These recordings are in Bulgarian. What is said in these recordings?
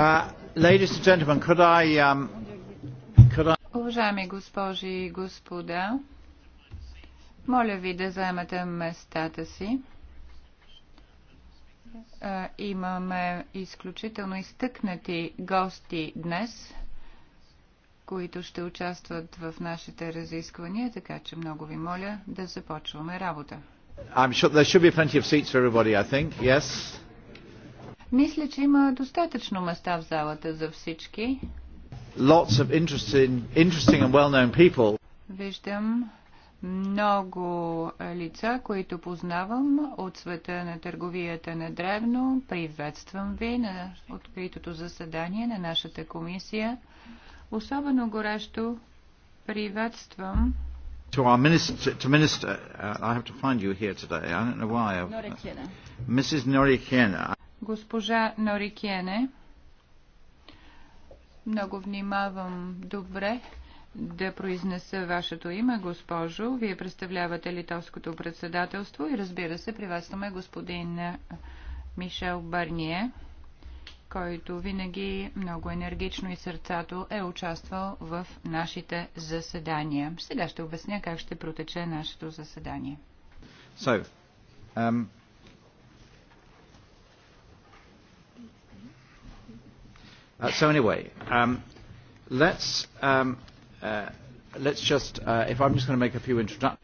Uh, um, Уважаеми госпожи и господа, моля ви да заемете местата си. Е, имаме изключително изтъкнати гости днес, които ще участват в нашите разисквания, така че много ви моля да започваме работа. Мисля, че има достатъчно места в залата за всички. Lots of interesting, interesting and well-known people. Виждам много лица, които познавам от света на търговията на Древно. Приветствам ви на откритото заседание на нашата комисия. Особено горещо приветствам to our minister, to minister uh, I have to find you here today. I don't know why. I've, uh, Mrs. Norikiena. Госпожа Норикиене, много внимавам добре да произнеса вашето име, госпожо. Вие представлявате литовското председателство и разбира се, приветстваме господин Мишел Барние, който винаги много енергично и сърцато е участвал в нашите заседания. Сега ще обясня как ще протече нашето заседание. So, um, Uh, so anyway, um, let's, um, uh, let's just, uh, if I'm just going to make a few introductions.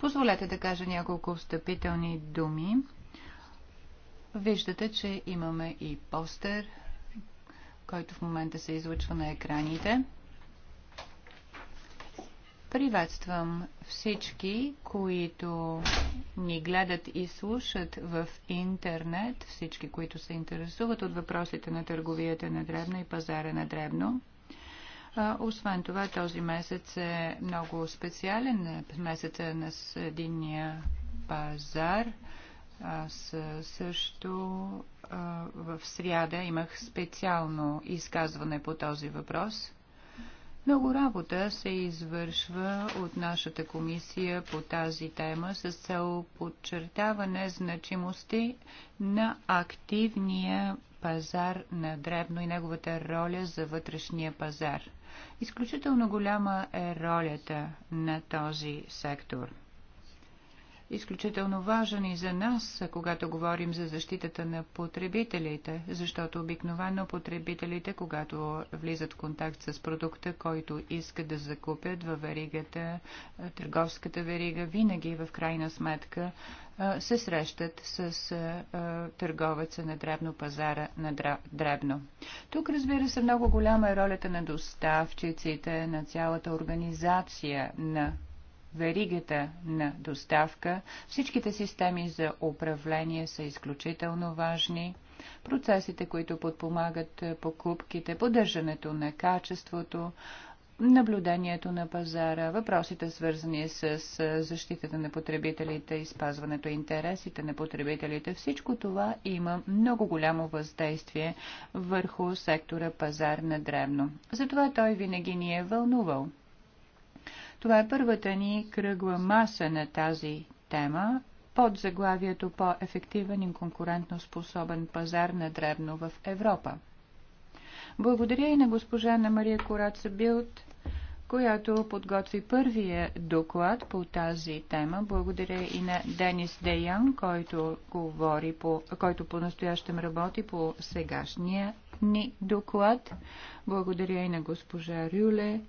Позволете да кажа няколко встъпителни думи. Виждате, че имаме и постер, който в момента се излъчва на екраните. Приветствам всички, които ни гледат и слушат в интернет, всички, които се интересуват от въпросите на търговията на дребно и пазара на дребно. Освен това, този месец е много специален, месеца на Съединния пазар. Аз също в сряда имах специално изказване по този въпрос – много работа се извършва от нашата комисия по тази тема с цел подчертаване значимости на активния пазар на дребно и неговата роля за вътрешния пазар. Изключително голяма е ролята на този сектор изключително важен и за нас, когато говорим за защитата на потребителите, защото обикновено потребителите, когато влизат в контакт с продукта, който искат да закупят във веригата, търговската верига, винаги в крайна сметка се срещат с търговеца на дребно пазара на дребно. Тук, разбира се, много голяма е ролята на доставчиците, на цялата организация на веригата на доставка, всичките системи за управление са изключително важни. Процесите, които подпомагат покупките, поддържането на качеството, наблюдението на пазара, въпросите свързани с защитата на потребителите изпазването интересите на потребителите, всичко това има много голямо въздействие върху сектора пазар на древно. Затова той винаги ни е вълнувал. Това е първата ни кръгла маса на тази тема под заглавието по-ефективен и конкурентно способен пазар на дребно в Европа. Благодаря и на госпожа на Мария Кораца Билт, която подготви първия доклад по тази тема. Благодаря и на Денис Деян, който, говори по, който по-настоящем работи по сегашния ни доклад. Благодаря и на госпожа Рюле,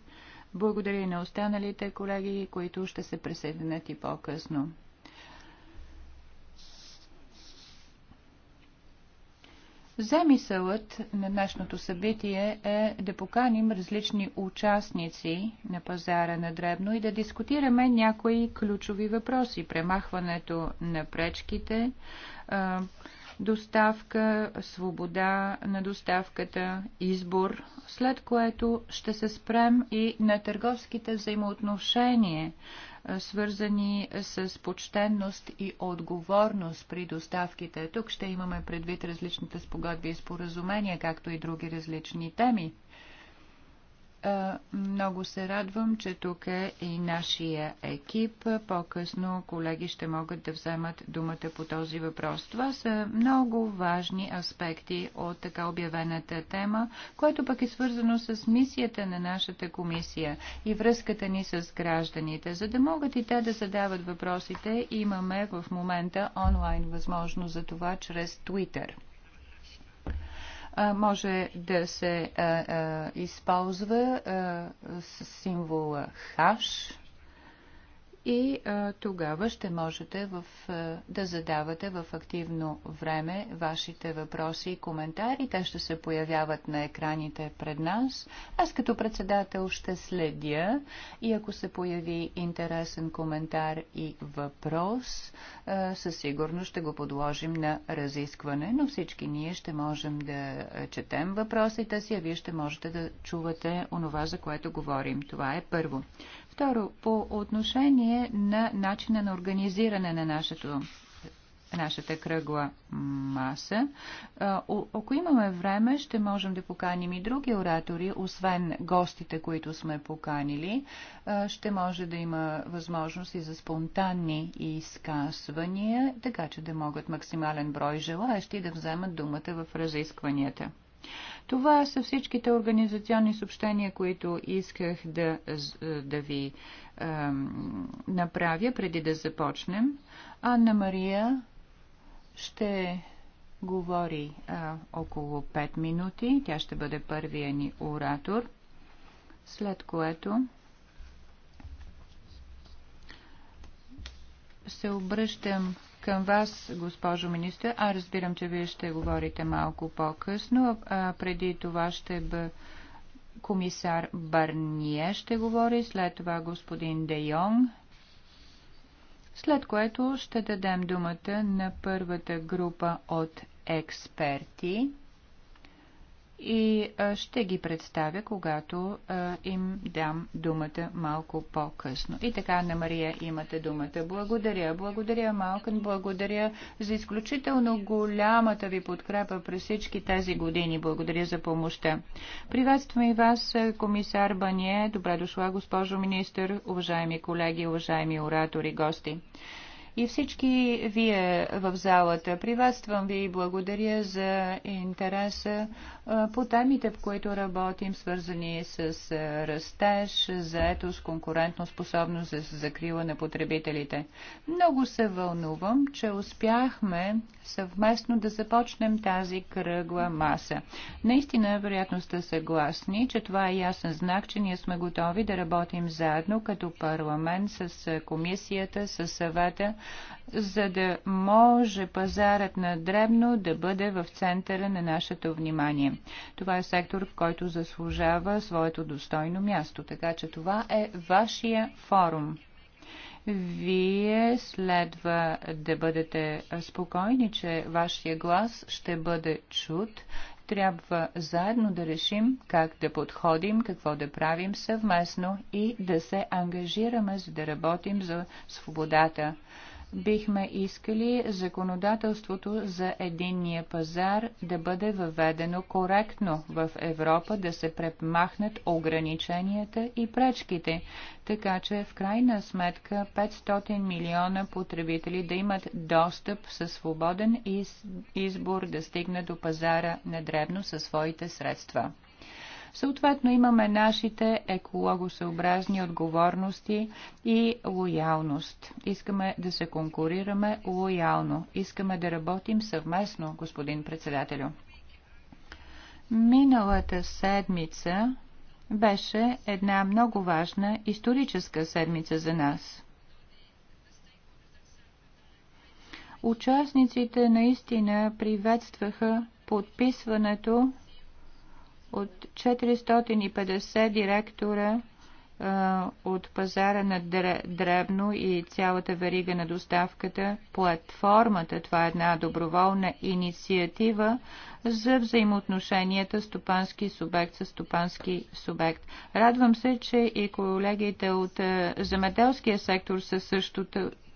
благодаря и на останалите колеги, които ще се присъединят и по-късно. Замисълът на днешното събитие е да поканим различни участници на пазара на Дребно и да дискутираме някои ключови въпроси. Премахването на пречките, доставка, свобода на доставката, избор, след което ще се спрем и на търговските взаимоотношения, свързани с почтенност и отговорност при доставките. Тук ще имаме предвид различните спогодби и споразумения, както и други различни теми. Много се радвам, че тук е и нашия екип. По-късно колеги ще могат да вземат думата по този въпрос. Това са много важни аспекти от така обявената тема, което пък е свързано с мисията на нашата комисия и връзката ни с гражданите. За да могат и те да задават въпросите, имаме в момента онлайн възможност за това чрез Twitter може да се използва символа хаш и а, тогава ще можете в, а, да задавате в активно време вашите въпроси и коментари. Те ще се появяват на екраните пред нас. Аз като председател ще следя и ако се появи интересен коментар и въпрос, а, със сигурност ще го подложим на разискване, но всички ние ще можем да четем въпросите си, а вие ще можете да чувате онова, за което говорим. Това е първо. Второ, по отношение на начина на организиране на нашето нашата кръгла маса. Ако имаме време, ще можем да поканим и други оратори, освен гостите, които сме поканили. Ще може да има възможност и за спонтанни изказвания, така че да могат максимален брой желаящи да вземат думата в разискванията. Това са всичките организационни съобщения, които исках да, да ви е, направя преди да започнем. Анна Мария ще говори е, около 5 минути. Тя ще бъде първия ни оратор, след което се обръщам към вас, госпожо министър. А разбирам, че вие ще говорите малко по-късно. преди това ще бъ... комисар Барние ще говори, след това господин Де Йонг, след което ще дадем думата на първата група от експерти и ще ги представя, когато им дам думата малко по-късно. И така, на Мария, имате думата. Благодаря, благодаря, Малкън, благодаря за изключително голямата ви подкрепа през всички тези години. Благодаря за помощта. Приветствам и вас, комисар Бание. Добре дошла, госпожо министър, уважаеми колеги, уважаеми оратори, гости и всички вие в залата. Приветствам ви и благодаря за интереса по темите, в които работим, свързани с растеж, заетост, способност за закрила на потребителите. Много се вълнувам, че успяхме съвместно да започнем тази кръгла маса. Наистина, вероятно сте съгласни, че това е ясен знак, че ние сме готови да работим заедно като парламент с комисията, с съвета, за да може пазарът на дребно да бъде в центъра на нашето внимание. Това е сектор, който заслужава своето достойно място. Така че това е вашия форум. Вие следва да бъдете спокойни, че вашия глас ще бъде чут. Трябва заедно да решим как да подходим, какво да правим съвместно и да се ангажираме, за да работим за свободата бихме искали законодателството за единния пазар да бъде въведено коректно в Европа, да се премахнат ограниченията и пречките, така че в крайна сметка 500 милиона потребители да имат достъп със свободен избор да стигнат до пазара на дребно със своите средства. Съответно имаме нашите екологосъобразни отговорности и лоялност. Искаме да се конкурираме лоялно. Искаме да работим съвместно, господин председателю. Миналата седмица беше една много важна историческа седмица за нас. Участниците наистина приветстваха подписването от 450 директора от пазара на дребно и цялата верига на доставката, платформата, това е една доброволна инициатива за взаимоотношенията стопански субект с стопански субект. Радвам се, че и колегите от земеделския сектор са също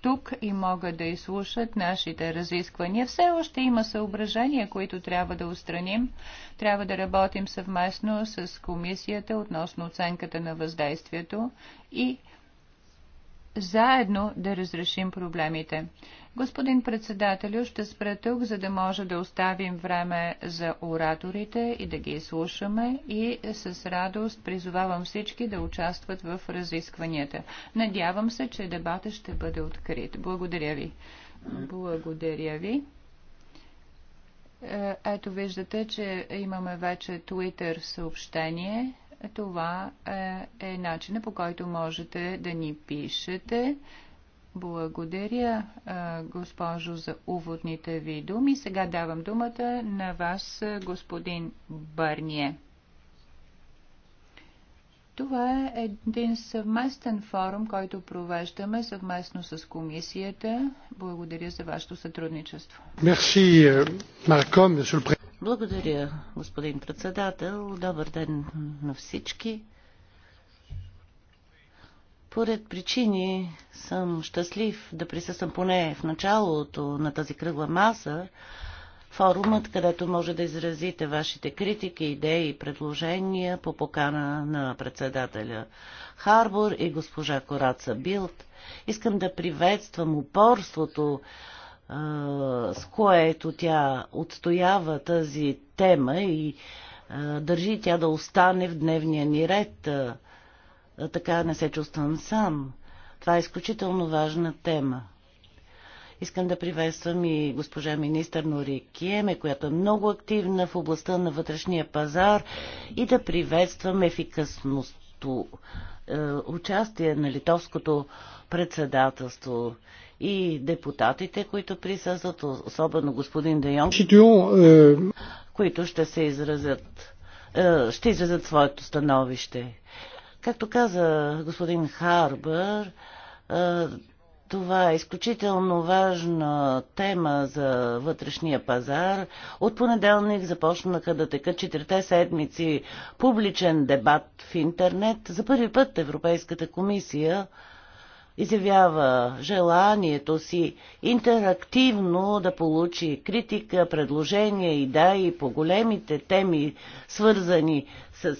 тук и могат да изслушат нашите разисквания. Все още има съображения, които трябва да устраним. Трябва да работим съвместно с комисията относно оценката на въздействието и заедно да разрешим проблемите. Господин председателю, ще спра тук, за да може да оставим време за ораторите и да ги изслушаме и с радост призовавам всички да участват в разискванията. Надявам се, че дебата ще бъде открит. Благодаря ви. Благодаря ви. Е, ето виждате, че имаме вече Twitter съобщение това е, е начина по който можете да ни пишете. Благодаря, е, госпожо, за уводните ви думи. Сега давам думата на вас, е, господин Бърние. Това е един съвместен форум, който провеждаме съвместно с комисията. Благодаря за вашето сътрудничество. Merci, Malcolm, благодаря, господин председател. Добър ден на всички. Поред причини съм щастлив да присъствам поне в началото на тази кръгла маса, форумът, където може да изразите вашите критики, идеи и предложения по покана на председателя Харбор и госпожа Кораца Билт. Искам да приветствам упорството, с което тя отстоява тази тема и държи тя да остане в дневния ни ред. Така не се чувствам сам. Това е изключително важна тема. Искам да приветствам и госпожа министър Нори Киеме, която е много активна в областта на вътрешния пазар и да приветствам ефикасността, е, участие на литовското председателство и депутатите, които присъстват, особено господин Де е, които ще се изразят, е, ще изразят своето становище. Както каза господин Харбър, е, това е изключително важна тема за вътрешния пазар. От понеделник започнаха да текат четирите седмици публичен дебат в интернет. За първи път Европейската комисия изявява желанието си интерактивно да получи критика, предложения, идеи по големите теми, свързани с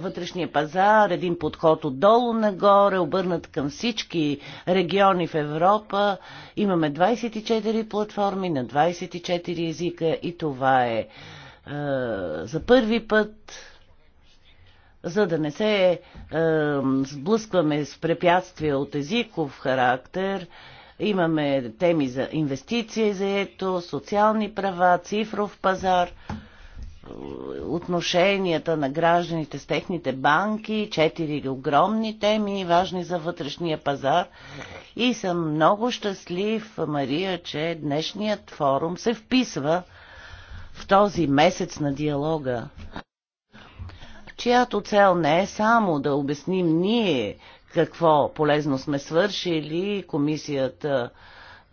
вътрешния пазар, един подход отдолу нагоре, обърнат към всички региони в Европа. Имаме 24 платформи на 24 езика и това е, е за първи път за да не се е, сблъскваме с препятствия от езиков характер, имаме теми за инвестиция и заето, социални права, цифров пазар, отношенията на гражданите с техните банки, четири огромни теми, важни за вътрешния пазар. И съм много щастлив, Мария, че днешният форум се вписва в този месец на диалога чиято цел не е само да обясним ние какво полезно сме свършили, комисията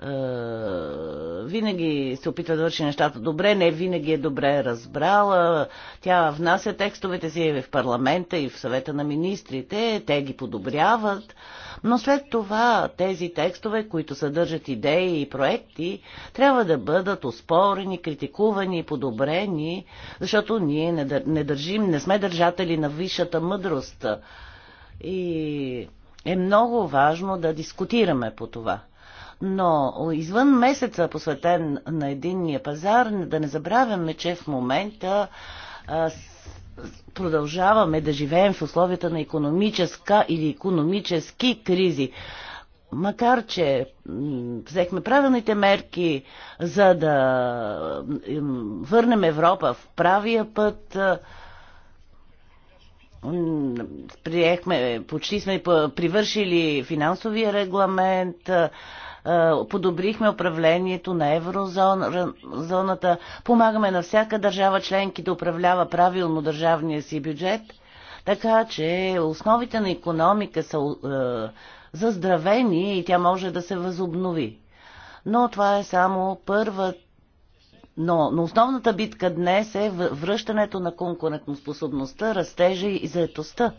е, винаги се опитва да върши нещата добре, не винаги е добре разбрала. Тя внася текстовете си в парламента и в съвета на министрите, те ги подобряват, но след това тези текстове, които съдържат идеи и проекти, трябва да бъдат оспорени, критикувани, подобрени, защото ние не държим, не сме държатели на висшата мъдрост. И е много важно да дискутираме по това. Но извън месеца, посветен на единния пазар, да не забравяме, че в момента а, продължаваме да живеем в условията на економическа или економически кризи. Макар, че взехме правилните мерки за да върнем Европа в правия път, приехме, почти сме привършили финансовия регламент, е, подобрихме управлението на еврозоната, помагаме на всяка държава членки да управлява правилно държавния си бюджет, така че основите на економика са е, заздравени и тя може да се възобнови. Но това е само първа, но, но основната битка днес е връщането на конкурентоспособността, растежа и заетостта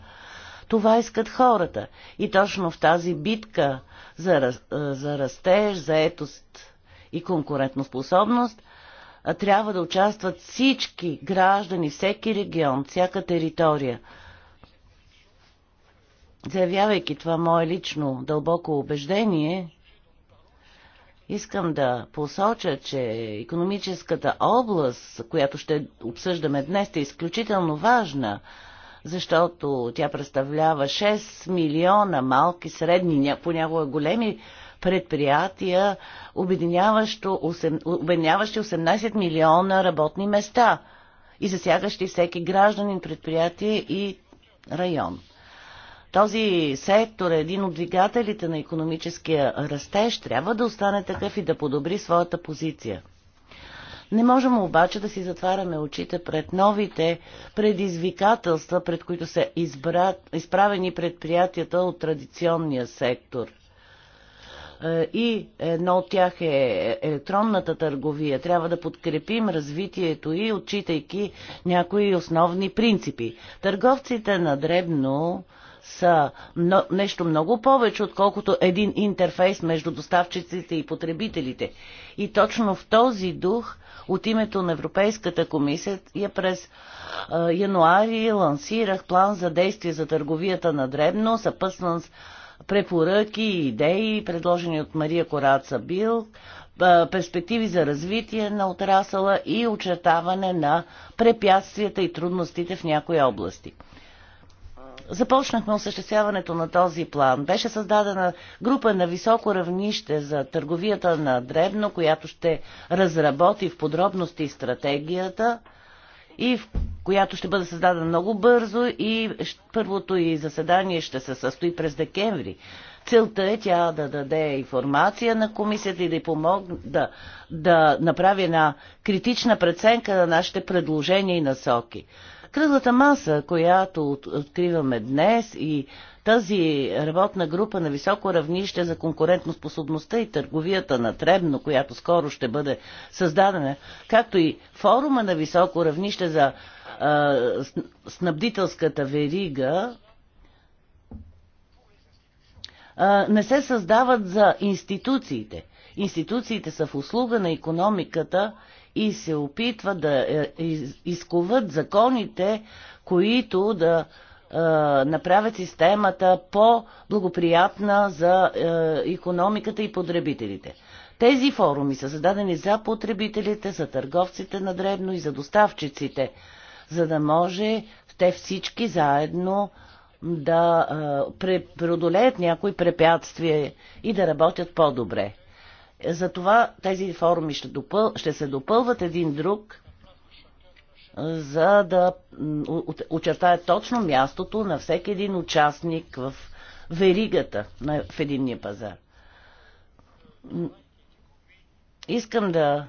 това искат хората. И точно в тази битка за, за растеж, етост и конкурентоспособност трябва да участват всички граждани, всеки регион, всяка територия. Заявявайки това мое лично дълбоко убеждение, искам да посоча, че економическата област, която ще обсъждаме днес, е изключително важна – защото тя представлява 6 милиона малки, средни, понякога големи предприятия, обединяващи 18 милиона работни места и засягащи всеки гражданин, предприятие и район. Този сектор е един от двигателите на економическия растеж, трябва да остане такъв и да подобри своята позиция. Не можем обаче да си затваряме очите пред новите предизвикателства, пред които са изправени предприятията от традиционния сектор. Е, и едно от тях е електронната търговия. Трябва да подкрепим развитието и отчитайки някои основни принципи. Търговците на дребно са нещо много повече, отколкото един интерфейс между доставчиците и потребителите. И точно в този дух от името на Европейската комисия я през а, януари лансирах план за действие за търговията на дребно, съпъснан с препоръки и идеи, предложени от Мария Кораца Бил, перспективи за развитие на отрасъла и очертаване на препятствията и трудностите в някои области започнахме осъществяването на този план. Беше създадена група на високо равнище за търговията на Дребно, която ще разработи в подробности стратегията и в която ще бъде създадена много бързо и първото и заседание ще се състои през декември. Целта е тя да даде информация на комисията и да й помогне да, да направи една критична преценка на нашите предложения и насоки. Кръглата маса, която откриваме днес и тази работна група на високо равнище за конкурентоспособността и търговията на Требно, която скоро ще бъде създадена, както и форума на високо равнище за а, снабдителската верига, а, не се създават за институциите. Институциите са в услуга на економиката и се опитват да е, изкуват законите, които да е, направят системата по-благоприятна за економиката и потребителите. Тези форуми са зададени за потребителите, за търговците на дребно и за доставчиците, за да може те всички заедно да е, преодолеят някои препятствия и да работят по-добре. Затова тези форуми ще, допъл... ще се допълват един друг, за да очертая точно мястото на всеки един участник в веригата на... в единния пазар. Искам да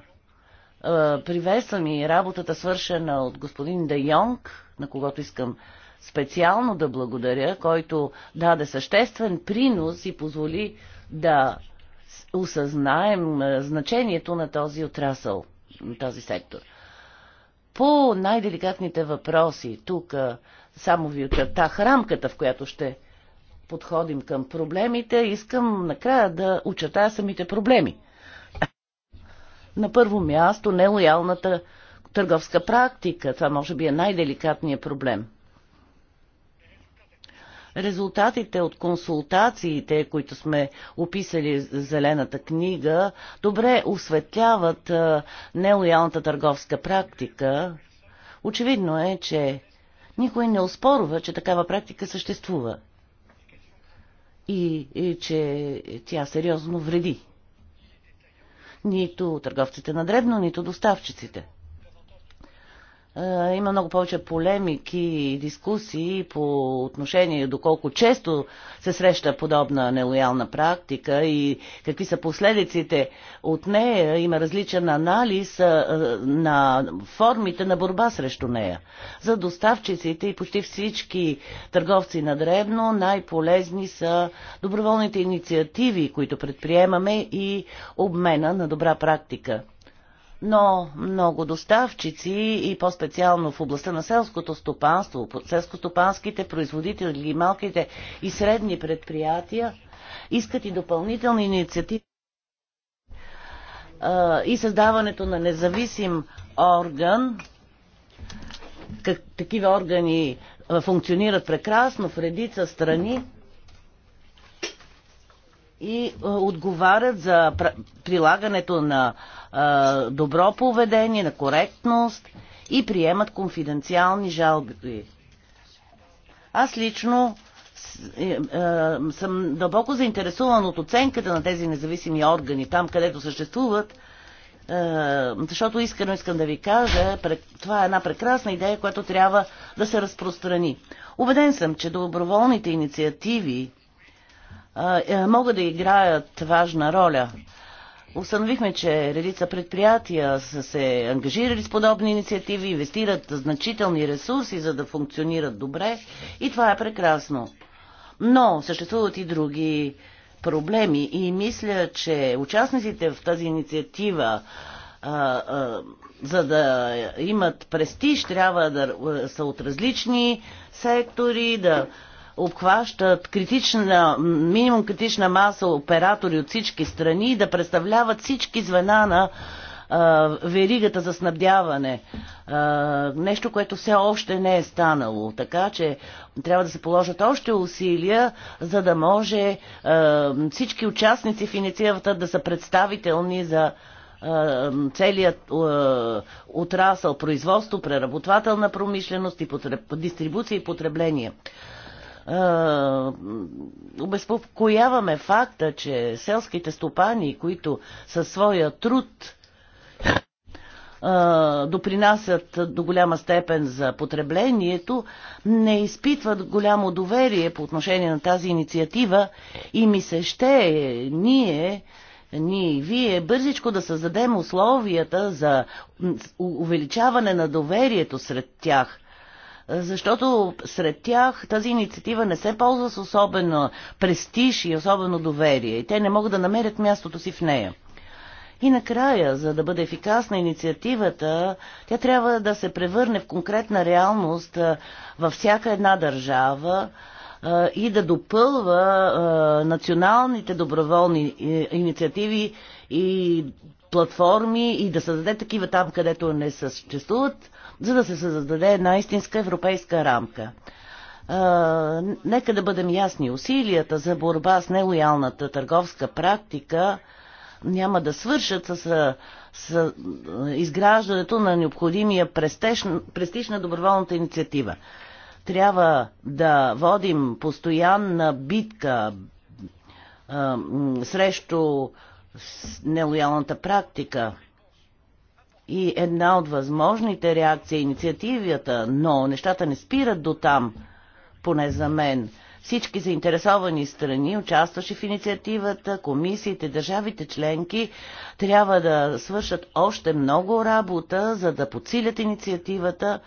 приветствам и работата свършена от господин Де Йонг, на когото искам специално да благодаря, който даде съществен принос и позволи да осъзнаем значението на този отрасъл, на този сектор. По най-деликатните въпроси, тук само ви очертах рамката, в която ще подходим към проблемите, искам накрая да очертая самите проблеми. На първо място, нелоялната търговска практика. Това може би е най-деликатният проблем – резултатите от консултациите, които сме описали в Зелената книга, добре осветляват нелоялната търговска практика. Очевидно е, че никой не оспорва, че такава практика съществува и, и че тя сериозно вреди. Нито търговците на дребно, нито доставчиците. Е, има много повече полемики и дискусии по отношение доколко често се среща подобна нелоялна практика и какви са последиците от нея. Има различен анализ е, на формите на борба срещу нея. За доставчиците и почти всички търговци на древно, най-полезни са доброволните инициативи, които предприемаме и обмена на добра практика но много доставчици и по-специално в областта на селското стопанство, селскостопанските производители, малките и средни предприятия искат и допълнителни инициативи и създаването на независим орган. Как, такива органи функционират прекрасно в редица страни и е, отговарят за прилагането на е, добро поведение, на коректност и приемат конфиденциални жалби. Аз лично е, съм дълбоко заинтересуван от оценката на тези независими органи, там където съществуват, защото искрено искам да ви кажа, това е една прекрасна идея, която трябва да се разпространи. Убеден съм, че доброволните инициативи е, могат да играят важна роля. Установихме, че редица предприятия са се ангажирали с подобни инициативи, инвестират значителни ресурси, за да функционират добре и това е прекрасно. Но съществуват и други проблеми и мисля, че участниците в тази инициатива, а, а, за да имат престиж, трябва да са от различни сектори, да обхващат критична, минимум критична маса оператори от всички страни и да представляват всички звена на веригата за снабдяване. Нещо, което все още не е станало. Така че трябва да се положат още усилия, за да може всички участници в инициативата да са представителни за целият отрасъл производство, преработвателна промишленост и потреб... дистрибуция и потребление обезпокояваме факта, че селските стопани, които със своя труд допринасят до голяма степен за потреблението, не изпитват голямо доверие по отношение на тази инициатива и ми се ще ние, ние и вие бързичко да създадем условията за увеличаване на доверието сред тях защото сред тях тази инициатива не се ползва с особено престиж и особено доверие и те не могат да намерят мястото си в нея. И накрая, за да бъде ефикасна инициативата, тя трябва да се превърне в конкретна реалност във всяка една държава и да допълва националните доброволни е, инициативи и платформи и да създаде такива там, където не съществуват за да се създаде една истинска европейска рамка. А, нека да бъдем ясни, усилията за борба с нелоялната търговска практика няма да свършат с, с изграждането на необходимия престиж, престиж на доброволната инициатива. Трябва да водим постоянна битка а, срещу нелоялната практика и една от възможните реакции е инициативата, но нещата не спират до там, поне за мен. Всички заинтересовани страни, участващи в инициативата, комисиите, държавите членки, трябва да свършат още много работа, за да подсилят инициативата,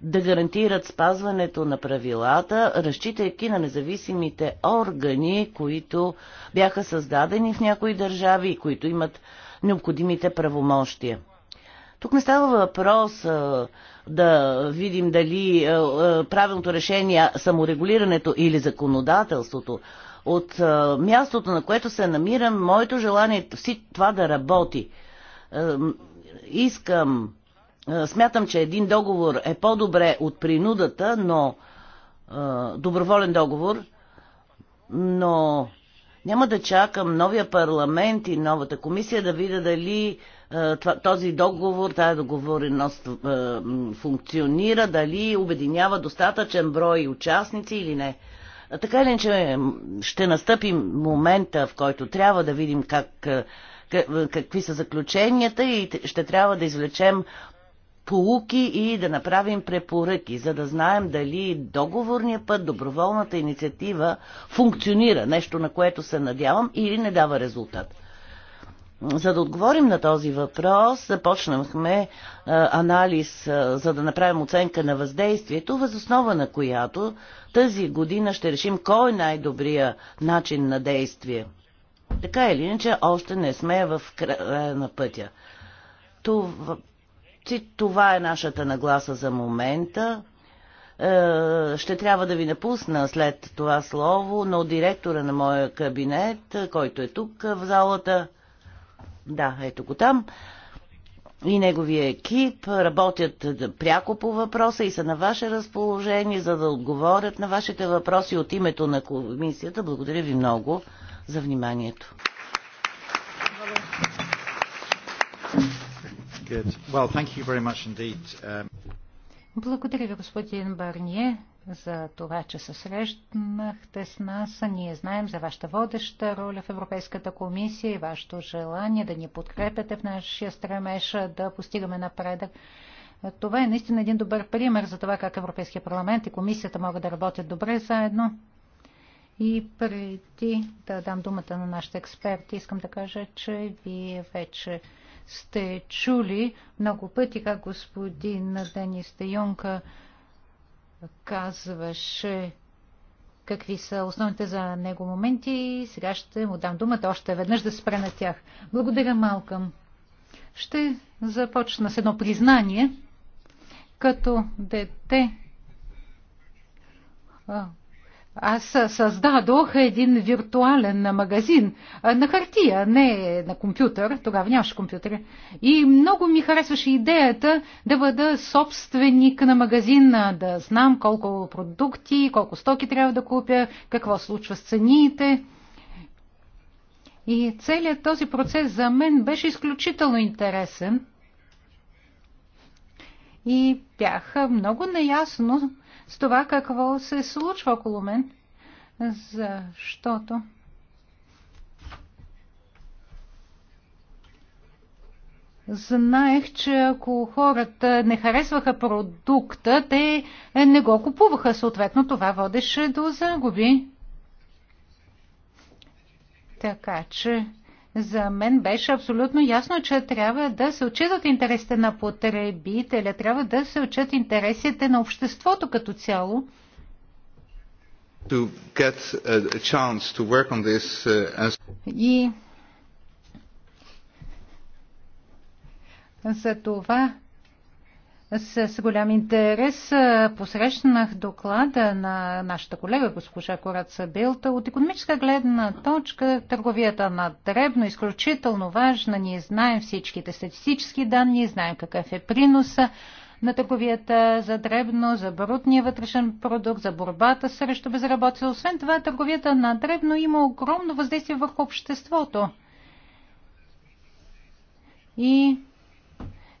да гарантират спазването на правилата, разчитайки на независимите органи, които бяха създадени в някои държави и които имат необходимите правомощия. Тук не става въпрос а, да видим дали а, а, правилното решение саморегулирането или законодателството. От а, мястото, на което се намирам, моето желание е това да работи. А, искам, а, смятам, че един договор е по-добре от принудата, но а, доброволен договор, но няма да чакам новия парламент и новата комисия да видя дали е, този договор, тази договореност е, функционира, дали обединява достатъчен брой участници или не. Така или че ще настъпи момента, в който трябва да видим как, е, какви са заключенията и ще трябва да извлечем полуки и да направим препоръки, за да знаем дали договорния път, доброволната инициатива функционира, нещо на което се надявам или не дава резултат. За да отговорим на този въпрос, започнахме е, анализ, е, за да направим оценка на въздействието, възоснова на която тази година ще решим кой е най-добрия начин на действие. Така или иначе, още не сме в края на пътя. Това, това е нашата нагласа за момента. Е, ще трябва да ви напусна след това слово, но директора на моя кабинет, който е тук в залата, да, ето го там. И неговия екип работят пряко по въпроса и са на ваше разположение, за да отговорят на вашите въпроси от името на комисията. Благодаря ви много за вниманието. Um, Благодаря ви, господин Барние за това, че се срещнахте с нас. Ние знаем за вашата водеща роля в Европейската комисия и вашето желание да ни подкрепяте в нашия стремеж да постигаме напредък. Това е наистина един добър пример за това как Европейския парламент и комисията могат да работят добре заедно. И преди да дам думата на нашите експерти, искам да кажа, че вие вече сте чули много пъти как господин Денис Де казваше какви са основните за него моменти. Сега ще му дам думата още веднъж да спра на тях. Благодаря, Малкам. Ще започна с едно признание. Като дете аз създадох един виртуален магазин на хартия, не на компютър, тогава нямаше компютър. И много ми харесваше идеята да бъда собственик на магазина, да знам колко продукти, колко стоки трябва да купя, какво случва с цените. И целият този процес за мен беше изключително интересен. И бях много наясно с това какво се случва около мен, защото знаех, че ако хората не харесваха продукта, те не го купуваха. Съответно, това водеше до загуби. Така че за мен беше абсолютно ясно, че трябва да се отчитат интересите на потребителя, трябва да се отчитат интересите на обществото като цяло. Uh, as... И за това с голям интерес посрещнах доклада на нашата колега госпожа Кораца Билта. От економическа гледна точка търговията на дребно е изключително важна. Ние знаем всичките статистически данни, знаем какъв е приноса на търговията за дребно, за брутния вътрешен продукт, за борбата срещу безработица. Освен това, търговията на дребно има огромно въздействие върху обществото. И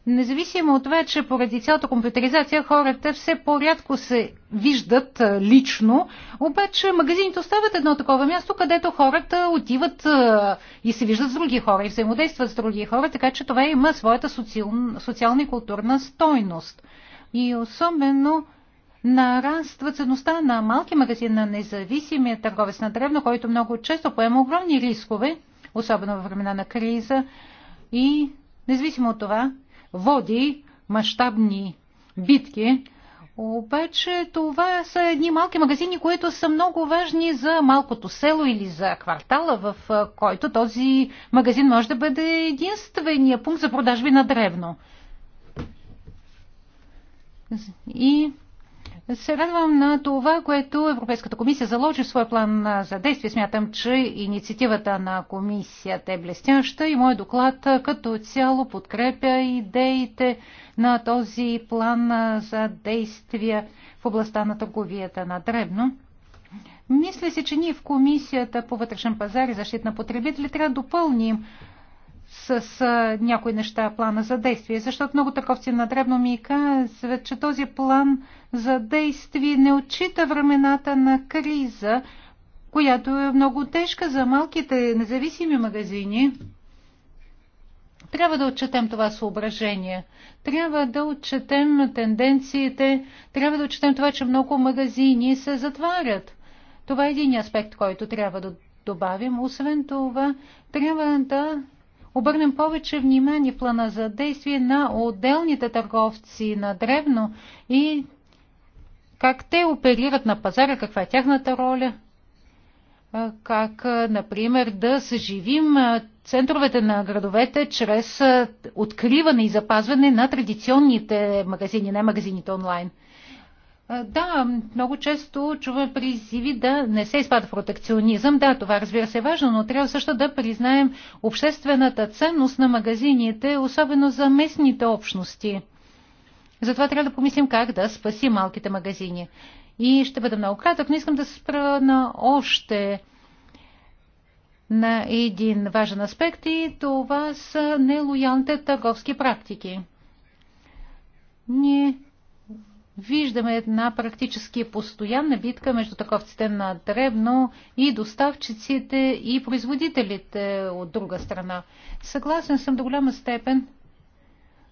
Независимо от това, че поради цялата компютеризация хората все по-рядко се виждат лично, обаче магазините остават едно такова място, където хората отиват и се виждат с други хора и взаимодействат с други хора, така че това има своята социална, и културна стойност. И особено нараства ценността на малки магазин на независимия търговец на древно, който много често поема огромни рискове, особено във времена на криза. И независимо от това, води мащабни битки, обаче това са едни малки магазини, които са много важни за малкото село или за квартала, в който този магазин може да бъде единствения пункт за продажби на древно. И се радвам на това, което Европейската комисия заложи в своя план за действие. Смятам, че инициативата на комисията е блестяща и мой доклад като цяло подкрепя идеите на този план за действие в областта на търговията на Дребно. Мисля се, че ние в комисията по вътрешен пазар и защита на потребители трябва да допълним с някои неща плана за действие, защото много търговци на дребно ми казват, че този план за действие не отчита времената на криза, която е много тежка за малките независими магазини. Трябва да отчетем това съображение. Трябва да отчетем тенденциите. Трябва да отчетем това, че много магазини се затварят. Това е един аспект, който трябва да добавим. Освен това, трябва да обърнем повече внимание в плана за действие на отделните търговци на древно и как те оперират на пазара, каква е тяхната роля, как, например, да съживим центровете на градовете чрез откриване и запазване на традиционните магазини, не магазините онлайн – да, много често чуваме призиви да не се изпада в протекционизъм. Да, това разбира се е важно, но трябва също да признаем обществената ценност на магазините, особено за местните общности. Затова трябва да помислим как да спаси малките магазини. И ще бъда много кратък, но искам да се спра на още на един важен аспект и това са нелоялните търговски практики. Ние виждаме една практически постоянна битка между таковците на дребно и доставчиците и производителите от друга страна. Съгласен съм до голяма степен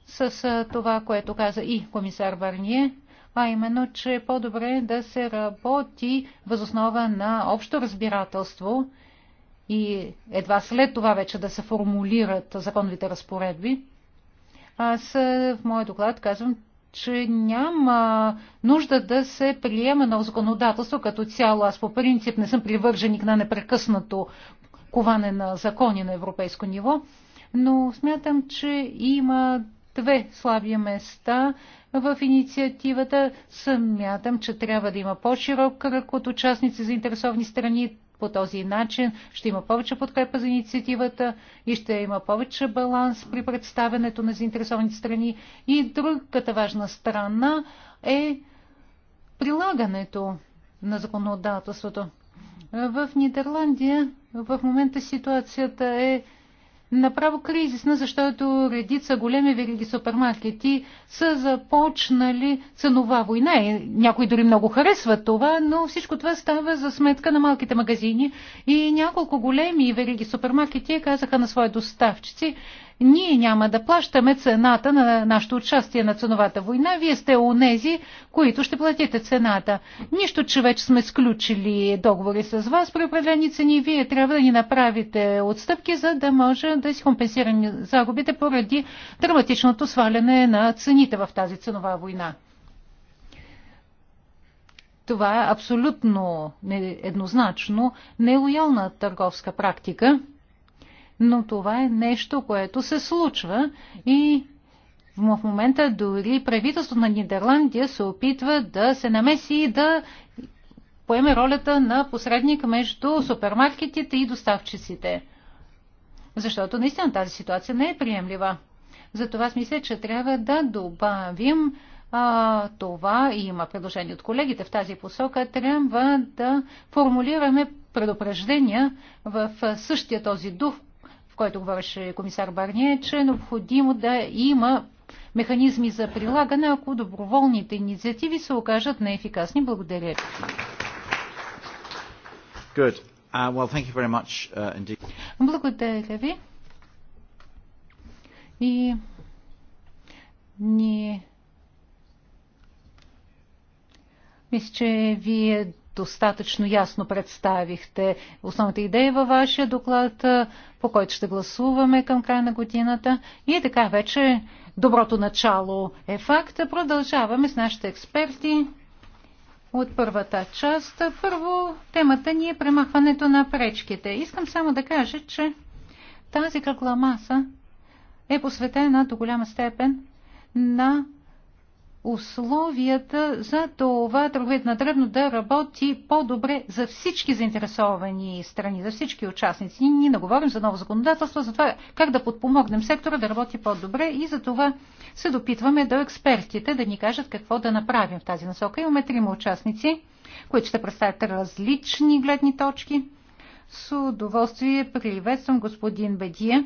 с това, което каза и комисар Барние, а именно, че е по-добре да се работи възоснова на общо разбирателство и едва след това вече да се формулират законовите разпоредби. Аз в моят доклад казвам, че няма нужда да се приема на законодателство като цяло. Аз по принцип не съм привърженик на непрекъснато коване на закони на европейско ниво, но смятам, че има две слаби места в инициативата. Смятам, че трябва да има по-широк кръг от участници заинтересовани страни. По този начин ще има повече подкрепа за инициативата и ще има повече баланс при представянето на заинтересованите страни. И другата важна страна е прилагането на законодателството. В Нидерландия в момента ситуацията е направо кризисна, защото редица големи вериги супермаркети са започнали ценова война. И е, някои дори много харесват това, но всичко това става за сметка на малките магазини. И няколко големи вериги супермаркети казаха на свои доставчици, ние няма да плащаме цената на нашето участие на ценовата война. Вие сте онези, които ще платите цената. Нищо, че вече сме сключили договори с вас при определени цени. Вие трябва да ни направите отстъпки, за да може да си компенсираме загубите поради драматичното сваляне на цените в тази ценова война. Това е абсолютно еднозначно нелоялна търговска практика но това е нещо, което се случва и в момента дори правителството на Нидерландия се опитва да се намеси и да поеме ролята на посредник между супермаркетите и доставчиците. Защото наистина тази ситуация не е приемлива. Затова аз мисля, че трябва да добавим а, това и има предложение от колегите в тази посока, трябва да формулираме предупреждения в същия този дух, който говореше комисар Барния, че е необходимо да има механизми за прилагане, ако доброволните инициативи се окажат неефикасни. Благодаря. Good. Uh, well, thank you very much, uh, indeed. Благодаря ви. И ние мисля, че вие достатъчно ясно представихте основните идеи във вашия доклад, по който ще гласуваме към края на годината. И така вече доброто начало е факт. Продължаваме с нашите експерти от първата част. Първо, темата ни е премахването на пречките. Искам само да кажа, че тази кръгла маса е посветена до голяма степен на условията за това търговията на древно да работи по-добре за всички заинтересовани страни, за всички участници. Ние, ние не говорим за ново законодателство, за това как да подпомогнем сектора да работи по-добре и за това се допитваме до експертите да ни кажат какво да направим в тази насока. Имаме трима участници, които ще представят различни гледни точки. С удоволствие приветствам господин Бедия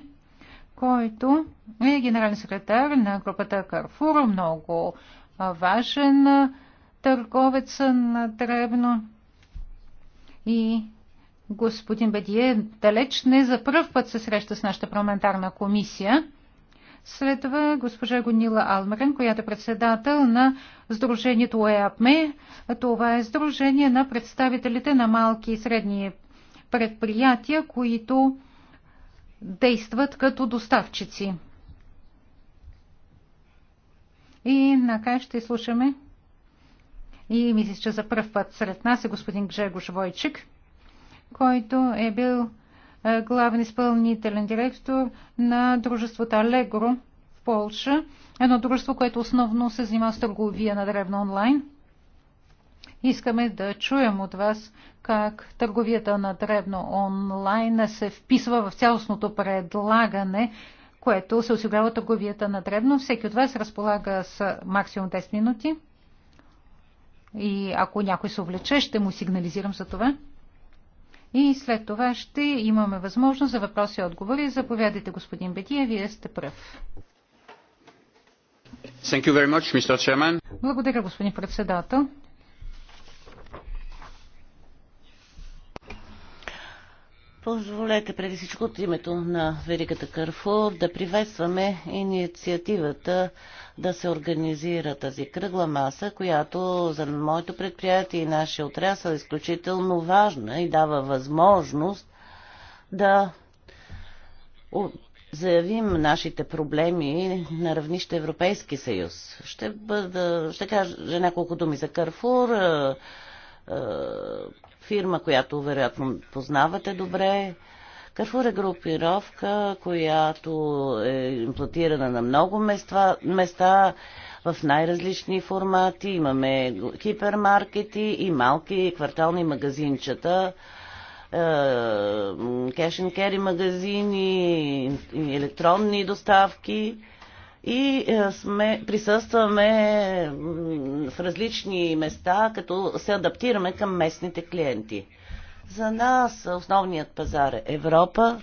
който е генерален секретар на групата Карфура, много важен търговец на дребно. И господин Бедие далеч не за първ път се среща с нашата парламентарна комисия. Следва госпожа Гонила Алмарен, която е председател на Сдружението ЕАПМЕ. Това е Сдружение на представителите на малки и средни предприятия, които действат като доставчици. И накрая ще слушаме. И мисля, че за първ път сред нас е господин Гжегош Войчик, който е бил е, главен изпълнителен директор на дружеството Allegro в Полша. Едно дружество, което основно се занимава с търговия на древно онлайн. Искаме да чуем от вас как търговията на древно онлайн се вписва в цялостното предлагане което се осигурява търговията на древно. Всеки от вас разполага с максимум 10 минути. И ако някой се увлече, ще му сигнализирам за това. И след това ще имаме възможност за въпроси и отговори. Заповядайте, господин Бетия, вие сте пръв. Much, Благодаря, господин председател. Позволете преди всичко от името на Великата Карфур да приветстваме инициативата да се организира тази кръгла маса, която за моето предприятие и нашия отрасъл е изключително важна и дава възможност да заявим нашите проблеми на равнище Европейски съюз. Ще, бъда, ще кажа няколко думи за Карфур е, е, фирма, която вероятно познавате добре. Карфур е групировка, която е имплантирана на много места, места в най-различни формати. Имаме хипермаркети и малки квартални магазинчета, кеш кери магазини, електронни доставки и е, сме, присъстваме в различни места, като се адаптираме към местните клиенти. За нас основният пазар е Европа.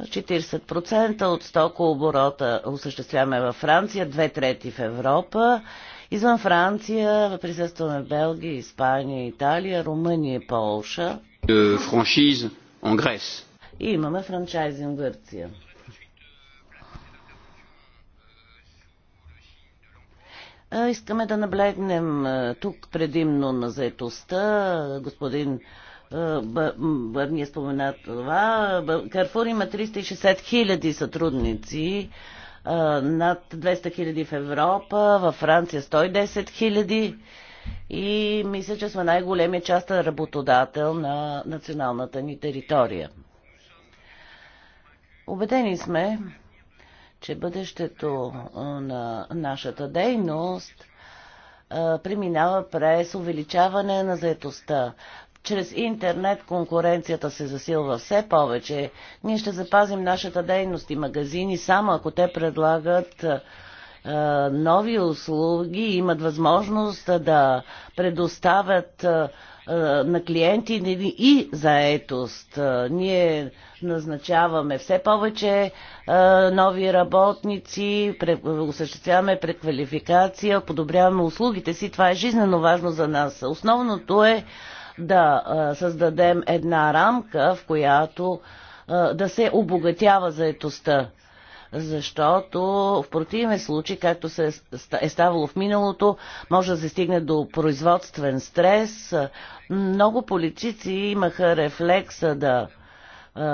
40% от стокооборота осъществяваме във Франция, две трети в Европа. Извън Франция присъстваме Белгия, Испания, Италия, Румъния, и Полша. Е, франшиз в Греция. И имаме франчайзинг в Гърция. Искаме да наблегнем тук предимно на заетостта. Господин е спомена това. Карфур има 360 хиляди сътрудници, над 200 хиляди в Европа, във Франция 110 хиляди и мисля, че сме най-големия част работодател на националната ни територия. Обедени сме, че бъдещето на нашата дейност преминава през увеличаване на заетостта. Чрез интернет конкуренцията се засилва все повече. Ние ще запазим нашата дейност и магазини само ако те предлагат нови услуги, имат възможност да предоставят на клиенти и заетост. Ние назначаваме все повече нови работници, осъществяваме преквалификация, подобряваме услугите си. Това е жизненно важно за нас. Основното е да създадем една рамка, в която да се обогатява заетостта защото в противен случай, както се е ставало в миналото, може да се стигне до производствен стрес. Много политици имаха рефлекса да а,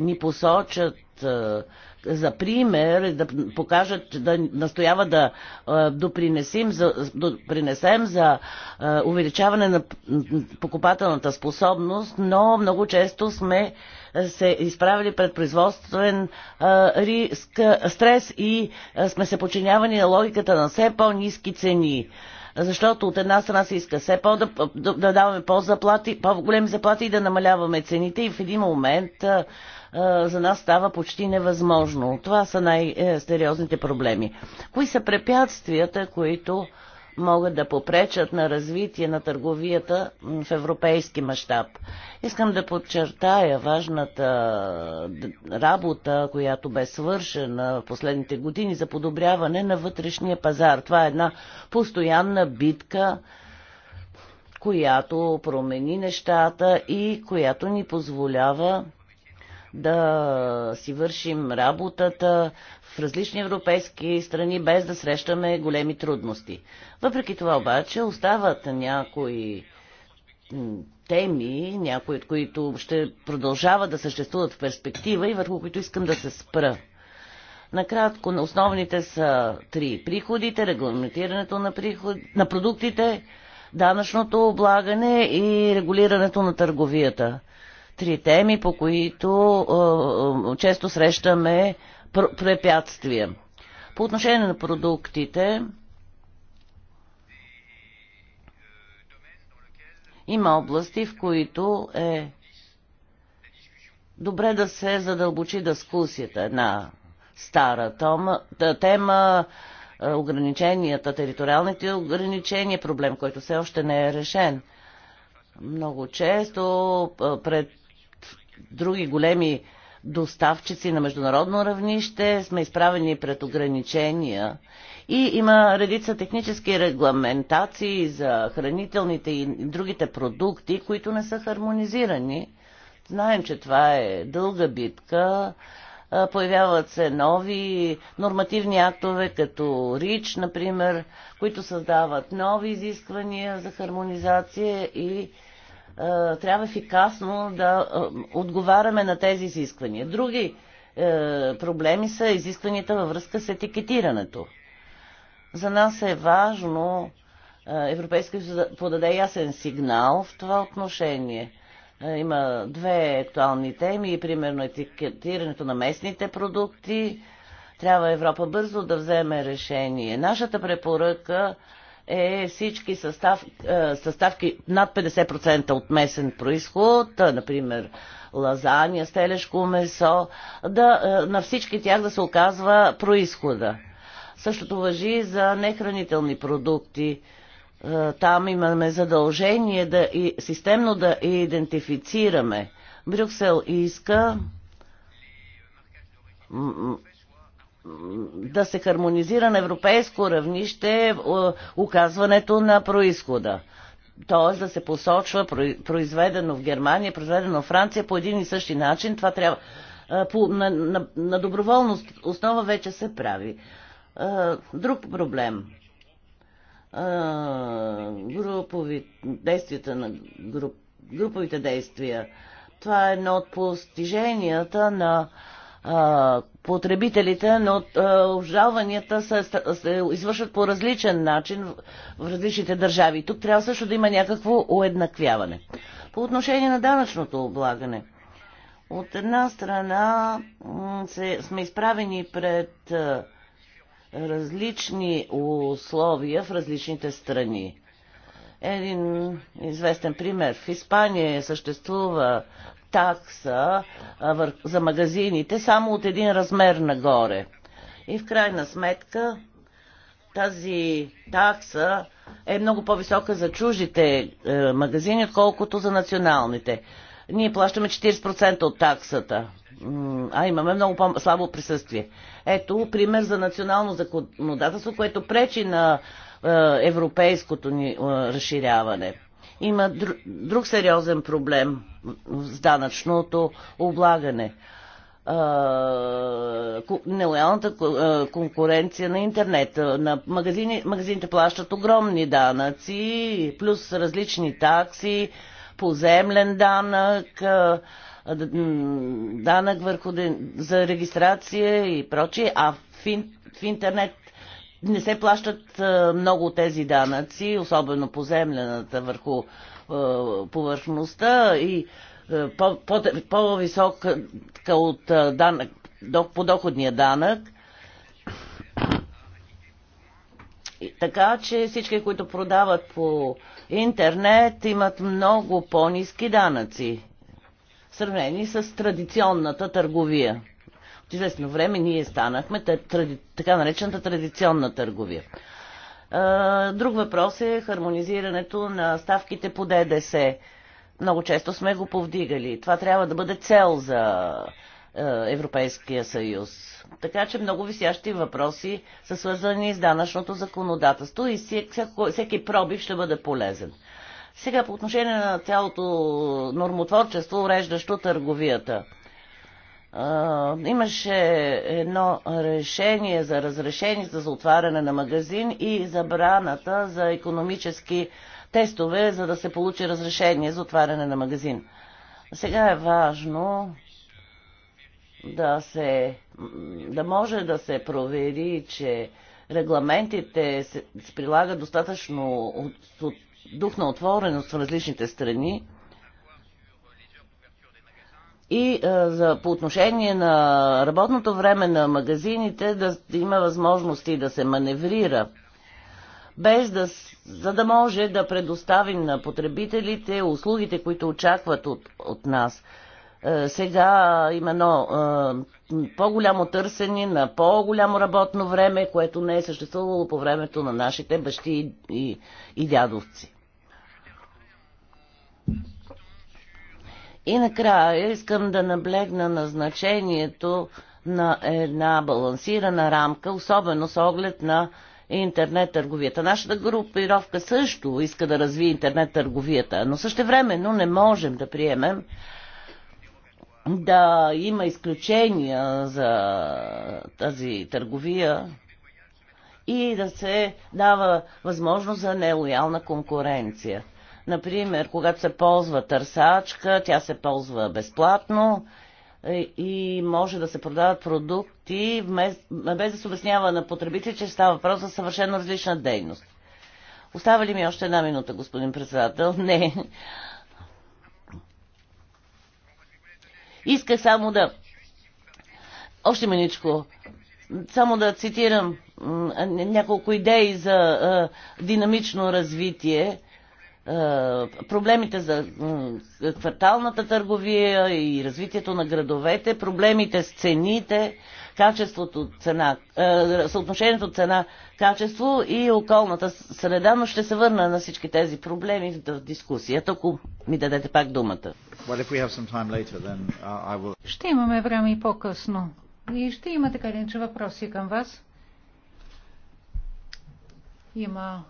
ни посочат а, за пример, да покажат, да настоява да допринесем за, допринесем за увеличаване на покупателната способност, но много често сме се изправили пред производствен риск, стрес и сме се подчинявани на логиката на все по-низки цени защото от една страна се иска все по да, да даваме по-заплати, по-големи заплати и да намаляваме цените и в един момент а, а, за нас става почти невъзможно. Това са най-сериозните е, проблеми. Кои са препятствията, които могат да попречат на развитие на търговията в европейски мащаб. Искам да подчертая важната работа, която бе свършена в последните години за подобряване на вътрешния пазар. Това е една постоянна битка, която промени нещата и която ни позволява да си вършим работата в различни европейски страни, без да срещаме големи трудности. Въпреки това обаче остават някои теми, някои от които ще продължават да съществуват в перспектива и върху които искам да се спра. Накратко, на основните са три. Приходите, регламентирането на, приход... на продуктите, данъчното облагане и регулирането на търговията три теми, по които често срещаме препятствия. По отношение на продуктите, има области, в които е добре да се задълбочи дискусията. Една стара тома, тема, ограниченията, териториалните ограничения, проблем, който все още не е решен. Много често пред други големи доставчици на международно равнище сме изправени пред ограничения и има редица технически регламентации за хранителните и другите продукти, които не са хармонизирани. Знаем, че това е дълга битка. Появяват се нови нормативни актове, като РИЧ, например, които създават нови изисквания за хармонизация и е, трябва ефикасно да е, отговаряме на тези изисквания. Други е, проблеми са изискванията във връзка с етикетирането. За нас е важно Европейския съюз да подаде ясен сигнал в това отношение. Има две актуални теми, примерно етикетирането на местните продукти. Трябва Европа бързо да вземе решение. Нашата препоръка е е всички състав, е, съставки над 50% от месен происход, е, например лазания, стелешко месо, да, е, на всички тях да се оказва происхода. Същото въжи за нехранителни продукти. Там имаме задължение да и, системно да идентифицираме. Брюксел иска да се хармонизира на европейско равнище оказването е, на происхода. Тоест да се посочва произведено в Германия, произведено в Франция по един и същи начин. Това трябва е, по, на, на, на доброволна основа вече се прави. Е, друг проблем. Групови, действията на груп, груповите действия. Това е едно от постиженията на потребителите, но обжалванията се, се извършват по различен начин в различните държави. Тук трябва също да има някакво уеднаквяване. По отношение на данъчното облагане. От една страна се, сме изправени пред различни условия в различните страни. Един известен пример. В Испания съществува такса за магазините само от един размер нагоре. И в крайна сметка тази такса е много по-висока за чуждите е, магазини, отколкото за националните. Ние плащаме 40% от таксата, а имаме много по-слабо присъствие. Ето пример за национално законодателство, което пречи на е, европейското ни е, разширяване. Има друг сериозен проблем – с данъчното облагане. Нелоялната конкуренция на интернет. На магазини, магазините плащат огромни данъци, плюс различни такси, поземлен данък, данък върху за регистрация и прочие, а в, ин, в интернет не се плащат много тези данъци, особено поземлената върху е, повърхността и по-висока е, по, по от е, данък, подоходния данък. Така че всички, които продават по интернет, имат много по-низки данъци, сравнени с традиционната търговия. От известно време ние станахме така наречената традиционна търговия. Друг въпрос е хармонизирането на ставките по ДДС. Много често сме го повдигали. Това трябва да бъде цел за Европейския съюз. Така че много висящи въпроси са свързани с данъчното законодателство и всеки пробив ще бъде полезен. Сега по отношение на цялото нормотворчество, уреждащо търговията – имаше едно решение за разрешение за отваряне на магазин и забраната за економически тестове, за да се получи разрешение за отваряне на магазин. Сега е важно да, се, да може да се провери, че регламентите се, се прилагат достатъчно от, от дух на отвореност в различните страни и а, за, по отношение на работното време на магазините да има възможности да се маневрира, без да, за да може да предоставим на потребителите услугите, които очакват от, от нас. А, е, сега има едно е, по-голямо търсене на по-голямо работно време, което не е съществувало по времето на нашите бащи и, и, и дядовци. И накрая искам да наблегна на значението на една балансирана рамка, особено с оглед на интернет търговията. Нашата групировка също иска да развие интернет търговията, но също времено не можем да приемем да има изключения за тази търговия и да се дава възможност за нелоялна конкуренция. Например, когато се ползва търсачка, тя се ползва безплатно е, и може да се продават продукти, без да се обяснява на потребители, че става въпрос за съвършено различна дейност. Остава ли ми още една минута, господин председател? Не. Исках само да... Още миничко. Само да цитирам няколко идеи за динамично развитие е, проблемите за кварталната търговия и развитието на градовете, проблемите с цените, качеството цена, е, съотношението цена-качество и околната среда, но ще се върна на всички тези проблеми в дискусията, ако ми дадете пак думата. Uh, ще имаме време и по-късно. И ще има така че въпроси към вас? Има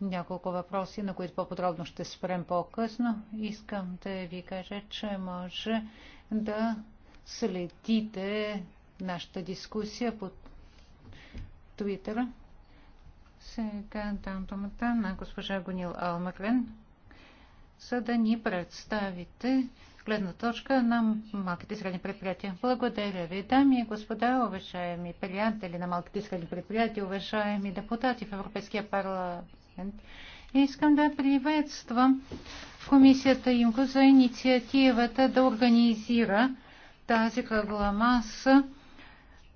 няколко въпроси, на които по-подробно ще спрем по-късно. Искам да ви кажа, че може да следите нашата дискусия по Twitter. Сега дам думата на госпожа Гонил Алмарлен, за да ни представите гледна точка на малките и средни предприятия. Благодаря ви, дами и господа, уважаеми приятели на малките и средни предприятия, уважаеми депутати в Европейския парламент Франкен. Искам да приветствам комисията Юнко за инициативата да организира тази кръгла маса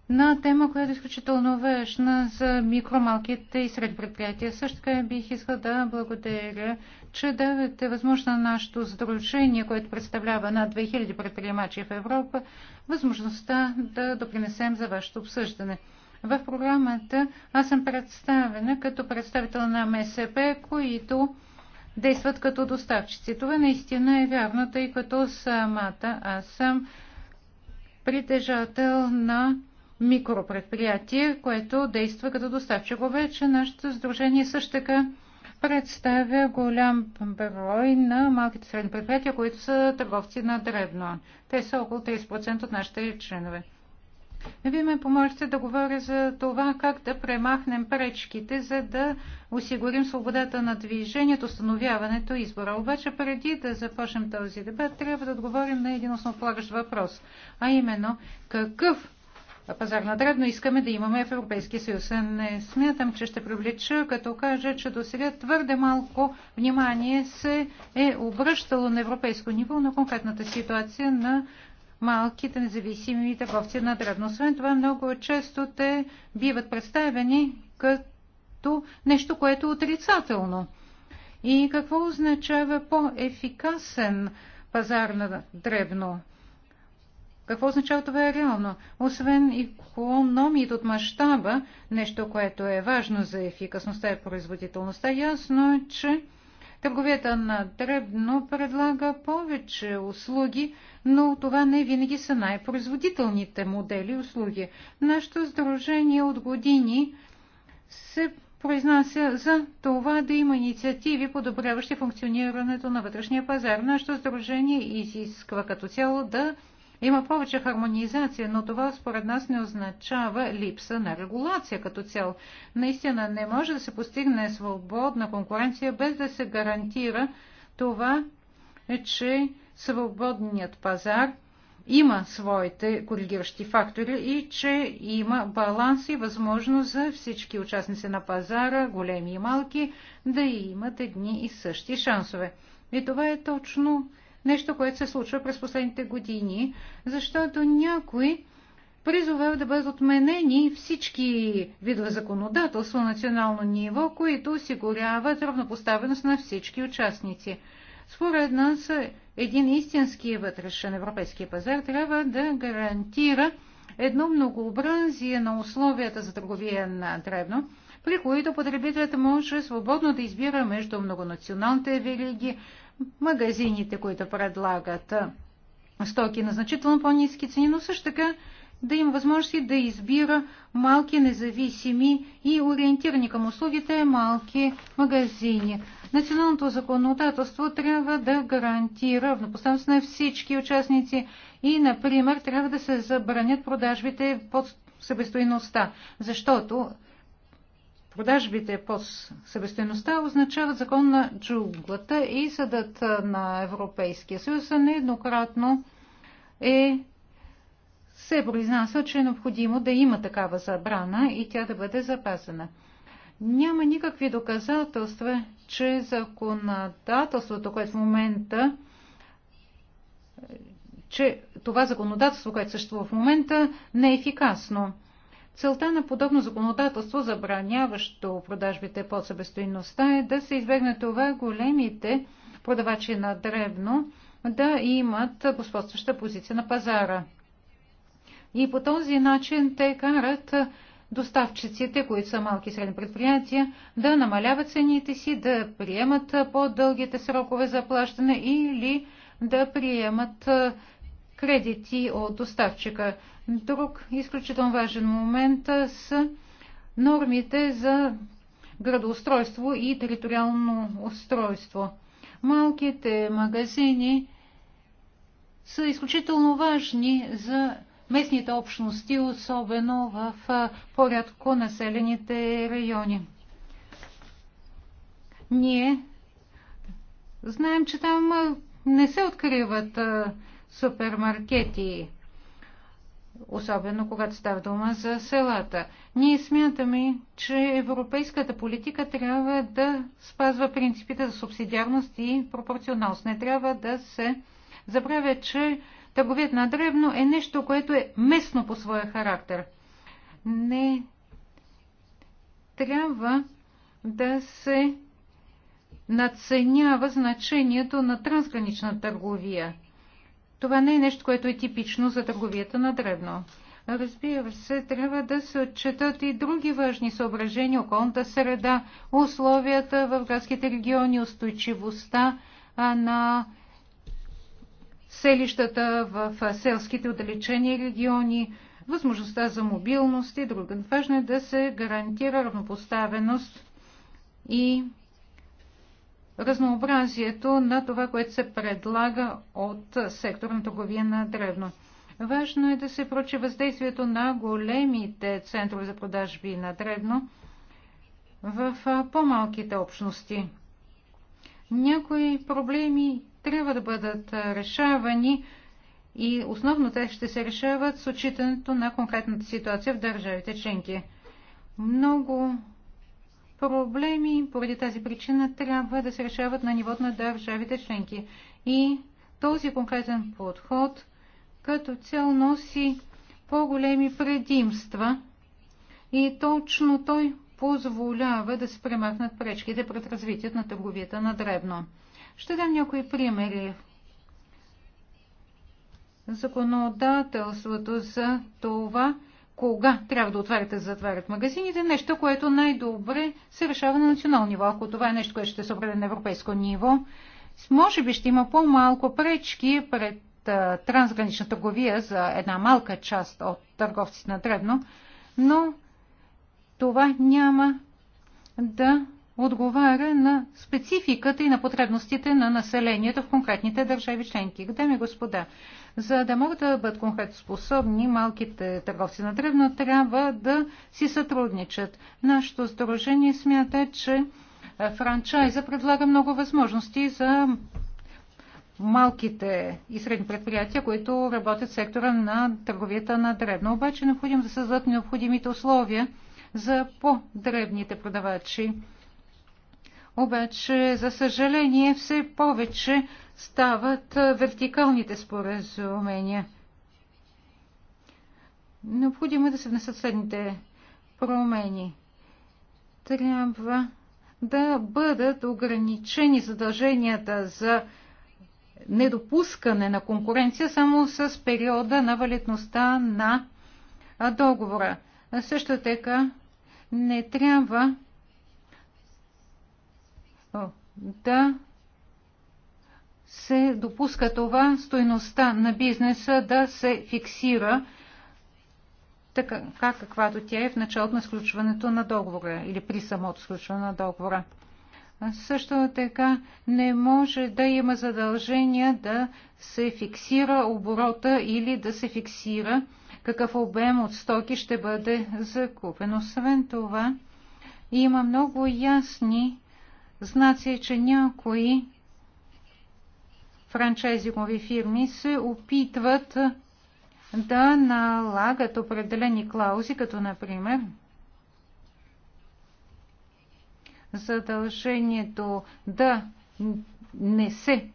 на тема, която е изключително важна за микромалките и сред предприятия. Също така бих искал да благодаря, че давате възможно на нашето сдружение, което представлява над 2000 предприемачи в Европа, възможността да допринесем за вашето обсъждане. В програмата аз съм представена като представител на МСП, които действат като доставчици. Това наистина е вярно, тъй като самата аз съм притежател на микропредприятие, което действа като доставчик. Обаче нашето сдружение също така представя голям брой на малките средни предприятия, които са търговци на дребно. Те са около 30% от нашите членове. Вие ме помолихте да говоря за това как да премахнем пречките, за да осигурим свободата на движението, установяването и избора. Обаче преди да започнем този дебат, трябва да отговорим на един основополагащ въпрос, а именно какъв пазар на дребно искаме да имаме в Европейския съюз. Не смятам, че ще привлеча, като кажа, че до сега твърде малко внимание се е обръщало на европейско ниво на конкретната ситуация на малките независими търговци на древно. Освен това, много често те биват представени като нещо, което е отрицателно. И какво означава по-ефикасен пазар на древно? Какво означава това е реално? Освен економият от мащаба, нещо, което е важно за ефикасността и производителността, ясно е, че Търговията на дребно предлага повече услуги, но това не винаги са най-производителните модели услуги. Нашето сдружение от години се произнася за това да има инициативи, подобряващи функционирането на вътрешния пазар. Нашето сдружение изисква като цяло да има повече хармонизация, но това според нас не означава липса на регулация като цяло. Наистина не може да се постигне свободна конкуренция без да се гарантира това, че свободният пазар има своите коригиращи фактори и че има баланс и възможност за всички участници на пазара, големи и малки, да имат едни и същи шансове. И това е точно нещо, което се случва през последните години, защото някой призовел да бъдат отменени всички видове законодателство на национално ниво, които осигуряват равнопоставеност на всички участници. Според нас един истински вътрешен европейски пазар трябва да гарантира едно многообразие на условията за търговия на древно, при които потребителят може свободно да избира между многонационалните вериги, магазините, които предлагат стоки на значително по-низки цени, но също така да има възможности да избира малки, независими и ориентирани към услугите малки магазини. Националното законодателство трябва да гарантира равнопоставеност на всички участници и, например, трябва да се забранят продажбите под себестоиността, защото Продажбите под събестеността означават закон на джунглата и съдът на Европейския съюз нееднократно е се е произнася, че е необходимо да има такава забрана и тя да бъде запазена. Няма никакви доказателства, че законодателството, което в момента че това законодателство, което съществува в момента, не е ефикасно. Целта на подобно законодателство, забраняващо продажбите по себестойността, е да се избегне това големите продавачи на древно да имат господстваща позиция на пазара. И по този начин те карат доставчиците, които са малки и средни предприятия, да намаляват цените си, да приемат по-дългите срокове за плащане или да приемат кредити от доставчика. Друг изключително важен момент са нормите за градоустройство и териториално устройство. Малките магазини са изключително важни за местните общности, особено в порядко населените райони. Ние знаем, че там не се откриват супермаркети особено когато става дума за селата. Ние смятаме, че европейската политика трябва да спазва принципите за субсидиарност и пропорционалност. Не трябва да се забравя, че търговият на древно е нещо, което е местно по своя характер. Не трябва да се надценява значението на трансгранична търговия. Това не е нещо, което е типично за търговията на дребно. Разбира се, трябва да се отчитат и други важни съображения, околната среда, условията в градските региони, устойчивостта на селищата в селските отдалечени региони, възможността за мобилност и друга. Важно е да се гарантира равнопоставеност и разнообразието на това, което се предлага от сектора на търговия на древно. Важно е да се проче въздействието на големите центрове за продажби на древно в по-малките общности. Някои проблеми трябва да бъдат решавани и основно те ще се решават с отчитането на конкретната ситуация в държавите членки. Много проблеми поради тази причина трябва да се решават на нивото на държавите членки. И този конкретен подход като цел носи по-големи предимства и точно той позволява да се премахнат пречките пред развитието на търговията на дребно. Ще дам някои примери. Законодателството за това кога трябва да отварят и затварят магазините, нещо, което най-добре се решава на национално ниво. Ако това е нещо, което ще се определя на европейско ниво, може би ще има по-малко пречки пред а, трансгранична търговия за една малка част от търговците на дребно, но това няма да отговаря на спецификата и на потребностите на населението в конкретните държави членки. Къде и господа, за да могат да бъдат конкретно способни малките търговци на древно трябва да си сътрудничат. Нашето сдружение смята, че франчайза предлага много възможности за малките и средни предприятия, които работят в сектора на търговията на древно. Обаче е необходимо да създадат необходимите условия за по-дребните продавачи. Обаче, за съжаление, все повече стават вертикалните споразумения. Необходимо е да се внесат следните промени. Трябва да бъдат ограничени задълженията за недопускане на конкуренция само с периода на валидността на договора. Също така не трябва да се допуска това стойността на бизнеса да се фиксира така, каквато тя е в началото на сключването на договора или при самото сключване на договора. Също така не може да има задължение да се фиксира оборота или да се фиксира какъв обем от стоки ще бъде закупен. Освен това, има много ясни Значи, че някои франчайзингови фирми се опитват да налагат определени клаузи, като например задължението да не се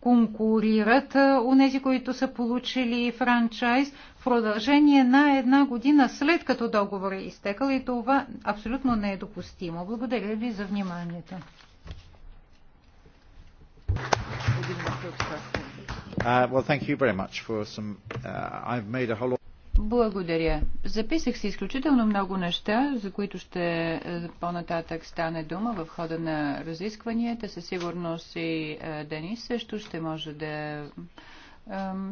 конкурират у нези, които са получили франчайз в продължение на една година след като договор е изтекал и това абсолютно не е допустимо. Благодаря ви за вниманието. Uh, well, thank you very much for some. Uh, I've made a whole lot. Благодаря. Записах си изключително много неща, за които ще е, по-нататък стане дума в хода на разискванията. Със сигурност и е, Денис също ще може да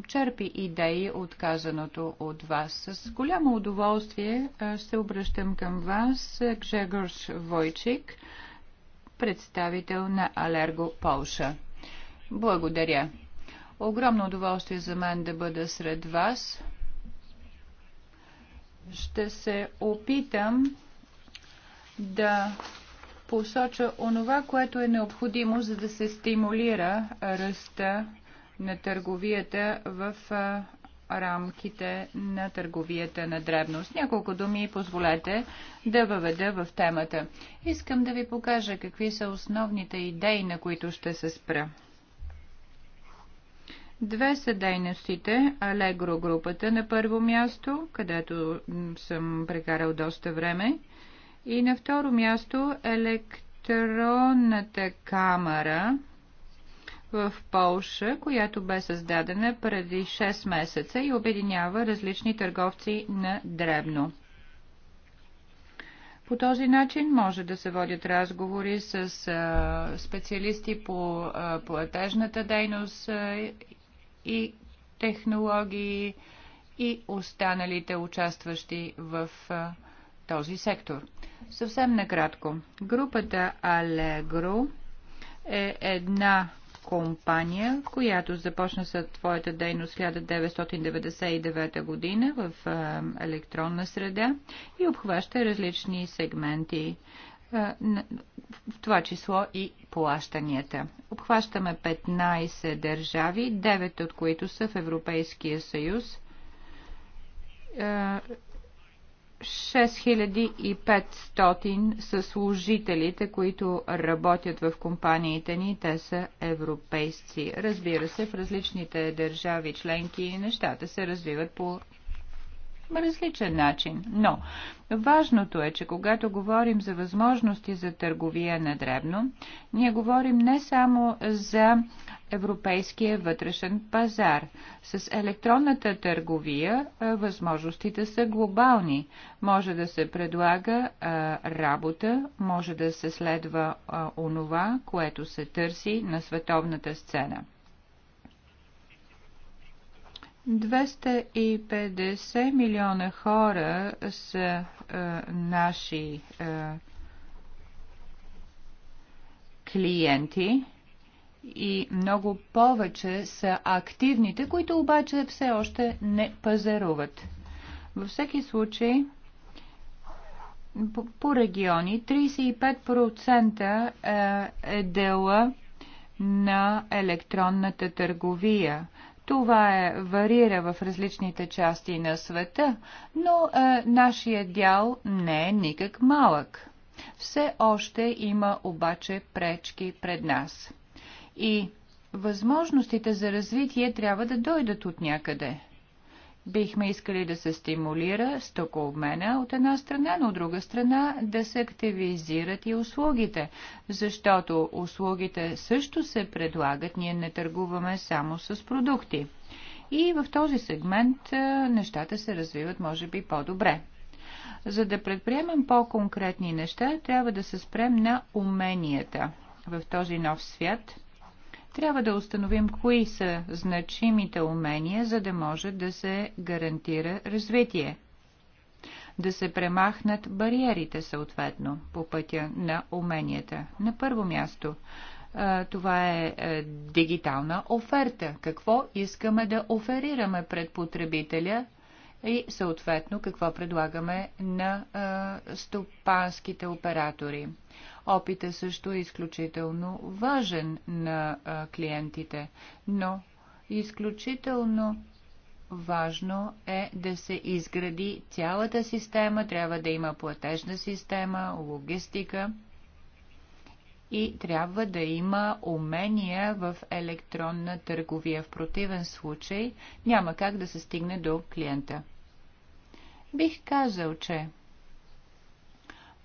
черпи идеи от казаното от вас. С голямо удоволствие се обръщам към вас, е, Гжегорш Войчик, представител на Алерго Полша. Благодаря. Огромно удоволствие за мен да бъда сред вас. Ще се опитам да посоча онова, което е необходимо, за да се стимулира ръста на търговията в рамките на търговията на дребност. Няколко думи позволете да въведа в темата. Искам да ви покажа какви са основните идеи, на които ще се спра. Две са дейностите, Алегро групата на първо място, където съм прекарал доста време, и на второ място електронната камера в Полша, която бе създадена преди 6 месеца и обединява различни търговци на дребно. По този начин може да се водят разговори с специалисти по платежната дейност и технологии и останалите участващи в този сектор. Съвсем накратко. Групата Allegro е една компания, която започна със твоята дейност 1999 година в електронна среда и обхваща различни сегменти е, в това число и плащанията. Обхващаме 15 държави, 9 от които са в Европейския съюз. 6500 е, са служителите, които работят в компаниите ни. Те са европейци. Разбира се, в различните държави членки нещата се развиват по различен начин. Но важното е, че когато говорим за възможности за търговия на дребно, ние говорим не само за европейския вътрешен пазар. С електронната търговия възможностите са глобални. Може да се предлага а, работа, може да се следва а, онова, което се търси на световната сцена. 250 милиона хора са е, наши е, клиенти и много повече са активните, които обаче все още не пазаруват. Във всеки случай, по, по региони 35% е, е дела на електронната търговия това е, варира в различните части на света, но е, нашия дял не е никак малък. Все още има обаче пречки пред нас. И възможностите за развитие трябва да дойдат от някъде. Бихме искали да се стимулира стокообмена от една страна, но от друга страна да се активизират и услугите, защото услугите също се предлагат, ние не търгуваме само с продукти. И в този сегмент е, нещата се развиват, може би, по-добре. За да предприемем по-конкретни неща, трябва да се спрем на уменията в този нов свят – трябва да установим кои са значимите умения, за да може да се гарантира развитие. Да се премахнат бариерите съответно по пътя на уменията. На първо място това е, е дигитална оферта. Какво искаме да оферираме пред потребителя и съответно какво предлагаме на а, стопанските оператори. Опита също е изключително важен на а, клиентите, но изключително важно е да се изгради цялата система, трябва да има платежна система, логистика и трябва да има умения в електронна търговия. В противен случай няма как да се стигне до клиента. Бих казал, че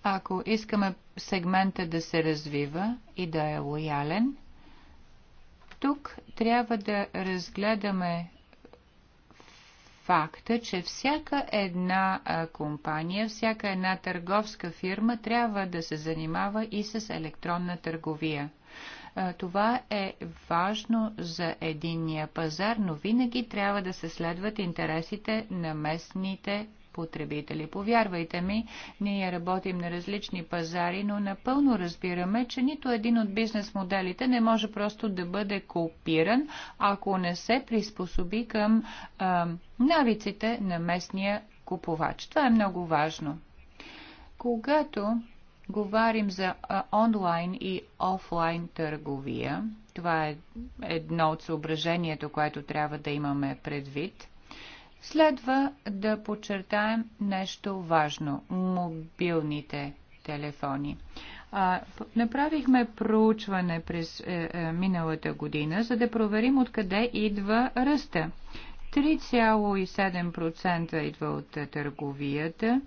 ако искаме сегмента да се развива и да е лоялен, тук трябва да разгледаме факта, че всяка една компания, всяка една търговска фирма трябва да се занимава и с електронна търговия. Това е важно за единния пазар, но винаги трябва да се следват интересите на местните потребители. Повярвайте ми, ние работим на различни пазари, но напълно разбираме, че нито един от бизнес моделите не може просто да бъде копиран, ако не се приспособи към а, навиците на местния купувач. Това е много важно. Когато говорим за онлайн и офлайн търговия, това е едно от съображението, което трябва да имаме предвид. Следва да подчертаем нещо важно – мобилните телефони. А, направихме проучване през е, е, миналата година, за да проверим откъде идва ръста. 3,7% идва от е, търговията,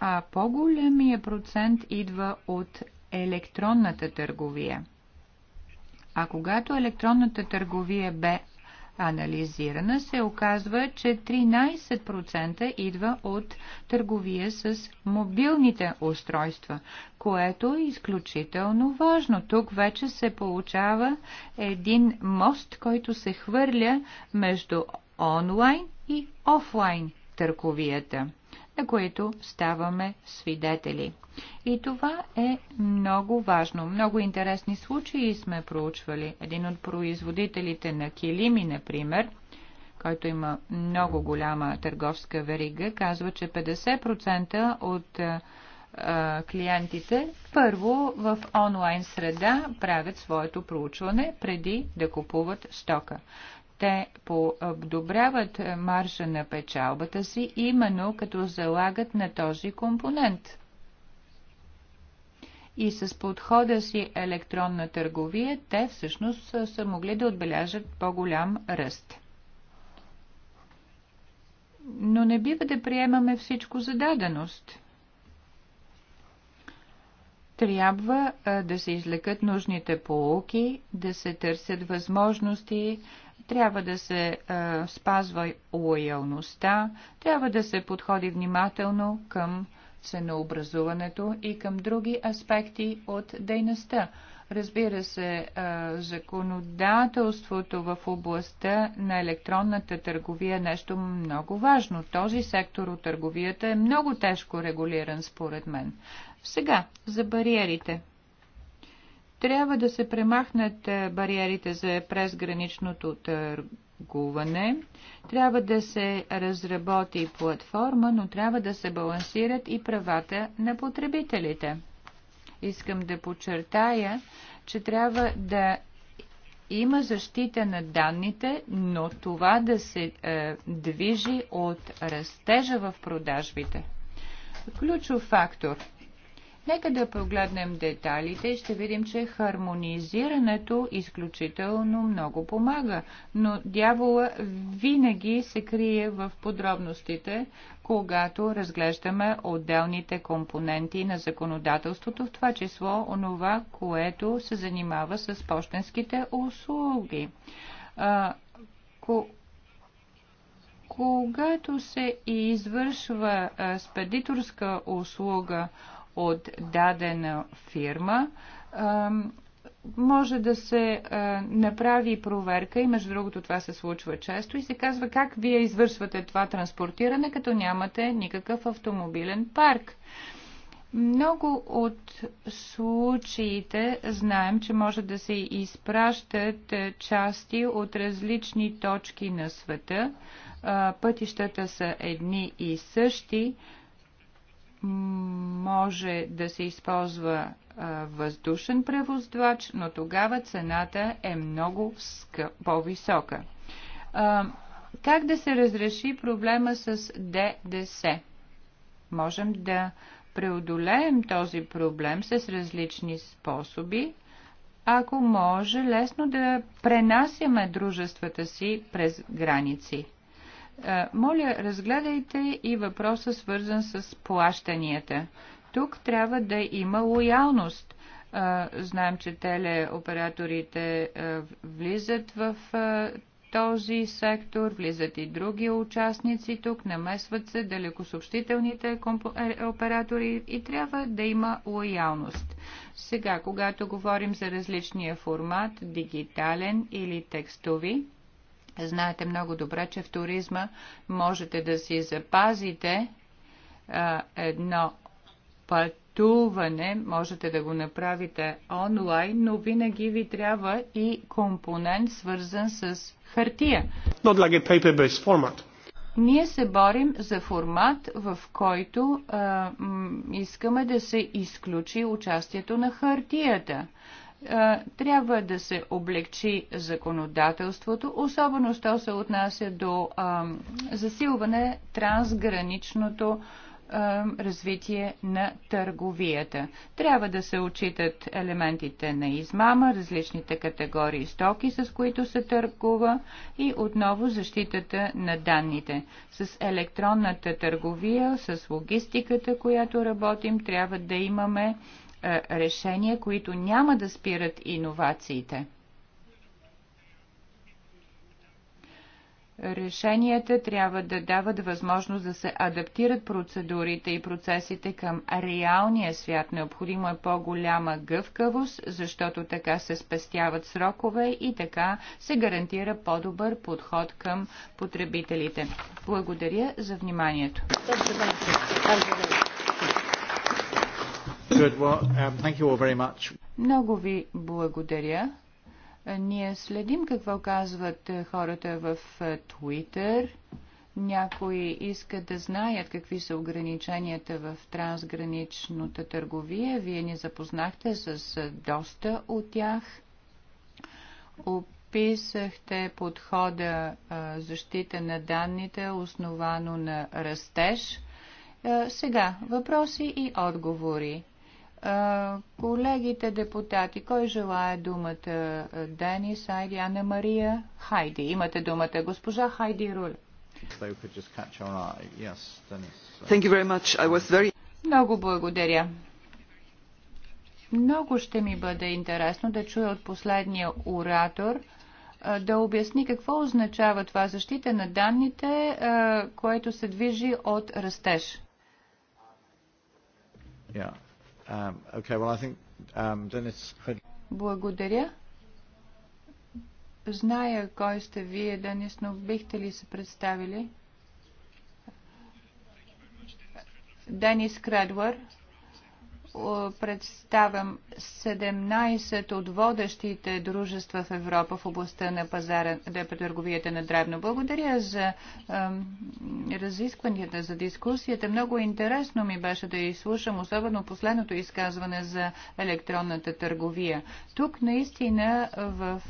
а по-големия процент идва от електронната търговия. А когато електронната търговия бе анализирана, се оказва, че 13% идва от търговия с мобилните устройства, което е изключително важно. Тук вече се получава един мост, който се хвърля между онлайн и офлайн търговията на което ставаме свидетели. И това е много важно. Много интересни случаи сме проучвали. Един от производителите на килими, например, който има много голяма търговска верига, казва, че 50% от клиентите първо в онлайн среда правят своето проучване преди да купуват стока те подобряват маржа на печалбата си, именно като залагат на този компонент. И с подхода си електронна търговия, те всъщност са могли да отбележат по-голям ръст. Но не бива да приемаме всичко за даденост трябва да се излекат нужните полуки, да се търсят възможности трябва да се е, спазва лоялността, трябва да се подходи внимателно към ценообразуването и към други аспекти от дейността. Разбира се, законодателството в областта на електронната търговия е нещо много важно. Този сектор от търговията е много тежко регулиран, според мен. Сега, за бариерите. Трябва да се премахнат е, бариерите за презграничното търгуване. Трябва да се разработи платформа, но трябва да се балансират и правата на потребителите. Искам да подчертая, че трябва да има защита на данните, но това да се е, движи от растежа в продажбите. Ключов фактор – Нека да прогледнем деталите и ще видим, че хармонизирането изключително много помага. Но дявола винаги се крие в подробностите, когато разглеждаме отделните компоненти на законодателството, в това число онова, което се занимава с почтенските услуги. А, ко когато се извършва спедиторска услуга от дадена фирма, може да се направи проверка и между другото това се случва често и се казва как вие извършвате това транспортиране, като нямате никакъв автомобилен парк. Много от случаите знаем, че може да се изпращат части от различни точки на света. Пътищата са едни и същи, може да се използва въздушен превоздвач, но тогава цената е много по-висока. Как да се разреши проблема с ДДС? Можем да преодолеем този проблем с различни способи, ако може лесно да пренасяме дружествата си през граници. Е, моля, разгледайте и въпроса свързан с плащанията. Тук трябва да има лоялност. Е, знаем, че телеоператорите е, влизат в този сектор, влизат и други участници тук, намесват се далекосъобщителните оператори и трябва да има лоялност. Сега, когато говорим за различния формат, дигитален или текстови, Знаете много добре, че в туризма можете да си запазите а, едно пътуване, можете да го направите онлайн, но винаги ви трябва и компонент свързан с хартия. Not like a paper-based format. Ние се борим за формат, в който а, искаме да се изключи участието на хартията. Е, трябва да се облегчи законодателството, особено що се отнася до а, засилване трансграничното а, развитие на търговията. Трябва да се отчитат елементите на измама, различните категории стоки, с които се търгува и отново защитата на данните. С електронната търговия, с логистиката, която работим, трябва да имаме е, решения, които няма да спират иновациите. Решенията трябва да дават възможност да се адаптират процедурите и процесите към реалния свят. Необходимо е по-голяма гъвкавост, защото така се спестяват срокове и така се гарантира по-добър подход към потребителите. Благодаря за вниманието. Good. Well, um, thank you all very much. Много ви благодаря. Ние следим какво казват хората в е, Twitter. Някои искат да знаят какви са ограниченията в трансграничната търговия. Вие ни запознахте с е, доста от тях. Описахте подхода е, защита на данните, основано на растеж. Сега въпроси и отговори. Колегите депутати, кой желая думата? Денис, Айди, Анна Мария, Хайди. Имате думата. Госпожа Хайди Руле. Uh, very... Много благодаря. Много ще ми бъде интересно да чуя от последния оратор да обясни какво означава това защита на данните, което се движи от растеж. Yeah. Um, okay, well, I think, um, Dennis... Благодаря. Зная кой сте вие, Денис, но бихте ли се представили? Денис Кредвар представям 17 от водещите дружества в Европа в областта на пазара на търговията на дребно. Благодаря за е, разискванията, за дискусията. Много интересно ми беше да изслушам, особено последното изказване за електронната търговия. Тук наистина в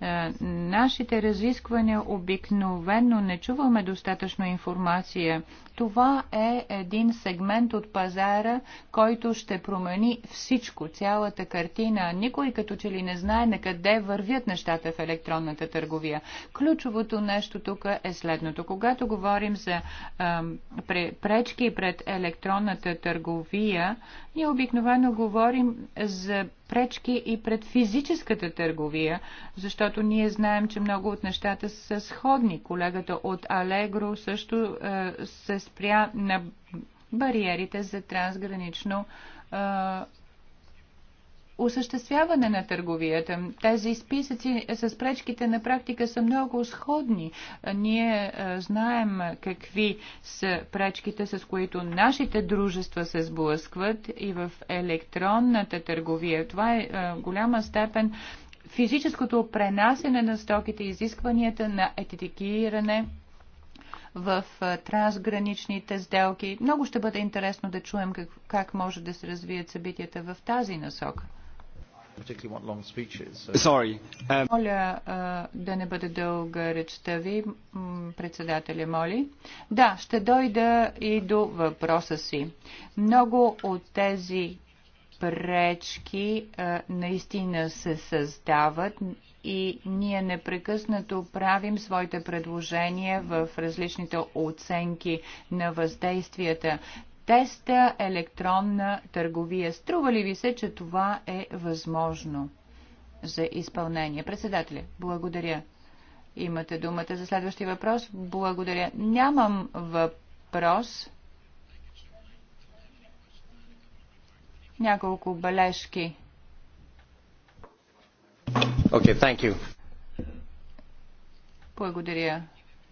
е, нашите разисквания обикновено не чуваме достатъчно информация това е един сегмент от пазара, който ще промени всичко, цялата картина. Никой като че ли не знае на къде вървят нещата в електронната търговия. Ключовото нещо тук е следното. Когато говорим за ам, пречки пред електронната търговия, ние обикновено говорим за пречки и пред физическата търговия, защото ние знаем, че много от нещата са сходни. Колегата от Алегро също е, се спря на бариерите за трансгранично а, осъществяване на търговията. Тези списъци с пречките на практика са много сходни. Ние знаем какви са пречките, с които нашите дружества се сблъскват и в електронната търговия. Това е голяма степен физическото пренасене на стоките, изискванията на етикиране в трансграничните сделки. Много ще бъде интересно да чуем как, как може да се развият събитията в тази насока. Sorry. Um... Моля да не бъде дълга речта ви, председателя моли. Да, ще дойда и до въпроса си. Много от тези пречки наистина се създават и ние непрекъснато правим своите предложения в различните оценки на въздействията. Теста електронна търговия. Струва ли ви се, че това е възможно за изпълнение? Председателя, благодаря. Имате думата за следващия въпрос. Благодаря. Нямам въпрос. Няколко бележки Okay, thank you. Благодаря.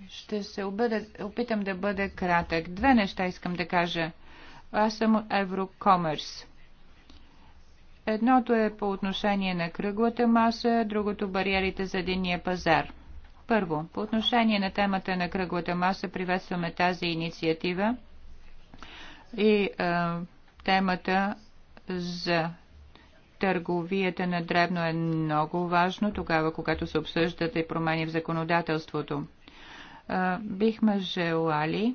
Ще се обеда, опитам да бъда кратък. Две неща искам да кажа. Аз съм Еврокомерс. Едното е по отношение на кръглата маса, другото бариерите за единния пазар. Първо, по отношение на темата на кръглата маса, приветстваме тази инициатива и е, темата за търговията на дребно е много важно тогава, когато се обсъждат и промени в законодателството. Бихме желали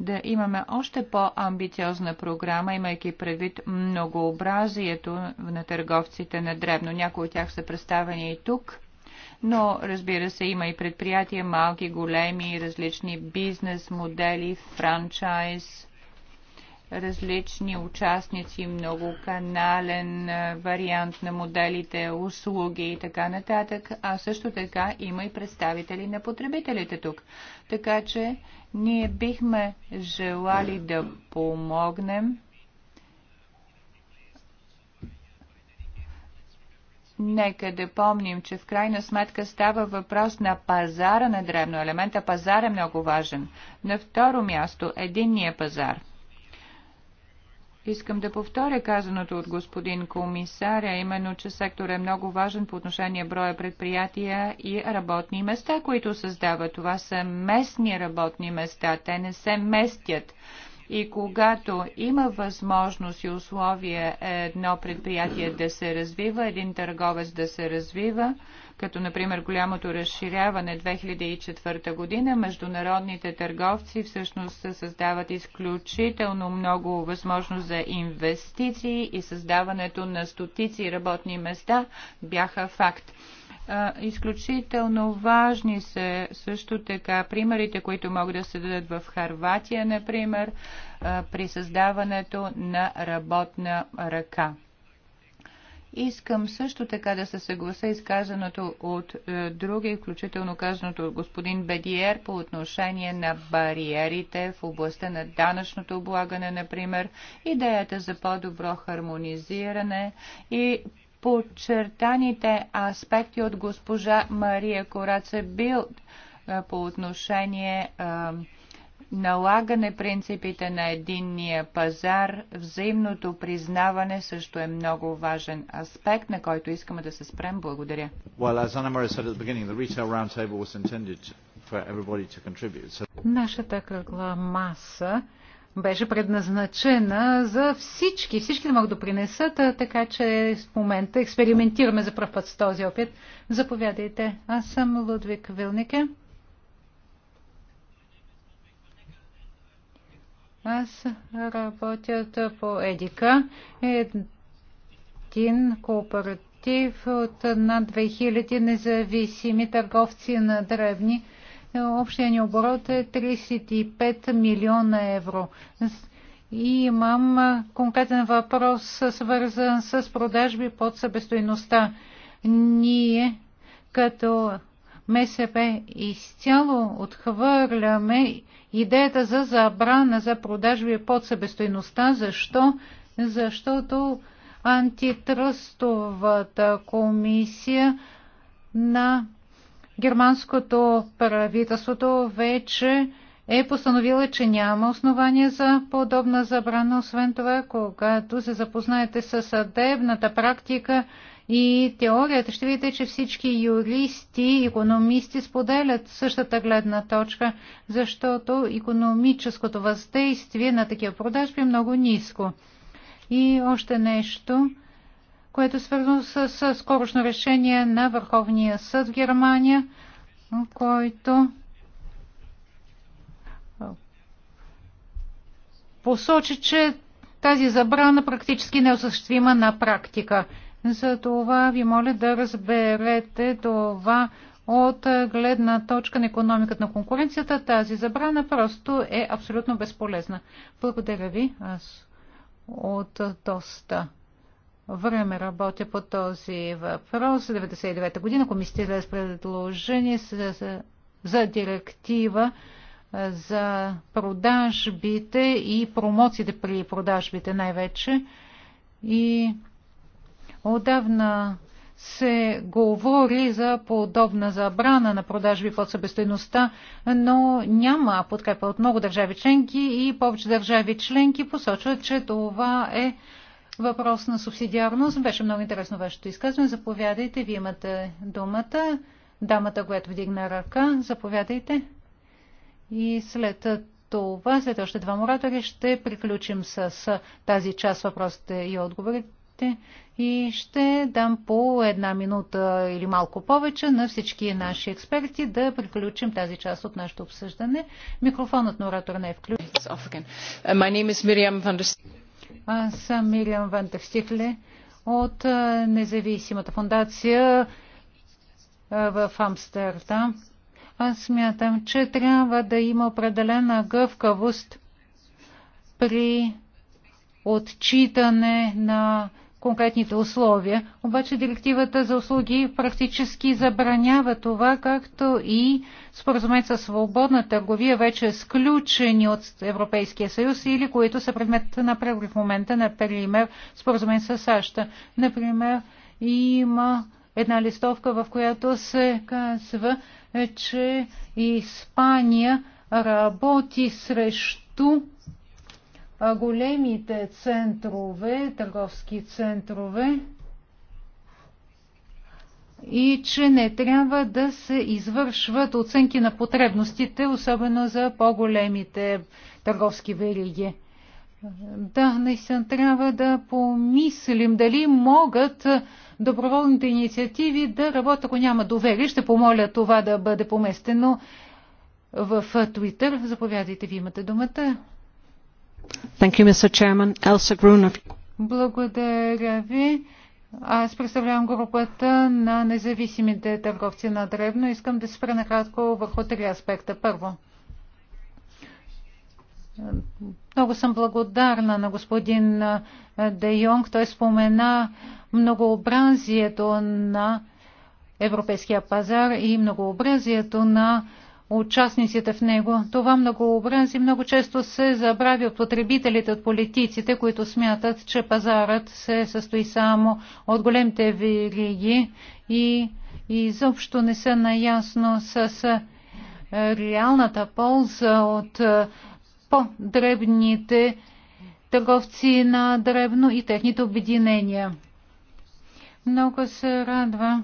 да имаме още по-амбициозна програма, имайки предвид многообразието на търговците на дребно. Някои от тях са представени и тук, но разбира се има и предприятия, малки, големи, различни бизнес модели, франчайз – различни участници, многоканален вариант на моделите, услуги и така нататък, а също така има и представители на потребителите тук. Така че ние бихме желали да помогнем Нека да помним, че в крайна сметка става въпрос на пазара на древно. Елемента пазар е много важен. На второ място, единния пазар – Искам да повторя казаното от господин комисаря, именно, че сектор е много важен по отношение броя предприятия и работни места, които създават. Това са местни работни места, те не се местят. И когато има възможност и условие едно предприятие да се развива, един търговец да се развива, като например голямото разширяване 2004 година, международните търговци всъщност създават изключително много възможност за инвестиции и създаването на стотици работни места бяха факт. Изключително важни са също така примерите, които могат да се дадат в Харватия, например, при създаването на работна ръка. Искам също така да се съгласа изказаното от е, други, включително казаното от господин Бедиер по отношение на бариерите в областта на данъчното облагане, например, идеята за по-добро хармонизиране и подчертаните аспекти от госпожа Мария Кораце Билд е, по отношение е, налагане принципите на единния пазар, взаимното признаване също е много важен аспект, на който искаме да се спрем. Благодаря. Нашата кръгла маса беше предназначена за всички. Всички да могат да принесат, така че в момента експериментираме за първ път с този опит. Заповядайте. Аз съм Лудвик Вилнике. Аз работя по ЕДИКА, един кооператив от над 2000 независими търговци на древни. Общия ни оборот е 35 милиона евро. И имам конкретен въпрос, свързан с продажби под събестойността. Ние като МСП изцяло отхвърляме идеята за забрана за продажби под себестойността. Защо? Защото антитръстовата комисия на германското правителството вече е постановила, че няма основания за подобна забрана. Освен това, когато се запознаете с съдебната практика, и теорията, ще видите, че всички юристи, економисти споделят същата гледна точка, защото економическото въздействие на такива продажби е много ниско. И още нещо, което е свързано с, с скорошно решение на Върховния съд в Германия, който посочи, че тази забрана практически не е осъществима на практика. За това ви моля да разберете това от гледна точка на економиката на конкуренцията. Тази забрана просто е абсолютно безполезна. Благодаря ви. Аз от доста време работя по този въпрос. 99-та година комисията е с предложение за, за директива за продажбите и промоциите при продажбите най-вече. И Отдавна се говори за подобна забрана на продажби под събестойността, но няма подкрепа от много държави членки и повече държави членки посочват, че това е въпрос на субсидиарност. Беше много интересно вашето изказване. Заповядайте, вие имате думата. Дамата, която вдигна ръка, заповядайте. И след това, след още два моратори, ще приключим с тази част въпросите и отговорите и ще дам по една минута или малко повече на всички наши експерти да приключим тази част от нашето обсъждане. Микрофонът на оратора не е включен. Uh, Аз съм Мириам Ван Стихле от независимата фундация в Амстердам. Аз смятам, че трябва да има определена гъвкавост при отчитане на конкретните условия. Обаче директивата за услуги практически забранява това, както и споразумет за свободна търговия вече сключени от Европейския съюз или които са предмет на преговори в момента, например споразумение с САЩ. Например, има една листовка, в която се казва, че Испания работи срещу големите центрове, търговски центрове и че не трябва да се извършват оценки на потребностите, особено за по-големите търговски вериги. Да, наистина трябва да помислим дали могат доброволните инициативи да работят, ако няма доверие. Ще помоля това да бъде поместено в Твитър. Заповядайте, ви имате думата. Thank you, Mr. Chairman. Elsa Благодаря ви. Аз представлявам групата на независимите търговци на Древно. Искам да спра накратко върху три аспекта. Първо, много съм благодарна на господин Де Йонг. Той спомена многообразието на европейския пазар и многообразието на участниците в него. Това многообразие много често се забрави от потребителите, от политиците, които смятат, че пазарът се състои само от големите вериги и изобщо не са наясно с е, реалната полза от е, по-дребните търговци на дребно и техните обединения. Много се радва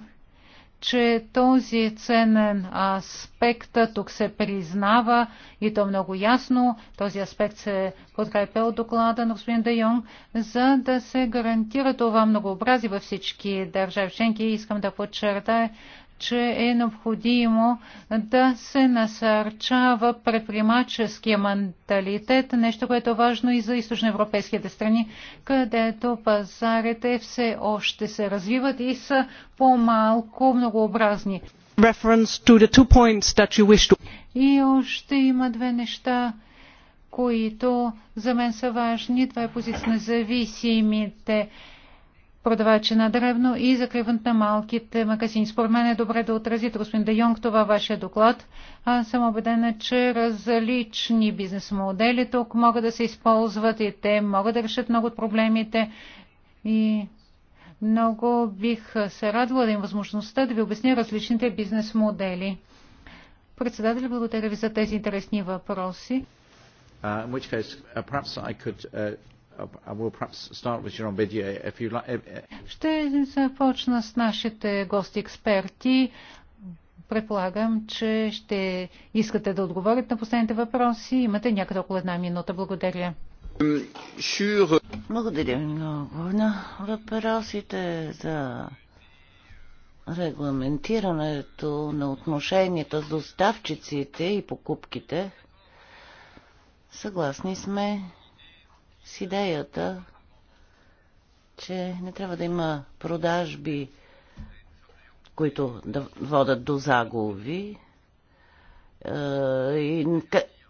че този ценен аспект тук се признава и то много ясно. Този аспект се подкрепя от доклада на господин Де Йонг, за да се гарантира това многообразие във всички държави членки. Искам да подчертая, че е необходимо да се насърчава предприемаческия менталитет, нещо, което е важно и за източноевропейските страни, където пазарите все още се развиват и са по-малко многообразни. To... И още има две неща, които за мен са важни. Това е позиция на зависимите продавачи на древно и закриването на малките магазини. Според мен е добре да отразите, господин Де Йонг, това вашия доклад. Аз съм убедена, че различни бизнес модели тук могат да се използват и те могат да решат много от проблемите. И много бих се радвала да им възможността да ви обясня различните бизнес модели. Председател, благодаря ви за тези интересни въпроси. Uh, in which case, uh, perhaps I could uh, ще започна с нашите гости-експерти. Предполагам, че ще искате да отговорите на последните въпроси. Имате някъде около една минута. Благодаря. Благодаря много на въпросите за регламентирането на отношенията с доставчиците и покупките. Съгласни сме, с идеята, че не трябва да има продажби, които да водат до загуби,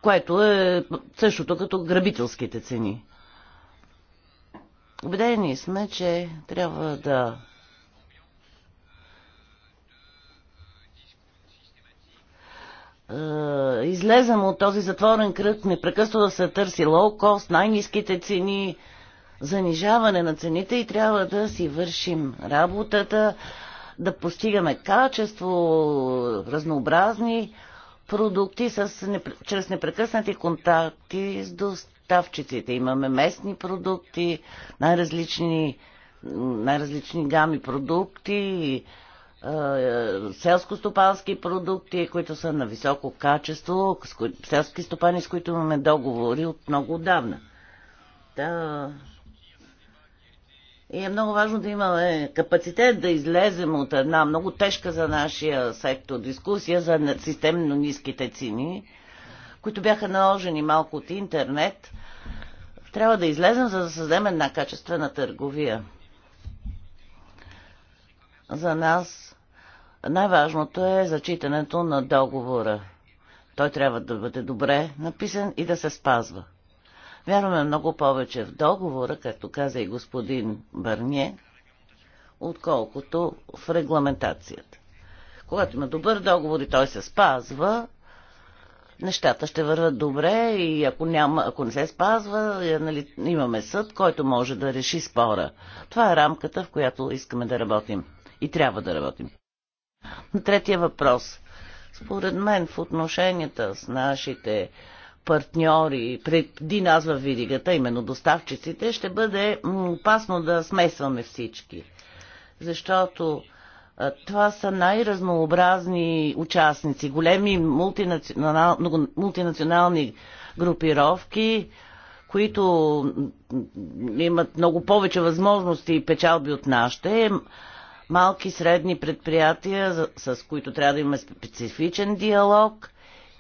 което е същото като грабителските цени. Убедени сме, че трябва да Е, излезем от този затворен кръг, непрекъснато да се търси лоу-кост, най-низките цени, занижаване на цените и трябва да си вършим работата, да постигаме качество, разнообразни продукти с, чрез непрекъснати контакти с доставчиците. Имаме местни продукти, най-различни най-различни гами продукти, селско-стопански продукти, които са на високо качество, селски стопани, с които имаме договори от много отдавна. Да. И е много важно да имаме капацитет да излезем от една много тежка за нашия сектор дискусия за системно ниските цени, които бяха наложени малко от интернет. Трябва да излезем, за да създадем една качествена търговия. За нас най-важното е зачитането на договора. Той трябва да бъде добре написан и да се спазва. Вярваме много повече в договора, както каза и господин Барние, отколкото в регламентацията. Когато има добър договор и той се спазва, нещата ще върват добре и ако, няма, ако не се спазва, е, нали, имаме съд, който може да реши спора. Това е рамката, в която искаме да работим и трябва да работим. Третия въпрос. Според мен в отношенията с нашите партньори преди нас във Видигата, именно доставчиците, ще бъде опасно да смесваме всички. Защото това са най-разнообразни участници, големи мултинационал, мултинационални групировки, които имат много повече възможности и печалби от нашите, малки и средни предприятия, с които трябва да имаме специфичен диалог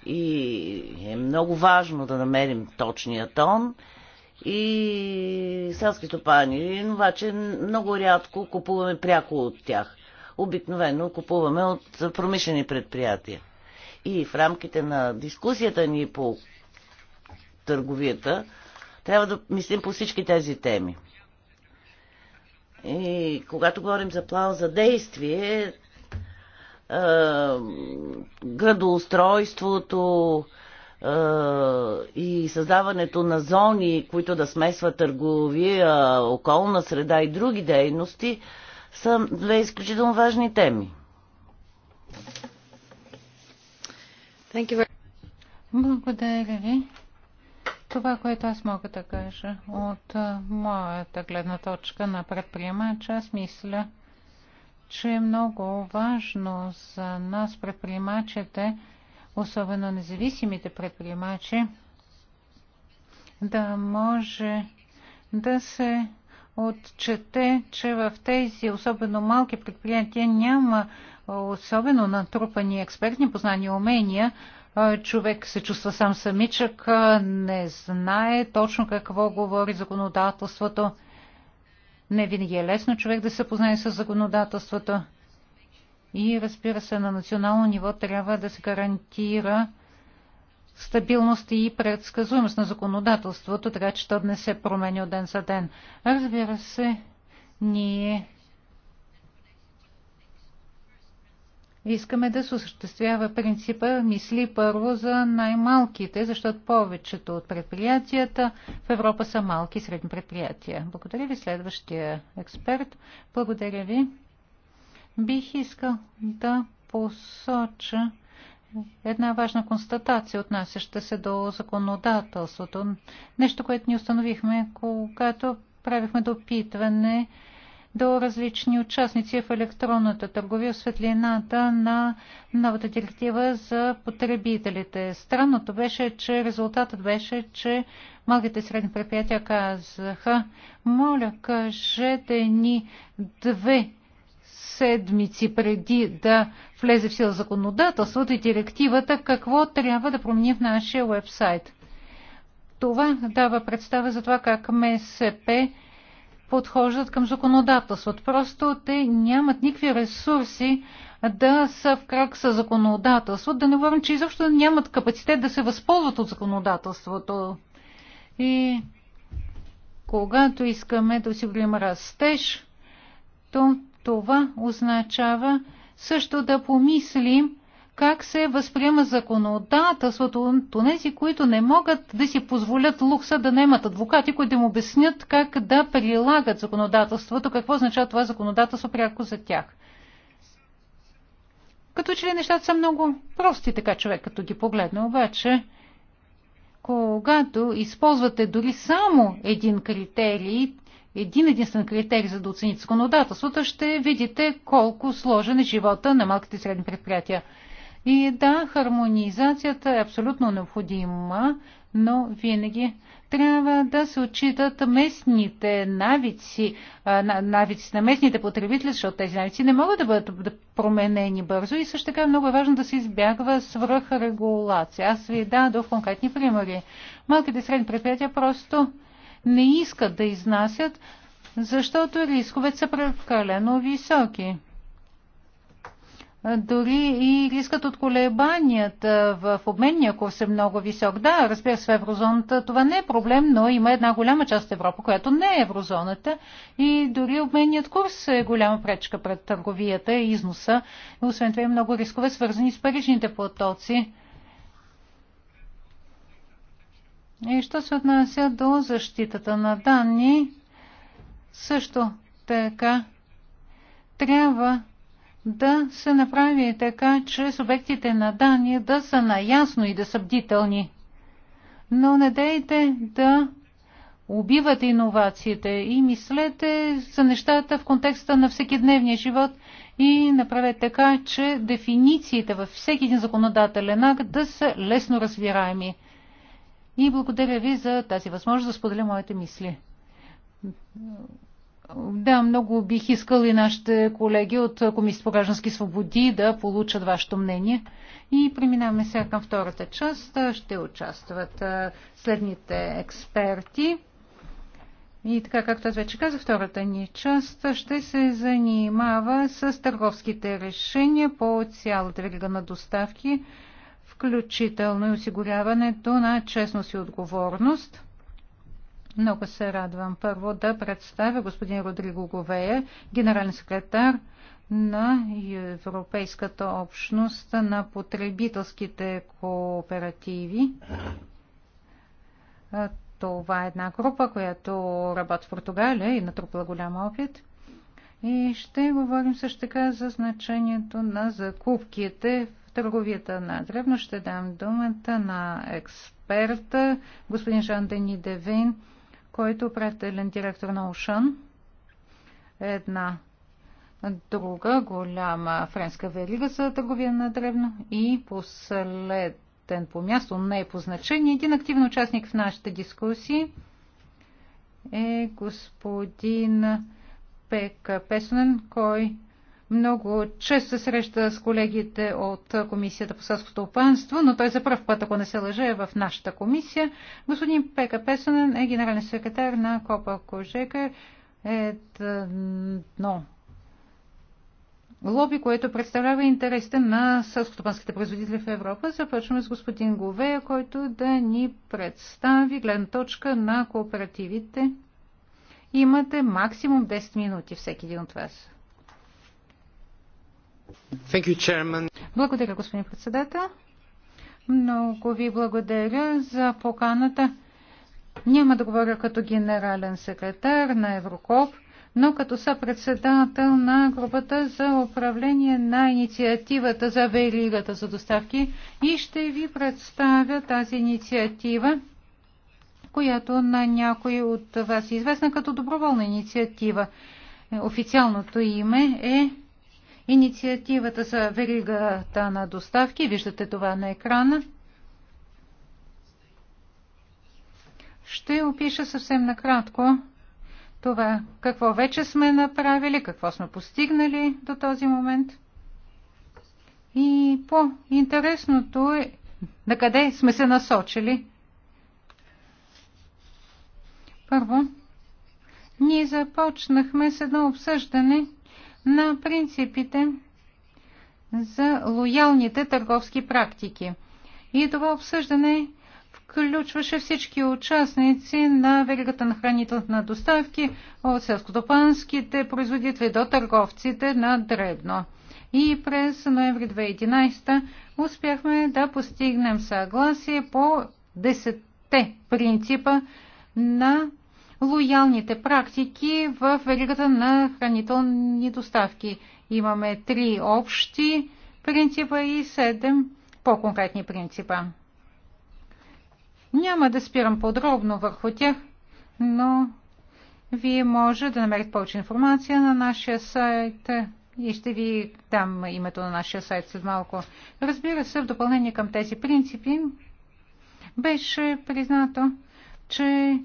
и е много важно да намерим точния тон. И селски стопани, обаче много рядко купуваме пряко от тях. Обикновено купуваме от промишлени предприятия. И в рамките на дискусията ни по търговията, трябва да мислим по всички тези теми. И когато говорим за план за действие, градоустройството и създаването на зони, които да смесват търговия, околна среда и други дейности, са две изключително важни теми. Благодаря ви. Това, което аз мога да кажа от моята гледна точка на предприемач, аз мисля, че е много важно за нас предприемачите, особено независимите предприемачи, да може да се отчете, че в тези особено малки предприятия няма особено натрупани експертни познания и умения, е, човек се чувства сам самичък, е, не знае точно какво говори законодателството. Не винаги е лесно човек да се познае с законодателството. И разбира се, на национално ниво трябва да се гарантира стабилност и предсказуемост на законодателството, така че то не се променя от ден за ден. Разбира се, ние искаме да се осъществява принципа мисли първо за най-малките, защото повечето от предприятията в Европа са малки и средни предприятия. Благодаря ви, следващия експерт. Благодаря ви. Бих искал да посоча една важна констатация, отнасяща се до законодателството. Нещо, което ни установихме, когато правихме допитване до различни участници в електронната търговия в светлината на новата директива за потребителите. Странното беше, че резултатът беше, че малките и средни предприятия казаха, моля, кажете ни две седмици преди да влезе в сила законодателството и директивата, какво трябва да промени в нашия вебсайт. Това дава представа за това как МСП подхождат към законодателството. Просто те нямат никакви ресурси да са в крак с законодателството. Да не говорим, че изобщо нямат капацитет да се възползват от законодателството. И когато искаме да осигурим растеж, то това означава също да помислим как се възприема законодателството от тези, които не могат да си позволят лукса да немат адвокати, които им обяснят как да прилагат законодателството, какво означава това законодателство пряко за тях. Като че ли нещата са много прости, така човек като ги погледне, обаче когато използвате дори само един критерий, един единствен критерий, за да оцените законодателството, ще видите колко сложен е живота на малките и средни предприятия. И да, хармонизацията е абсолютно необходима, но винаги трябва да се отчитат местните навици, навици на местните потребители, защото тези навици не могат да бъдат променени бързо и също така е много е важно да се избягва свръхрегулация. Аз ви дадох конкретни примери. Малките и средни предприятия просто не искат да изнасят, защото рисковете са прекалено високи. Дори и рискът от колебанията в обменния курс е много висок. Да, разбира се, в еврозоната това не е проблем, но има една голяма част от Европа, която не е еврозоната и дори обменният курс е голяма пречка пред търговията и износа. Освен това е много рискове, свързани с паричните потоци. И що се отнася до защитата на данни, също така трябва да се направи така, че субектите на данни да са наясно и да са бдителни. Но не дейте да убивате иновациите и мислете за нещата в контекста на всекидневния живот и направете така, че дефинициите във всеки един законодателен акт да са лесно разбираеми. И благодаря ви за тази възможност да споделя моите мисли. Да, много бих искал и нашите колеги от Комисията по граждански свободи да получат вашето мнение. И преминаваме сега към втората част. Ще участват следните експерти. И така, както аз вече казах, втората ни част ще се занимава с търговските решения по цялата верига на доставки, включително и осигуряването на честност и отговорност. Много се радвам първо да представя господин Родриго Говея, генерален секретар на Европейската общност на потребителските кооперативи. Това е една група, която работи в Португалия и е натрупала голям опит. И ще говорим също така за значението на закупките в търговията на древно. Ще дам думата на експерта, господин Жан Дени Девин който определен е директор на Ушън, една друга голяма френска верига за търговия на древно и последен по място, не е по значение, един активен участник в нашите дискусии е господин Пек Песонен, кой много често се среща с колегите от Комисията по селско опанство, но той за първ път, ако не се лъже, е в нашата комисия. Господин Пека Песонен е генерален секретар на Копа Кожека. Едно лоби, което представлява интересите на сълско-топанските производители в Европа. Започваме с господин Говея, който да ни представи гледна точка на кооперативите. Имате максимум 10 минути всеки един от вас благодаря, господин председател. Много ви благодаря за поканата. Няма да говоря като генерален секретар на Еврокоп, но като съпредседател на групата за управление на инициативата за веригата за доставки и ще ви представя тази инициатива, която на някой от вас е известна като доброволна инициатива. Официалното име е инициативата за веригата на доставки. Виждате това на екрана. Ще опиша съвсем накратко това какво вече сме направили, какво сме постигнали до този момент. И по-интересното е на къде сме се насочили. Първо, ние започнахме с едно обсъждане – на принципите за лоялните търговски практики. И това обсъждане включваше всички участници на веригата на хранителна доставки от селскотопанските производители до търговците на Дребно. И през ноември 2011 успяхме да постигнем съгласие по 10 принципа на лоялните практики в веригата на хранителни доставки. Имаме три общи принципа и седем по-конкретни принципа. Няма да спирам подробно върху тях, но вие може да намерите повече информация на нашия сайт и ще ви дам името на нашия сайт след малко. Разбира се, в допълнение към тези принципи беше признато, че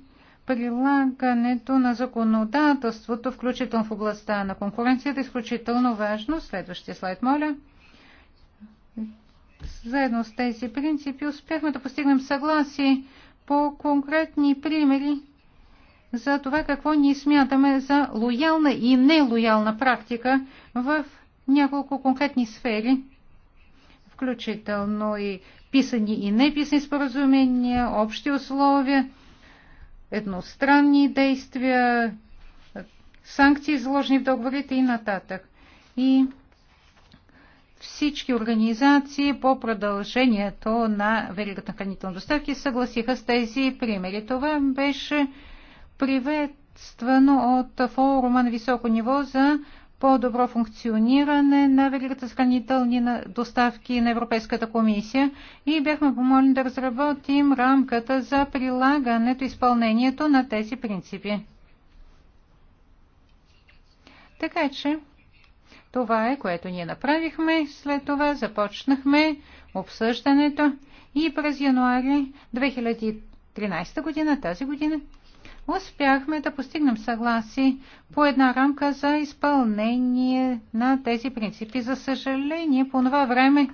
прилагането на законодателството, включително в областта на конкуренцията, е изключително важно. Следващия слайд, моля. Заедно с тези принципи успяхме да постигнем съгласие по конкретни примери за това какво ние смятаме за лоялна и нелоялна практика в няколко конкретни сфери, включително и писани и неписани споразумения, общи условия, едностранни действия, санкции изложени в договорите и нататък. И всички организации по продължението на Великата хранителна доставки съгласиха с тези примери. Това беше приветствано от форума на високо ниво за по-добро функциониране на великата с доставки на Европейската комисия и бяхме помолени да разработим рамката за прилагането и изпълнението на тези принципи. Така че това е, което ние направихме. След това започнахме обсъждането и през януари 2013 година, тази година, успяхме да постигнем съгласи по една рамка за изпълнение на тези принципи. За съжаление, по това време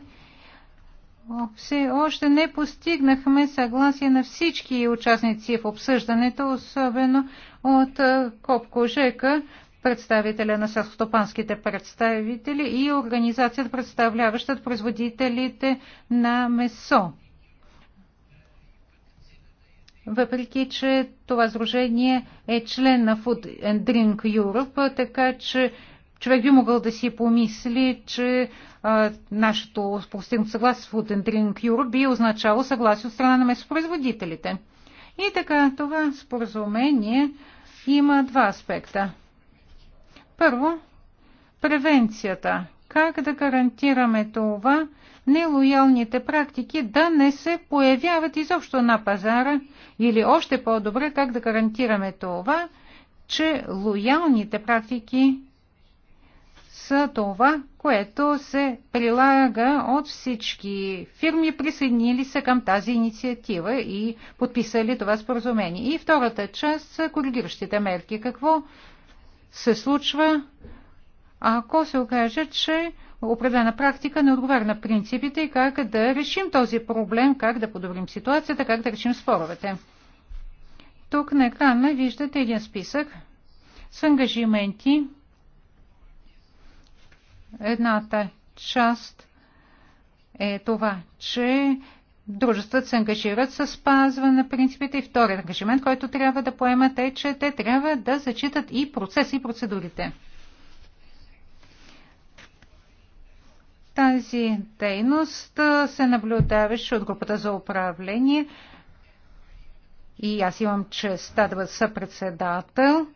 все още не постигнахме съгласие на всички участници в обсъждането, особено от Копко Жека, представителя на селскостопанските представители и организацията, представляваща производителите на месо въпреки че това сдружение е член на Food and Drink Europe, така че човек би могъл да си помисли, че а, нашето постигнато съгласие с Food and Drink Europe би означало съгласие от страна на местопроизводителите. И така, това споразумение има два аспекта. Първо, превенцията как да гарантираме това, нелоялните практики да не се появяват изобщо на пазара или още по-добре как да гарантираме това, че лоялните практики са това, което се прилага от всички фирми, присъединили се към тази инициатива и подписали това споразумение. И втората част са коригиращите мерки. Какво се случва ако се окаже, че определена практика не отговаря на принципите и как да решим този проблем, как да подобрим ситуацията, как да решим споровете. Тук на екрана виждате един списък с ангажименти. Едната част е това, че дружествата се ангажират с спазване на принципите и вторият ангажимент, който трябва да поемат е, че те трябва да зачитат и процеси и процедурите. Тази дейност се наблюдаваше от групата за управление и аз имам честа да бъда съпредседател.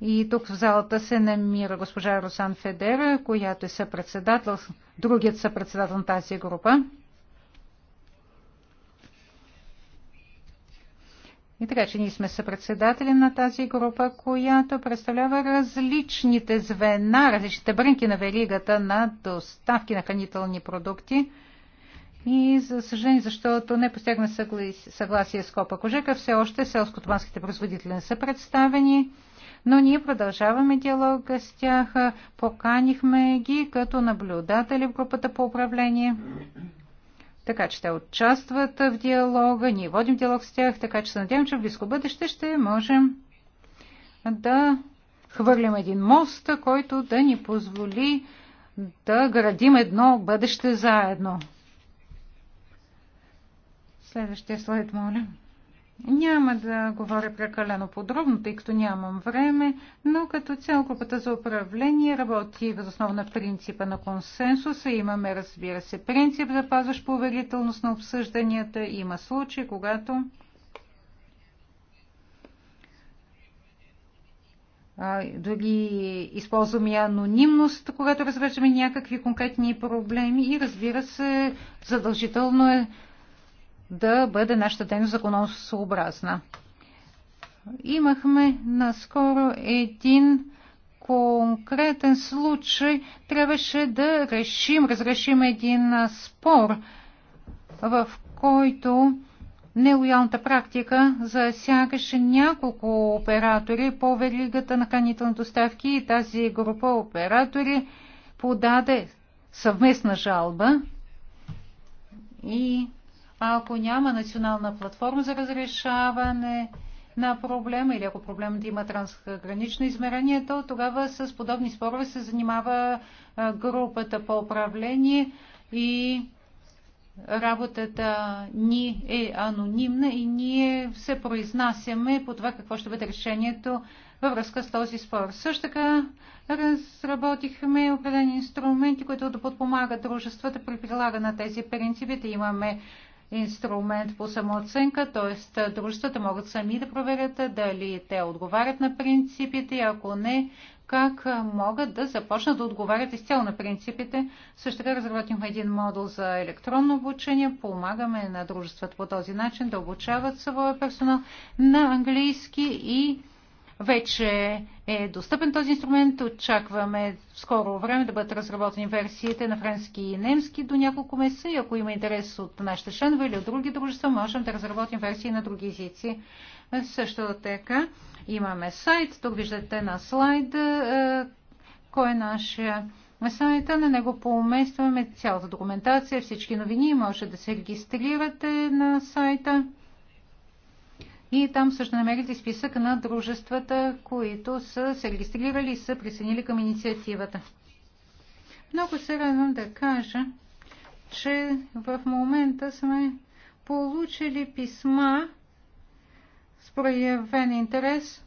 И тук в залата се намира госпожа Росан Федера, която е съпредседател, другият съпредседател на тази група. И така, че ние сме съпредседатели на тази група, която представлява различните звена, различните брънки на веригата на доставки на хранителни продукти. И за съжаление, защото не постигна съгласие с Копа Кожека, все още селско-туманските производители не са представени, но ние продължаваме диалога с тях, поканихме ги като наблюдатели в групата по управление така че те участват в диалога, ние водим диалог с тях, така че се надявам, че в близко бъдеще ще можем да хвърлим един мост, който да ни позволи да градим едно бъдеще заедно. Следващия слайд, моля. Няма да говоря прекалено подробно, тъй като нямам време, но като цяло групата за управление работи въз основа на принципа на консенсуса. Имаме, разбира се, принцип запазващ поверителност на обсъжданията. Има случаи, когато дори използваме анонимност, когато развеждаме някакви конкретни проблеми и разбира се, задължително е да бъде нашата дейност законосъобразна. Имахме наскоро един конкретен случай. Трябваше да решим, разрешим един спор, в който нелоялната практика засягаше няколко оператори по веригата на хранителни доставки и тази група оператори подаде съвместна жалба и ако няма национална платформа за разрешаване на проблема или ако проблемът има трансгранично измерение, то тогава с подобни спорове се занимава групата по управление и работата ни е анонимна и ние се произнасяме по това какво ще бъде решението във връзка с този спор. Също така разработихме определени инструменти, които да подпомагат дружествата при прилага на тези принципи. Да имаме инструмент по самооценка, т.е. дружествата могат сами да проверят дали те отговарят на принципите и ако не, как могат да започнат да отговарят изцяло на принципите. Също така разработихме един модул за електронно обучение. Помагаме на дружествата по този начин да обучават своя персонал на английски и вече е достъпен този инструмент. Очакваме в скоро време да бъдат разработени версиите на френски и немски до няколко месеца. И ако има интерес от нашите членове или от други дружества, можем да разработим версии на други езици. Също така имаме сайт. Тук виждате на слайд е, кой е нашия на сайта на него поместваме цялата документация, всички новини, може да се регистрирате на сайта. И там също намерите списък на дружествата, които са се регистрирали и са присъединили към инициативата. Много се радвам да кажа, че в момента сме получили писма с проявен интерес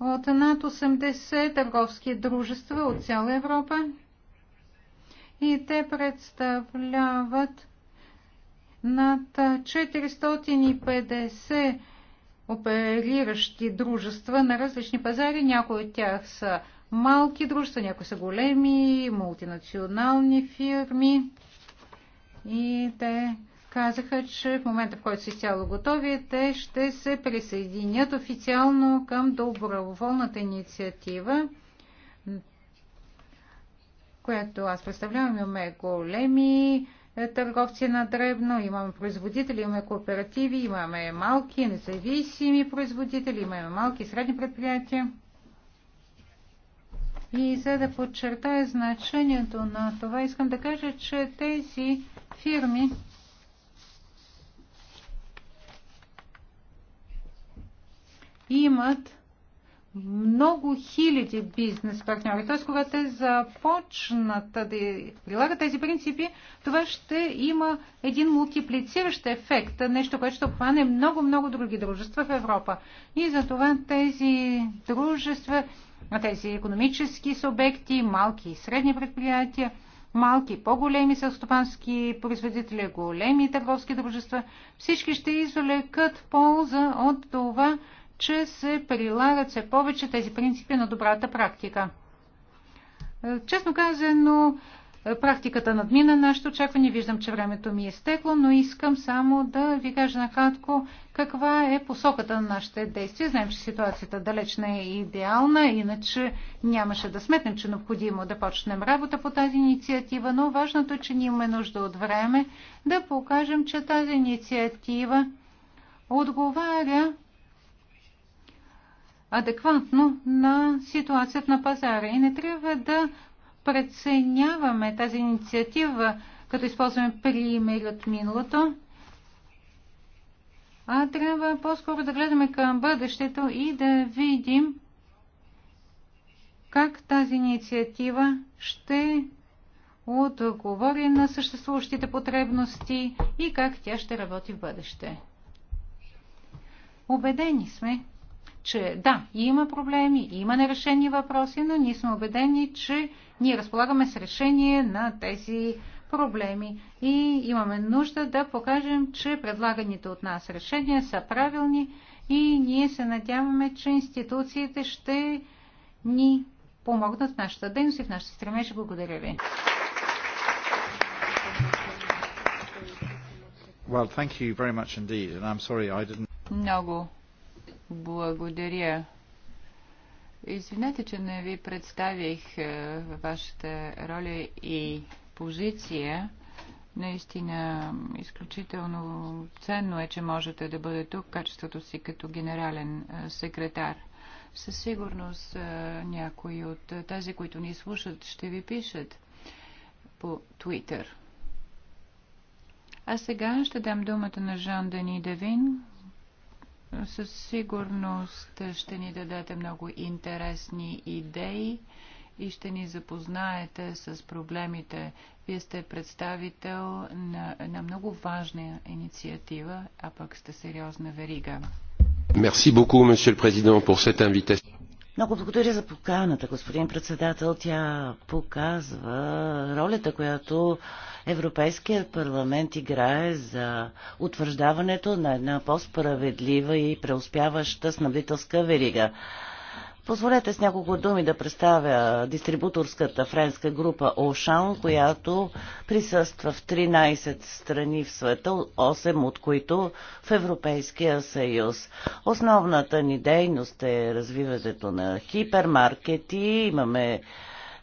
от над 80 търговски дружества от цяла Европа и те представляват над 450 опериращи дружества на различни пазари. Някои от тях са малки дружества, някои са големи, мултинационални фирми. И те казаха, че в момента, в който са изцяло готови, те ще се присъединят официално към доброволната инициатива, която аз представлявам. Имаме големи е, търговци на дребно, имаме производители, имаме кооперативи, имаме малки независими производители, имаме малки и средни предприятия. И за да подчертая значението на това, искам да кажа, че тези фирми имат много хиляди бизнес партньори. Т.е. когато те започнат да прилагат тези принципи, това ще има един мултиплициращ ефект, нещо, което ще обхване много-много други дружества в Европа. И за това тези дружества, тези економически субекти, малки и средни предприятия, малки, по-големи селстопански производители, големи търговски дружества, всички ще извлекат полза от това, че се прилагат все повече тези принципи на добрата практика. Е, честно казано, е, практиката надмина нашето очакване. Виждам, че времето ми е стекло, но искам само да ви кажа накратко каква е посоката на нашите действия. Знаем, че ситуацията далеч не е идеална, иначе нямаше да сметнем, че е необходимо да почнем работа по тази инициатива, но важното е, че ние имаме нужда от време да покажем, че тази инициатива отговаря адекватно на ситуацията на пазара. И не трябва да преценяваме тази инициатива, като използваме примери от миналото, а трябва по-скоро да гледаме към бъдещето и да видим как тази инициатива ще отговори на съществуващите потребности и как тя ще работи в бъдеще. Убедени сме, че да, има проблеми, има нерешени въпроси, но ние сме убедени, че ние разполагаме с решение на тези проблеми и имаме нужда да покажем, че предлаганите от нас решения са правилни и ние се надяваме, че институциите ще ни помогнат в нашата дейност и в нашите стремежи. Благодаря ви. Well, thank you very much indeed, and I'm sorry I didn't... Много благодаря. Извинете, че не ви представих е, вашата роля и позиция. Наистина, изключително ценно е, че можете да бъде тук в качеството си като генерален е, секретар. Със сигурност е, някои от тези, които ни слушат, ще ви пишат по Twitter. А сега ще дам думата на Жан Дани Девин, със сигурност ще ни дадете много интересни идеи и ще ни запознаете с проблемите. Вие сте представител на една много важна инициатива, а пък сте сериозна верига. Merci beaucoup, monsieur le président, pour cette invitation. Много благодаря за поканата, господин председател. Тя показва ролята, която Европейският парламент играе за утвърждаването на една по-справедлива и преуспяваща снабдителска верига. Позволете с няколко думи да представя дистрибуторската френска група Ocean, която присъства в 13 страни в света, 8 от които в Европейския съюз. Основната ни дейност е развиването на хипермаркети, имаме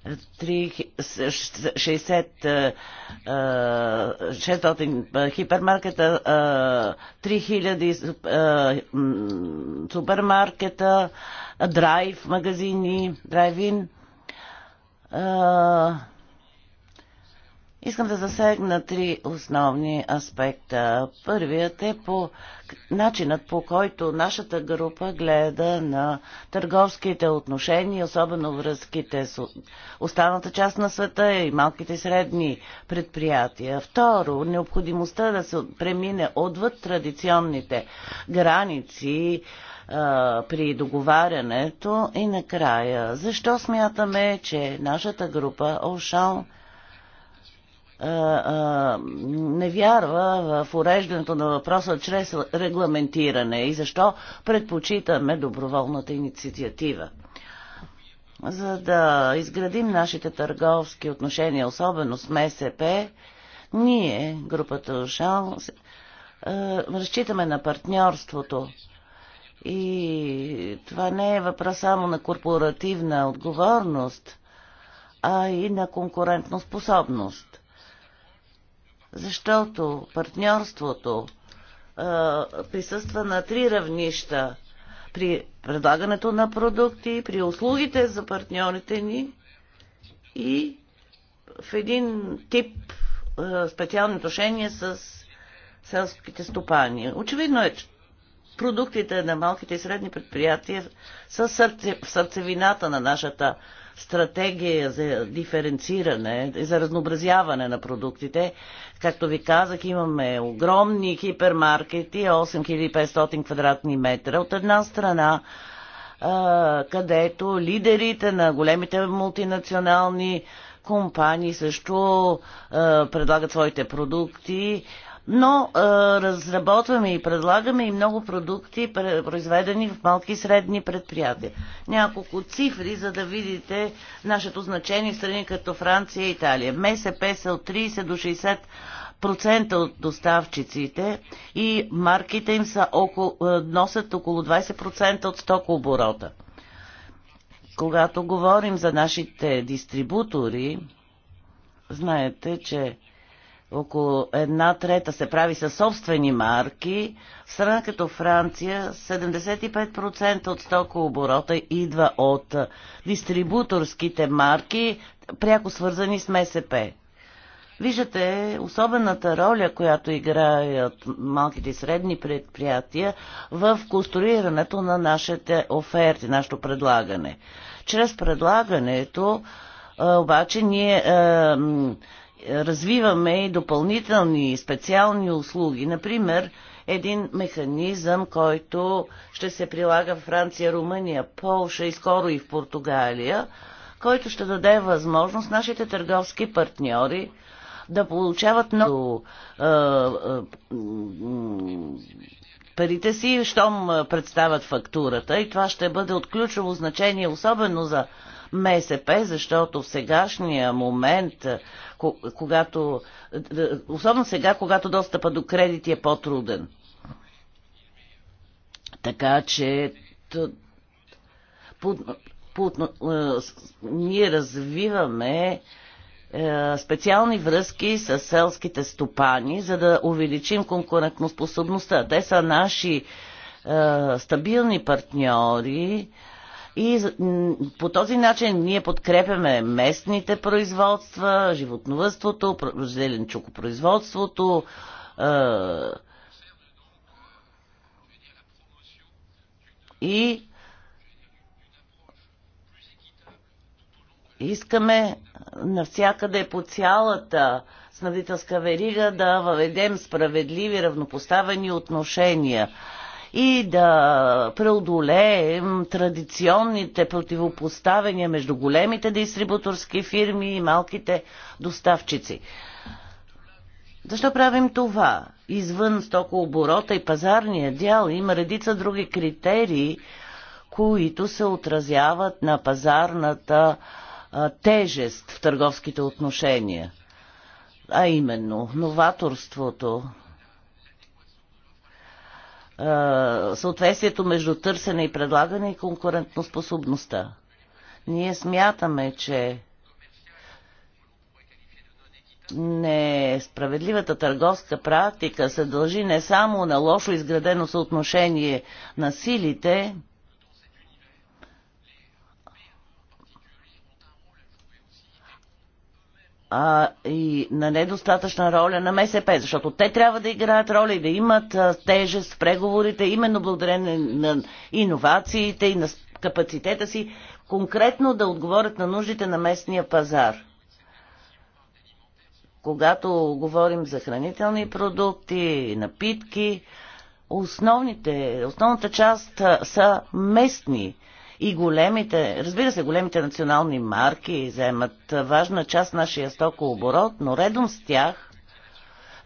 600 хипермаркета, 3000 супермаркета, драйв магазини, драйвин. Искам да засегна три основни аспекта. Първият е по начинът по който нашата група гледа на търговските отношения, особено връзките с останата част на света и малките и средни предприятия. Второ, необходимостта да се премине отвъд традиционните граници при договарянето и накрая. Защо смятаме, че нашата група Ошал не вярва в уреждането на въпроса чрез регламентиране и защо предпочитаме доброволната инициатива. За да изградим нашите търговски отношения, особено с МСП, ние, групата Ошал, разчитаме на партньорството. И това не е въпрос само на корпоративна отговорност, а и на конкурентна способност защото партньорството а, присъства на три равнища при предлагането на продукти, при услугите за партньорите ни и в един тип а, специални отношения с селските стопани. Очевидно е, че продуктите на малките и средни предприятия са сърце, в сърцевината на нашата стратегия за диференциране, за разнообразяване на продуктите. Както ви казах, имаме огромни хипермаркети, 8500 квадратни метра от една страна, където лидерите на големите мултинационални компании също предлагат своите продукти, но а, е, разработваме и предлагаме и много продукти, произведени в малки и средни предприятия. Няколко цифри, за да видите нашето значение в страни като Франция и Италия. МСП са от 30 до 60 процента от доставчиците и марките им са около, е, носят около 20% от стокооборота. Когато говорим за нашите дистрибутори, знаете, че около една трета се прави със собствени марки. В страна като Франция 75% от стокооборота идва от дистрибуторските марки, пряко свързани с МСП. Виждате особената роля, която играят малките и средни предприятия в конструирането на нашите оферти, нашето предлагане. Чрез предлагането обаче ние развиваме и допълнителни специални услуги. Например, един механизъм, който ще се прилага в Франция, Румъния, Полша и скоро и в Португалия, който ще даде възможност нашите търговски партньори да получават много парите си, щом представят фактурата и това ще бъде от ключово значение, особено за МСП, защото в сегашния момент, е, когато, е, особено сега, когато достъпа до кредити е по-труден. Така че по, по, е, ние развиваме специални връзки с селските стопани, за да увеличим конкурентоспособността. Те са наши стабилни партньори, и по този начин ние подкрепяме местните производства, животновътството, зеленчукопроизводството, и искаме навсякъде по цялата снабдителска верига да въведем справедливи, равнопоставени отношения и да преодолеем традиционните противопоставения между големите дистрибуторски фирми и малките доставчици. Защо правим това? Извън стокооборота и пазарния дял има редица други критерии, които се отразяват на пазарната а, тежест в търговските отношения. А именно, новаторството, е, съответствието между търсене и предлагане и конкурентоспособността. Ние смятаме, че несправедливата търговска практика се дължи не само на лошо изградено съотношение на силите, а, и на недостатъчна роля на МСП, защото те трябва да играят роля и да имат а, тежест в преговорите, именно благодарение на иновациите и на капацитета си, конкретно да отговорят на нуждите на местния пазар. Когато говорим за хранителни продукти, напитки, основните, основната част са местни и големите, разбира се, големите национални марки вземат важна част нашия стокооборот, но редом с тях,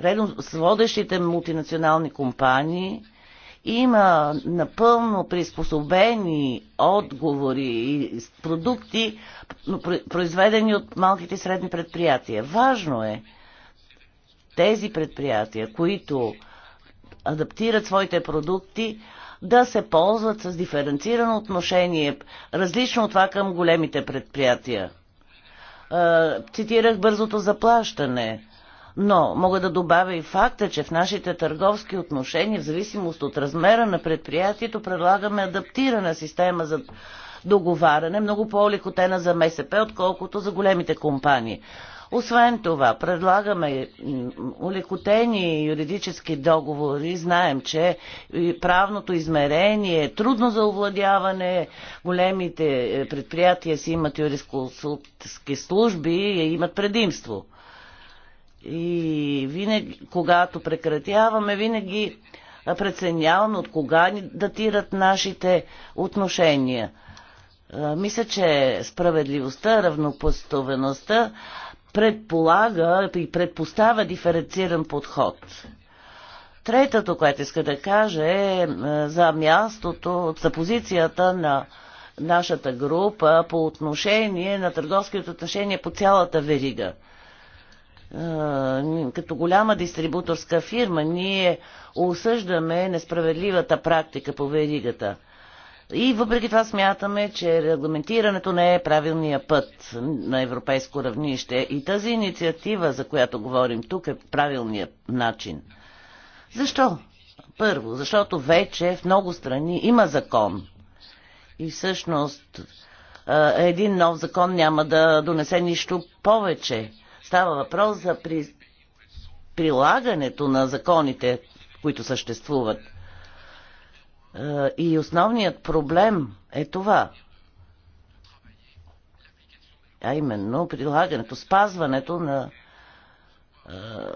редом с водещите мултинационални компании, има напълно приспособени отговори и продукти, произведени от малките и средни предприятия. Важно е тези предприятия, които адаптират своите продукти, да се ползват с диференцирано отношение, различно от това към големите предприятия. Е, цитирах бързото заплащане, но мога да добавя и факта, че в нашите търговски отношения, в зависимост от размера на предприятието, предлагаме адаптирана система за договаряне, много по-олекотена за МСП, отколкото за големите компании. Освен това, предлагаме улекотени юридически договори. Знаем, че правното измерение е трудно за овладяване. Големите е, предприятия си имат юрисконсултски служби и имат предимство. И винаги, когато прекратяваме, винаги преценяваме от кога ни датират нашите отношения. Мисля, че справедливостта, равнопоставеността предполага и предпоставя диференциран подход. Третото, което иска да кажа е, е за мястото, за позицията на нашата група по отношение на търговските отношения по цялата верига. Е, като голяма дистрибуторска фирма ние осъждаме несправедливата практика по веригата – и въпреки това смятаме, че регламентирането не е правилния път на европейско равнище. И тази инициатива, за която говорим тук, е правилният начин. Защо? Първо, защото вече в много страни има закон. И всъщност един нов закон няма да донесе нищо повече. Става въпрос за при... прилагането на законите, които съществуват. Е, и основният проблем е това. А именно прилагането, спазването на е,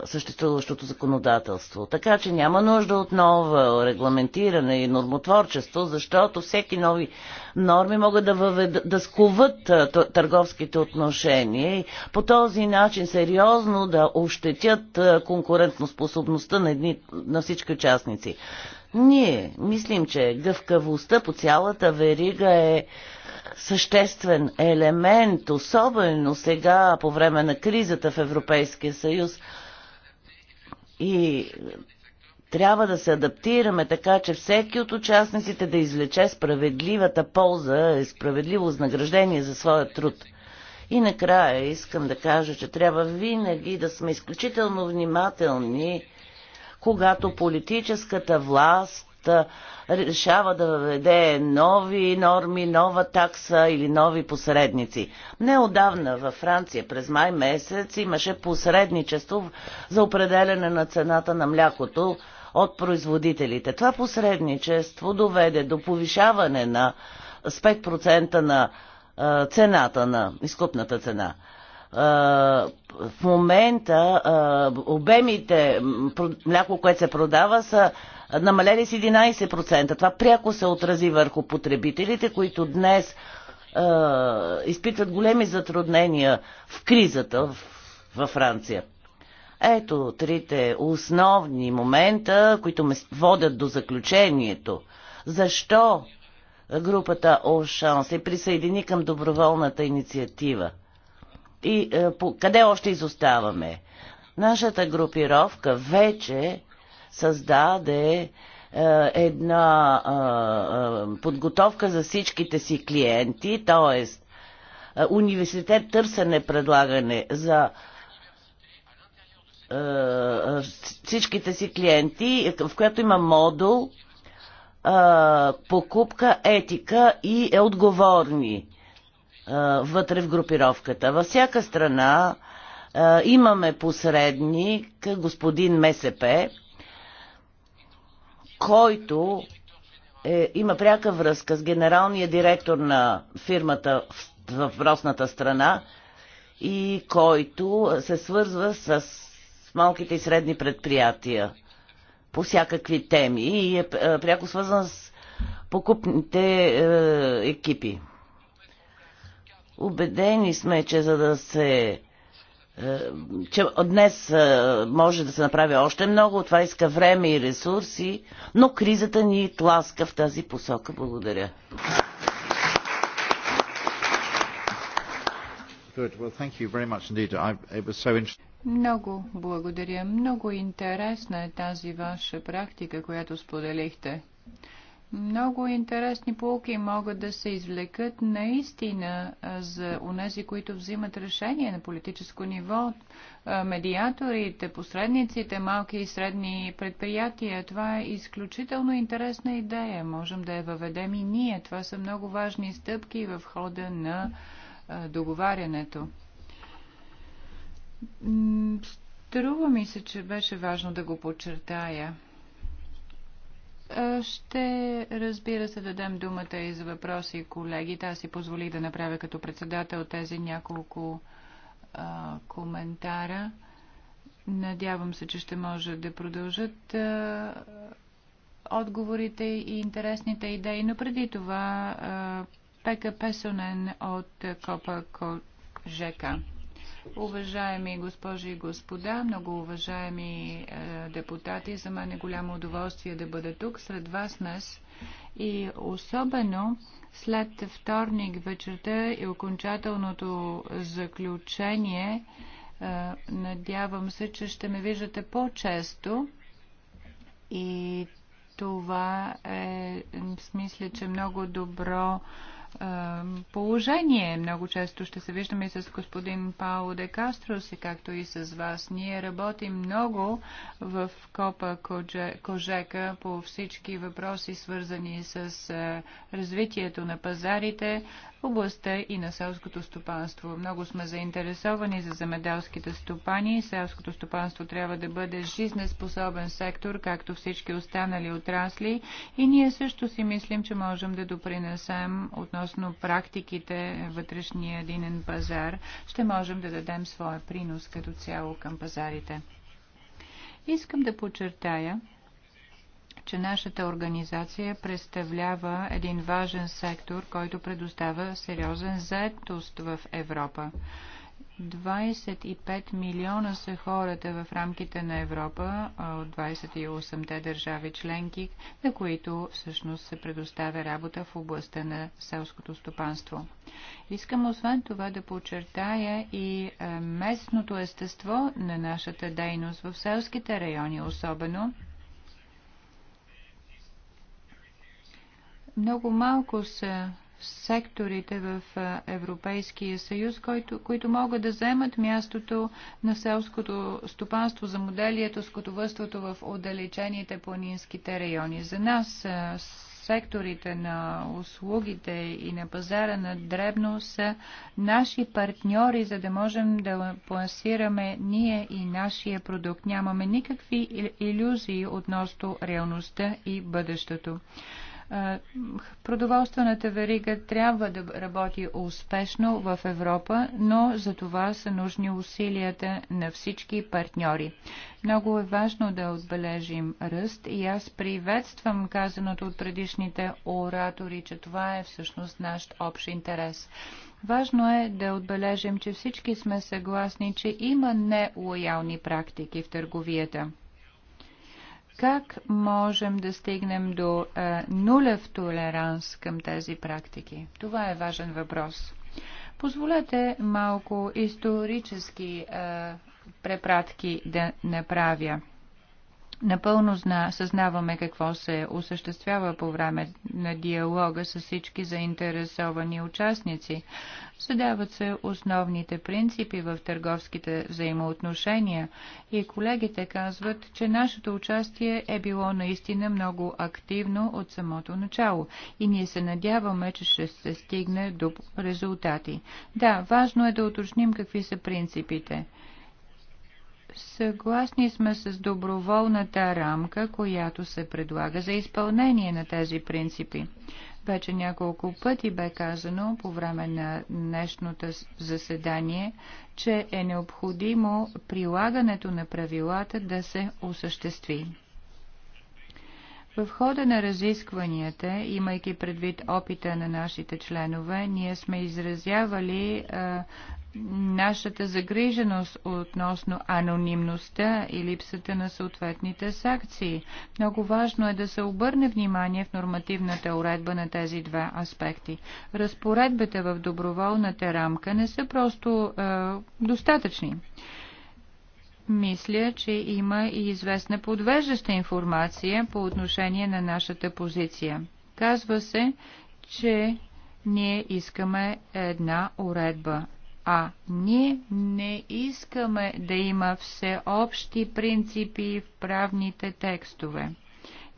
съществуващото законодателство. Така че няма нужда от ново регламентиране и нормотворчество, защото всеки нови норми могат да, въвед, да скуват е, търговските отношения и по този начин сериозно да ощетят конкурентноспособността на, едни, на всички участници. Ние мислим, че гъвкавостта по цялата верига е съществен елемент, особено сега по време на кризата в Европейския съюз. И трябва да се адаптираме така, че всеки от участниците да извлече справедливата полза и справедливо възнаграждение за своя труд. И накрая искам да кажа, че трябва винаги да сме изключително внимателни когато политическата власт решава да въведе нови норми, нова такса или нови посредници. Неодавна във Франция през май месец имаше посредничество за определене на цената на млякото от производителите. Това посредничество доведе до повишаване на 5% на цената на изкупната цена в момента обемите мляко, което се продава, са намалели с 11%. Това пряко се отрази върху потребителите, които днес изпитват големи затруднения в кризата във Франция. Ето трите основни момента, които ме водят до заключението. Защо групата Ошан се присъедини към доброволната инициатива? и е, по, къде още изоставаме. Нашата групировка вече създаде е, една е, е подготовка за всичките си клиенти, т.е. университет търсене предлагане за е, е, всичките си клиенти, в която има модул е, покупка, етика и е отговорни вътре в групировката. Във всяка страна имаме посредник, господин МСП, който е, има пряка връзка с генералния директор на фирмата в въпросната страна и който се свързва с малките и средни предприятия по всякакви теми и е, е пряко свързан с покупните е, екипи. Убедени сме, че за да се е, че днес е, може да се направи още много, това иска време и ресурси, но кризата ни тласка в тази посока. Благодаря. Много благодаря. Много интересна е тази ваша практика, която споделихте. Много интересни полуки могат да се извлекат наистина за унези, които взимат решение на политическо ниво, медиаторите, посредниците, малки и средни предприятия. Това е изключително интересна идея. Можем да я въведем и ние. Това са много важни стъпки в хода на договарянето. Струва ми се, че беше важно да го подчертая. Е, ще, разбира се, дадем думата и за въпроси и колегите. Аз си позволих да направя като председател тези няколко а, коментара. Надявам се, че ще може да продължат а, отговорите и интересните идеи. Но преди това а, Пека Песонен от Копа Кожека. Уважаеми госпожи и господа, много уважаеми е, депутати, за мен е голямо удоволствие да бъда тук сред вас днес и особено след вторник вечерта и окончателното заключение. Е, надявам се, че ще ме виждате по-често и това е, мисля, че много добро положение. Много често ще се виждаме и с господин Пао де Кастрос, и както и с вас. Ние работим много в Копа Кожека по всички въпроси, свързани с развитието на пазарите, областта и на селското стопанство. Много сме заинтересовани за земеделските стопани. Селското стопанство трябва да бъде жизнеспособен сектор, както всички останали отрасли. И ние също си мислим, че можем да допринесем относно практиките вътрешния единен пазар. Ще можем да дадем своя принос като цяло към пазарите. Искам да подчертая, че нашата организация представлява един важен сектор, който предоставя сериозен заетост в Европа. 25 милиона са хората в рамките на Европа от 28-те държави членки, на които всъщност се предоставя работа в областта на селското стопанство. Искам освен това да подчертая и местното естество на нашата дейност в селските райони особено, Много малко са секторите в Европейския съюз, който, които могат да вземат мястото на селското стопанство, за моделието скотовътството в отдалечените планинските райони. За нас секторите на услугите и на пазара на дребно са наши партньори, за да можем да пласираме ние и нашия продукт. Нямаме никакви иллюзии относно реалността и бъдещето. Продоволствената верига трябва да работи успешно в Европа, но за това са нужни усилията на всички партньори. Много е важно да отбележим ръст и аз приветствам казаното от предишните оратори, че това е всъщност наш общ интерес. Важно е да отбележим, че всички сме съгласни, че има нелоялни практики в търговията. Как можем да стигнем до а, е, нулев толеранс към тези практики? Това е важен въпрос. Позволете малко исторически а, е, препратки да направя. Напълно зна, съзнаваме какво се осъществява по време на диалога с всички заинтересовани участници. Съдават се основните принципи в търговските взаимоотношения и колегите казват, че нашето участие е било наистина много активно от самото начало и ние се надяваме, че ще се стигне до резултати. Да, важно е да уточним какви са принципите. Съгласни сме с доброволната рамка, която се предлага за изпълнение на тези принципи. Вече няколко пъти бе казано по време на днешното заседание, че е необходимо прилагането на правилата да се осъществи. В хода на разискванията, имайки предвид опита на нашите членове, ние сме изразявали нашата загриженост относно анонимността и липсата на съответните санкции. Много важно е да се обърне внимание в нормативната уредба на тези два аспекти. Разпоредбите в доброволната рамка не са просто е, достатъчни. Мисля, че има и известна подвеждаща информация по отношение на нашата позиция. Казва се, че ние искаме една уредба, а ние не искаме да има всеобщи принципи в правните текстове.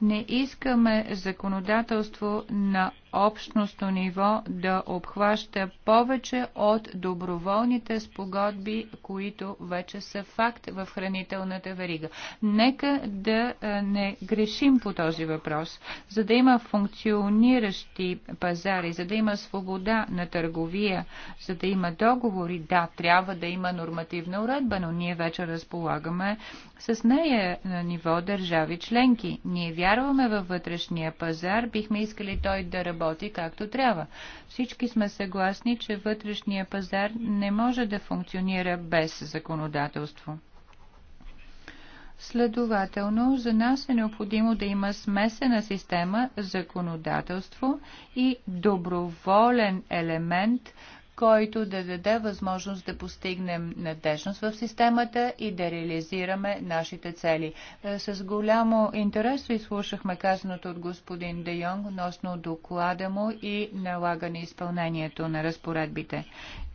Не искаме законодателство на общностно ниво да обхваща повече от доброволните спогодби, които вече са факт в хранителната верига. Нека да е, не грешим по този въпрос. За да има функциониращи пазари, за да има свобода на търговия, за да има договори, да, трябва да има нормативна уредба, но ние вече разполагаме с нея на ниво държави членки. Ние вярваме във вътрешния пазар, бихме искали той да работи както трябва. Всички сме съгласни, че вътрешния пазар не може да функционира без законодателство. Следователно, за нас е необходимо да има смесена система законодателство и доброволен елемент – който да даде възможност да постигнем надежност в системата и да реализираме нашите цели. Е, с голямо интерес изслушахме казаното от господин Де Йонг относно доклада му и налагане изпълнението на разпоредбите.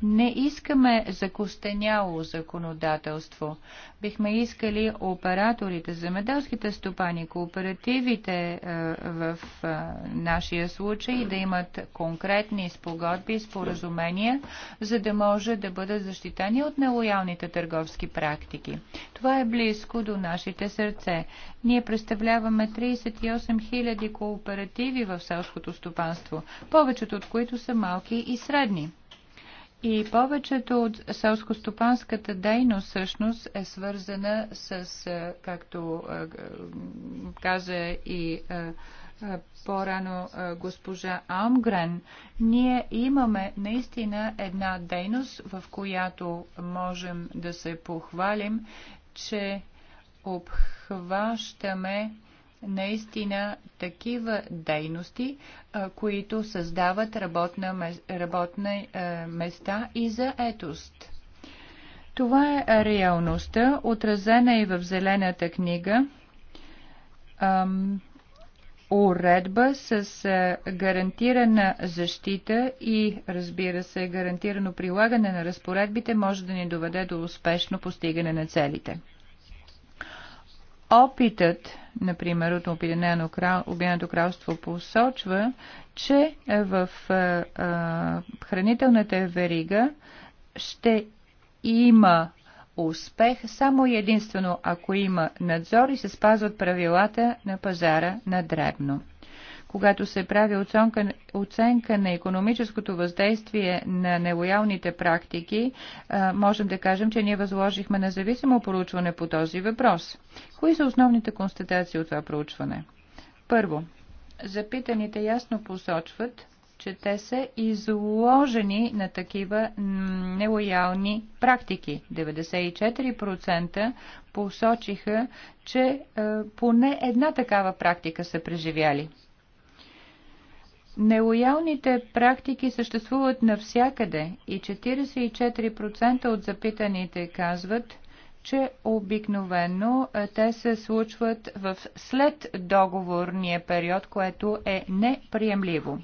Не искаме закостеняло законодателство бихме искали операторите, земеделските стопани, кооперативите е, в е, нашия случай да имат конкретни спогодби, споразумения, за да може да бъдат защитани от нелоялните търговски практики. Това е близко до нашите сърце. Ние представляваме 38 000 кооперативи в селското стопанство, повечето от които са малки и средни. И повечето от селскостопанската дейност всъщност е свързана с, е, както е, каза и е, по-рано госпожа Алмгрен, ние имаме наистина една дейност, в която можем да се похвалим, че обхващаме наистина такива дейности, които създават работна, работни места и за етост. Това е реалността, отразена и в Зелената книга. Ам, уредба с гарантирана защита и, разбира се, гарантирано прилагане на разпоредбите може да ни доведе до успешно постигане на целите. Опитът, например, от Обединеното крал, кралство посочва, че в а, а, хранителната верига ще има успех само единствено ако има надзор и се спазват правилата на пазара на дребно когато се прави оценка, оценка на економическото въздействие на нелоялните практики, можем да кажем, че ние възложихме независимо проучване по този въпрос. Кои са основните констатации от това проучване? Първо, запитаните ясно посочват, че те са изложени на такива нелоялни практики. 94% посочиха, че поне една такава практика са преживяли. Нелоялните практики съществуват навсякъде и 44% от запитаните казват, че обикновено те се случват в след договорния период, което е неприемливо.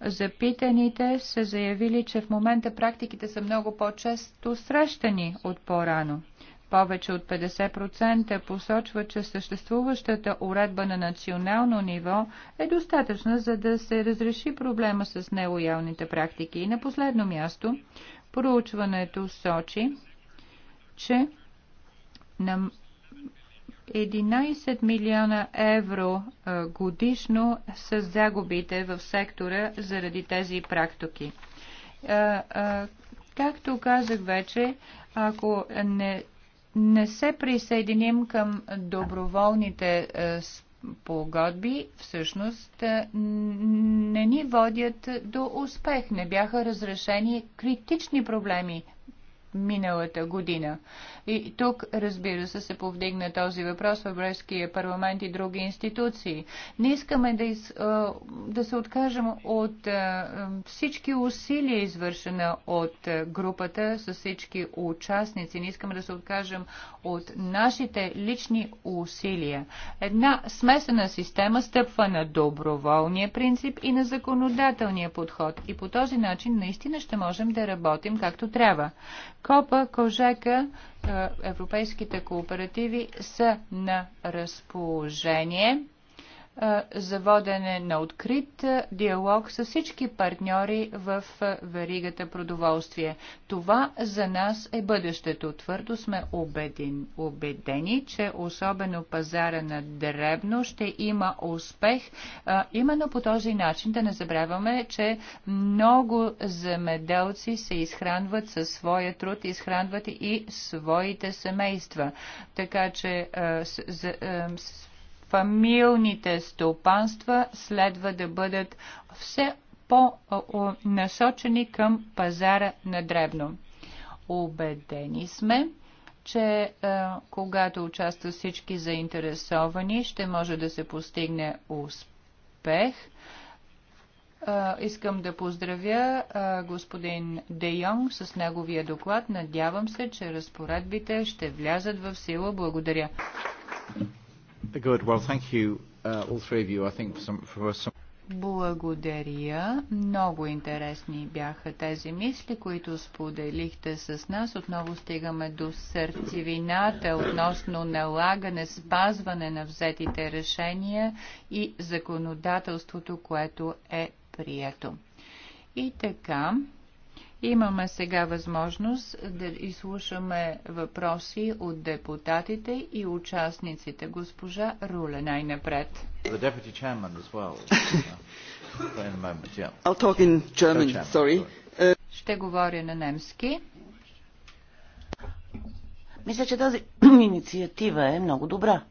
Запитаните са заявили, че в момента практиките са много по-често срещани от по-рано повече от 50% посочва, че съществуващата уредба на национално ниво е достатъчна, за да се разреши проблема с нелоялните практики. И на последно място, проучването сочи, че на 11 милиона евро годишно са загубите в сектора заради тези практики. Както казах вече, ако не не се присъединим към доброволните е, погодби, всъщност е, не ни водят до успех. Не бяха разрешени критични проблеми миналата година. И тук, разбира се, се повдигна този въпрос в Брестския парламент и други институции. Не искаме да, из, да се откажем от всички усилия, извършена от групата, с всички участници. Не искаме да се откажем от нашите лични усилия. Една смесена система стъпва на доброволния принцип и на законодателния подход. И по този начин наистина ще можем да работим както трябва. Копа, Кожека, е, европейските кооперативи са на разположение за водене на открит диалог с всички партньори в веригата продоволствие. Това за нас е бъдещето. Твърдо сме убеден, убедени, че особено пазара на дребно ще има успех. Именно по този начин да не забравяме, че много земеделци се изхранват със своя труд, изхранват и своите семейства. Така че фамилните стопанства следва да бъдат все по-насочени към пазара на дребно. Убедени сме, че а, когато участват всички заинтересовани, ще може да се постигне успех. А, искам да поздравя а, господин Де Йонг с неговия доклад. Надявам се, че разпоредбите ще влязат в сила. Благодаря. Good. Well, thank you, uh, all three of you, I think, for some, for some... Благодаря. Много интересни бяха тези мисли, които споделихте с нас. Отново стигаме до сърцевината относно налагане, спазване на взетите решения и законодателството, което е прието. И така, Имаме сега възможност да изслушаме въпроси от депутатите и участниците. Госпожа Руле най-напред. Uh, Ще говоря на немски. Мисля, че тази инициатива е много добра.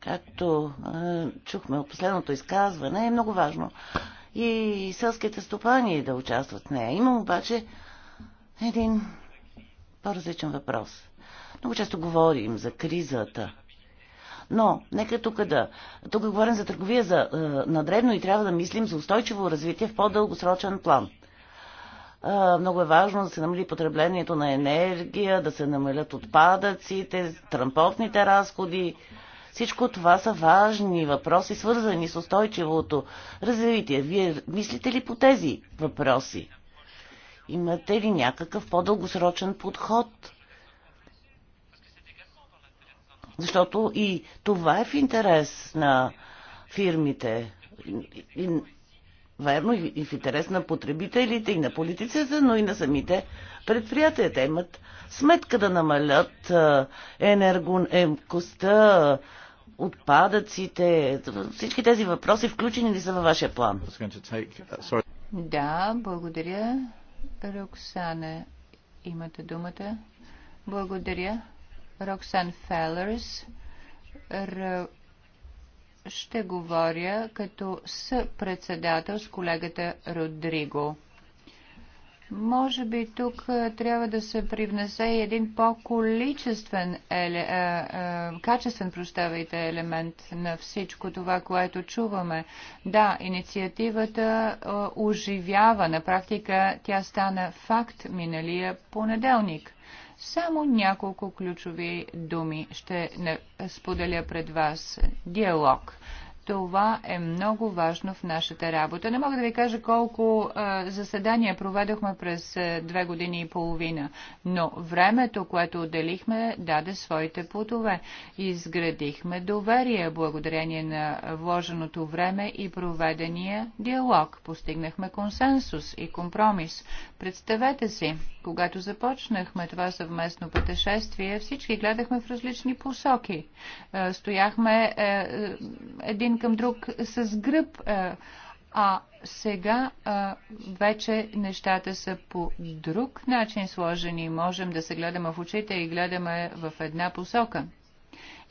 Както чухме от последното изказване, е много важно и селските стопани да участват в нея. Имам обаче един по-различен въпрос. Много често говорим за кризата. Но, нека тук да... Тук говорим за търговия за, е, надребно и трябва да мислим за устойчиво развитие в по-дългосрочен план. Е, много е важно да се намали потреблението на енергия, да се намалят отпадъците, транспортните разходи, всичко това са важни въпроси, свързани с устойчивото развитие. Вие мислите ли по тези въпроси? Имате ли някакъв по-дългосрочен подход? Защото и това е в интерес на фирмите. И, и, верно, и в интерес на потребителите, и на политиците, но и на самите предприятията имат сметка да намалят енергоемкостта, отпадъците, всички тези въпроси включени ли са във вашия план? Uh, да, благодаря. Роксана, имате думата. Благодаря. Роксан Фелърс. Р... Ще говоря като съпредседател с колегата Родриго. Може би тук трябва да се привнесе един по-количествен, еле, е, е, качествен, прощавайте, елемент на всичко това, което чуваме. Да, инициативата е, оживява. На практика тя стана факт миналия понеделник. Само няколко ключови думи ще споделя пред вас. Диалог. Това е много важно в нашата работа. Не мога да ви кажа колко заседания проведохме през две години и половина, но времето, което отделихме, даде своите плодове. Изградихме доверие благодарение на вложеното време и проведения диалог. Постигнахме консенсус и компромис. Представете си, когато започнахме това съвместно пътешествие, всички гледахме в различни посоки. стояхме е, е, един към друг с гръб. Е, а сега а, е, вече нещата са по друг начин сложени. Можем да се гледаме в очите и гледаме в една посока.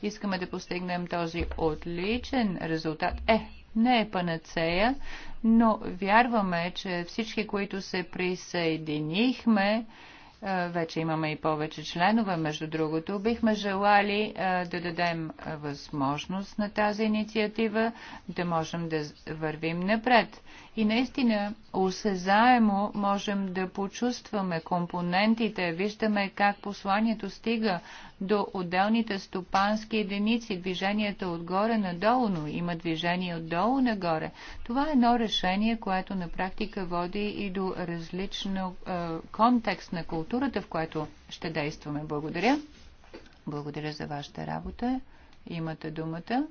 Искаме да постигнем този отличен резултат. Е, не е панацея, но вярваме, че всички, които се присъединихме, е, вече имаме и повече членове, между другото. Бихме желали е, да дадем възможност на тази инициатива, да можем да вървим напред. И наистина усезаемо можем да почувстваме компонентите, виждаме как посланието стига до отделните стопански единици, движението отгоре надолу, но има движение отдолу нагоре. Това е едно решение, което на практика води и до различно е, контекст на културата, в което ще действаме. Благодаря. Благодаря за вашата работа. Имате думата.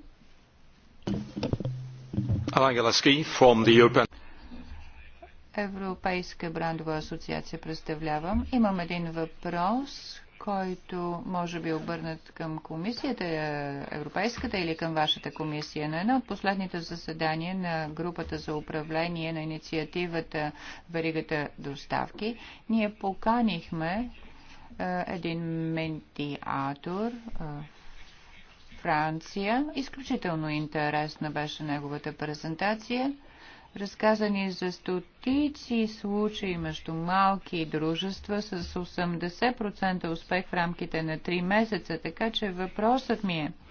Европейска брандова асоциация представлявам. Имам един въпрос който може би е обърнат към комисията, е, европейската или към вашата комисия. На едно от последните заседания на групата за управление на инициативата Веригата доставки, ние поканихме е, един ментиатор Франция. Изключително интересна беше неговата презентация разказани за стотици случаи между малки дружества с 80% успех в рамките на 3 месеца, така че въпросът ми е –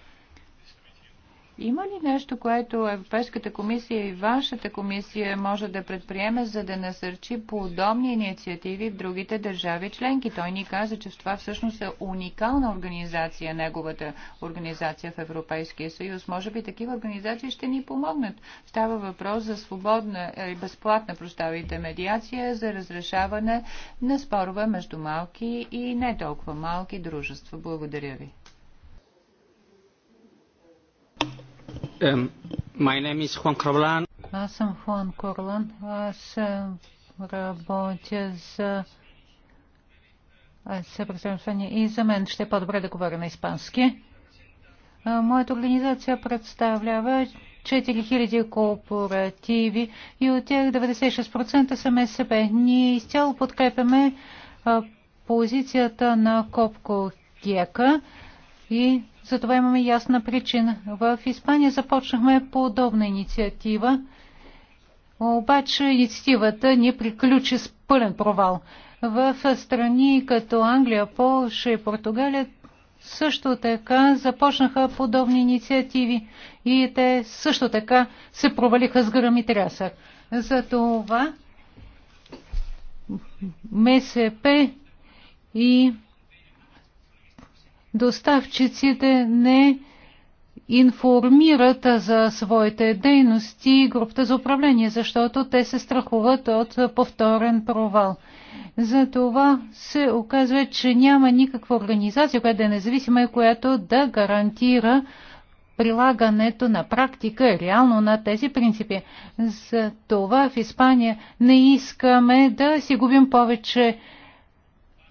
има ли нещо, което Европейската комисия и вашата комисия може да предприеме, за да насърчи подобни инициативи в другите държави членки? Той ни каза, че това всъщност е уникална организация, неговата организация в Европейския съюз. Може би такива организации ще ни помогнат. Става въпрос за свободна и безплатна, проставите, медиация за разрешаване на спорове между малки и не толкова малки дружества. Благодаря ви. My name is Juan Corlan. Аз съм Хуан Корлан. Аз работя за съпредставяне и за мен ще е по-добре да говоря на испански. Моята организация представлява 4000 кооперативи и от тях 96% са МСП. Ние изцяло подкрепяме позицията на Копко Гека. И за това имаме ясна причина. В Испания започнахме подобна инициатива, обаче инициативата ни приключи с пълен провал. В страни като Англия, Полша и Португалия също така започнаха подобни инициативи и те също така се провалиха с гръм и трясък. Затова МСП и доставчиците не информират за своите дейности и групата за управление, защото те се страхуват от повторен провал. Затова се оказва, че няма никаква организация, която да е независима и която да гарантира прилагането на практика реално на тези принципи. За това в Испания не искаме да си губим повече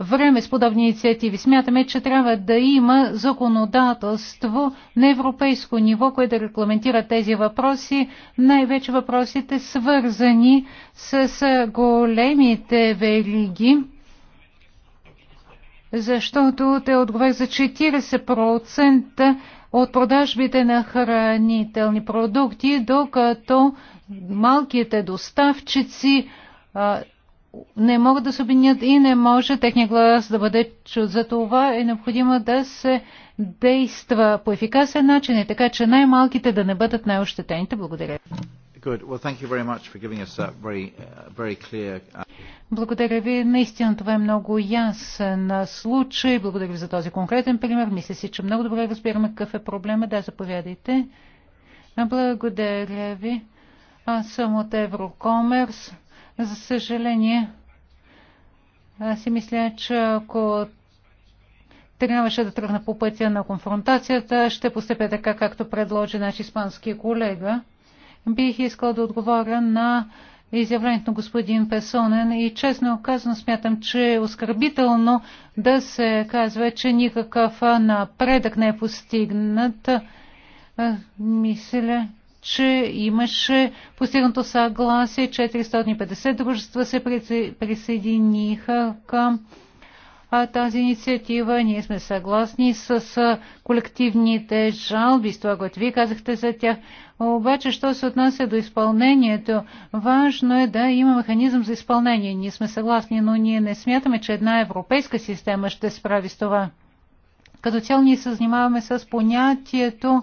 време с подобни инициативи. Смятаме, че трябва да има законодателство на европейско ниво, което да регламентира тези въпроси, най-вече въпросите свързани с големите вериги, защото те отговарят за 40% от продажбите на хранителни продукти, докато малките доставчици не могат да се обединят и не може техния глас да бъде чут. За това е необходимо да се действа по ефикасен начин и така, че най-малките да не бъдат най-ощетените. Благодаря. Uh, uh, благодаря ви. Наистина това е много ясен случай. Благодаря ви за този конкретен пример. Мисля си, че много добре разбираме какъв е проблема. Да, заповядайте. Благодаря ви. Аз съм от Еврокомерс. За съжаление, аз си мисля, че ако трябваше да тръгна по пътя на конфронтацията, ще постъпя така, както предложи наш испански колега. Бих искал да отговоря на изявлението на господин Песонен и честно казано смятам, че е оскърбително да се казва, че никакъв напредък не е постигнат. Мисля, че имаше постигнато съгласие. 450 дружества се присъединиха към тази инициатива. Ние сме съгласни с колективните жалби, с това, което вие казахте за тях. Обаче, що се отнася до изпълнението, важно е да има механизъм за изпълнение. Ние сме съгласни, но ние не смятаме, че една европейска система ще справи с това. Като цяло ние се занимаваме с понятието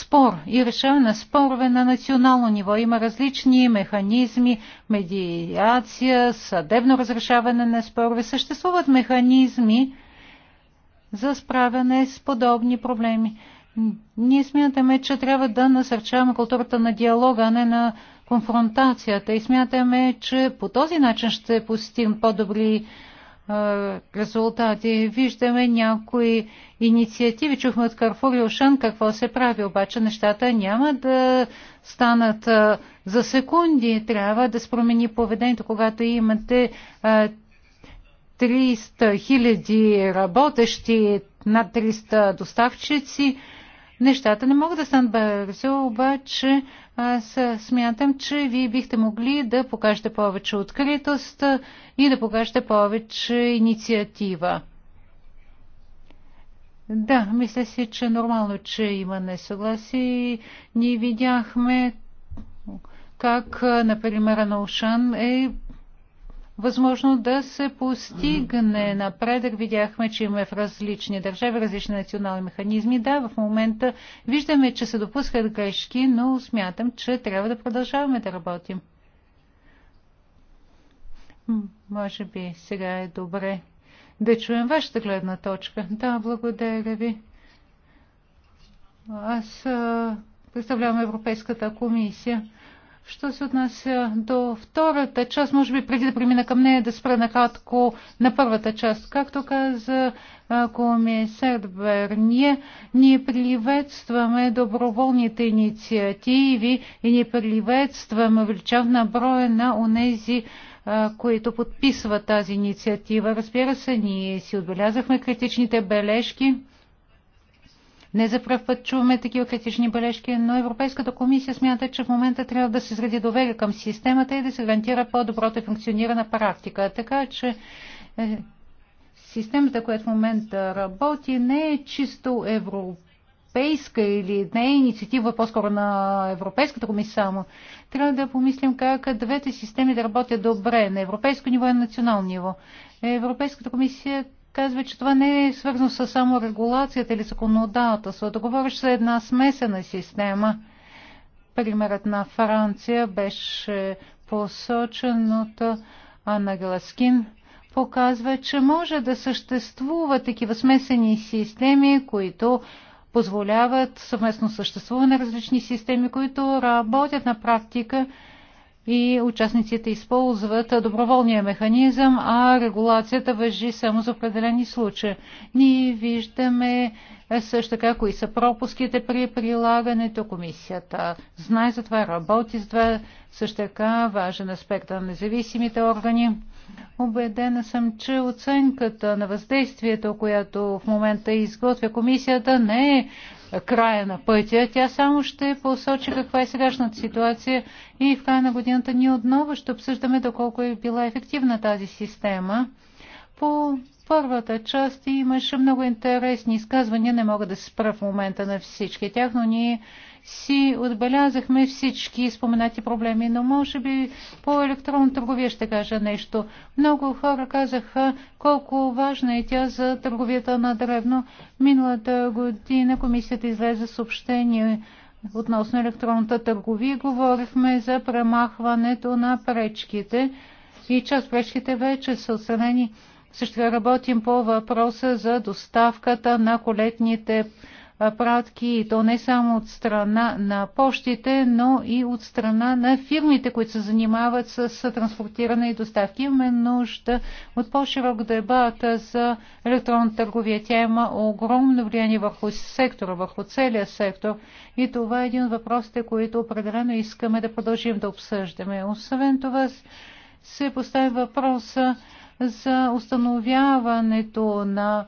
спор и решаване на спорове на национално ниво. Има различни механизми, медиация, съдебно разрешаване на спорове. Съществуват механизми за справяне с подобни проблеми. Ние смятаме, че трябва да насърчаваме културата на диалога, а не на конфронтацията и смятаме, че по този начин ще постигнем по-добри резултати. Виждаме някои инициативи. Чухме от Карфур и какво се прави, обаче нещата няма да станат за секунди. Трябва да спромени поведението, когато имате 300 хиляди работещи, над 300 доставчици. Нещата не могат да станат бързо, обаче аз смятам, че вие бихте могли да покажете повече откритост и да покажете повече инициатива. Да, мисля си, че нормално, че има несъгласие. Ние видяхме как, например, на е възможно да се постигне напредък. Видяхме, че има в различни държави различни национални механизми. Да, в момента виждаме, че се допускат грешки, но смятам, че трябва да продължаваме да работим. Може би сега е добре да чуем вашата гледна точка. Да, благодаря ви. Аз представлявам Европейската комисия. Що се отнася до втората част, може би преди да премина към нея, да спра накратко на първата част. Както каза комисар Берния, ние приветстваме доброволните инициативи и ние приветстваме увеличаване на броя на онези, които подписват тази инициатива. Разбира се, ние си отбелязахме критичните бележки не за пръв път чуваме такива критични бележки, но Европейската комисия смята, че в момента трябва да се изгради доверие към системата и да се гарантира по-доброто функционирана практика. Така че е, системата, която в момента работи, не е чисто европейска европейска или не е инициатива по-скоро на Европейската комисия само. Трябва да помислим как двете системи да работят добре на европейско ниво и на национално ниво. Европейската комисия казва, че това не е свързано с само регулацията или законодателството. Говориш за една смесена система. Примерът на Франция беше посочен от Анна Гласкин. Показва, че може да съществуват такива смесени системи, които позволяват съвместно съществуване на различни системи, които работят на практика и участниците използват доброволния механизъм, а регулацията въжи само за определени случаи. Ние виждаме също така кои са пропуските при прилагането. Комисията знае за това, работи с това. Също така важен аспект на независимите органи. Обедена съм, че оценката на въздействието, която в момента изготвя комисията, не е края на пътя. Тя само ще посочи каква е сегашната ситуация и в края на годината ние отново ще обсъждаме доколко е била ефективна тази система. По първата част имаше много интересни изказвания, не мога да се спра в момента на всички тях, но ние си отбелязахме всички споменати проблеми, но може би по електронна търговия ще кажа нещо. Много хора казаха колко важна е тя за търговията на древно. Миналата година комисията излезе съобщение относно електронната търговия. Говорихме за премахването на пречките и част пречките вече са отстранени. Също работим по въпроса за доставката на колетните пратки и то не само от страна на почтите, но и от страна на фирмите, които се занимават с транспортиране и доставки. Имаме нужда от по-широк дебат за електронна търговия. Тя има огромно влияние върху сектора, върху целия сектор и това е един от въпросите, които определено искаме да продължим да обсъждаме. Освен това се постави въпроса за установяването на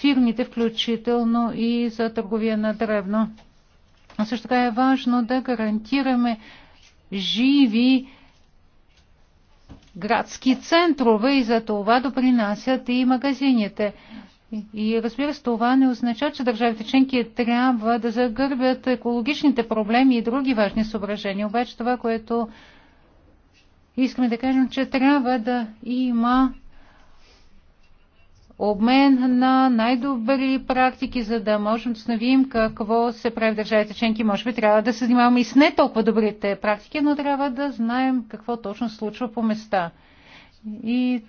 фирмите, включително и за търговия на древно. А също така е важно да гарантираме живи градски центрове и за това допринасят и магазините. И разбира се, това не означава, че държавите членки трябва да загърбят екологичните проблеми и други важни съображения. Обаче това, което искаме да кажем, че трябва да има обмен на най-добри практики, за да можем да установим какво се прави в държавите членки. Може би трябва да се занимаваме и с не толкова добрите практики, но трябва да знаем какво точно се случва по места. И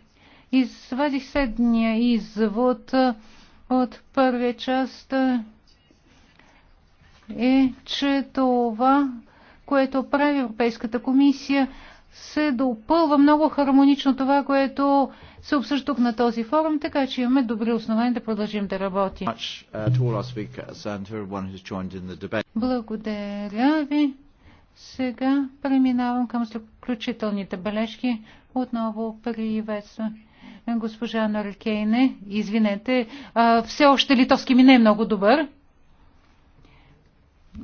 извадих следния извод от първия част е, че това, което прави Европейската комисия, се допълва много хармонично това, което се обсъжда тук на този форум, така че имаме добри основания да продължим да работим. Uh, Благодаря ви. Сега преминавам към заключителните бележки. Отново приветствам госпожа Наркейне. Извинете, все още литовски ми не е много добър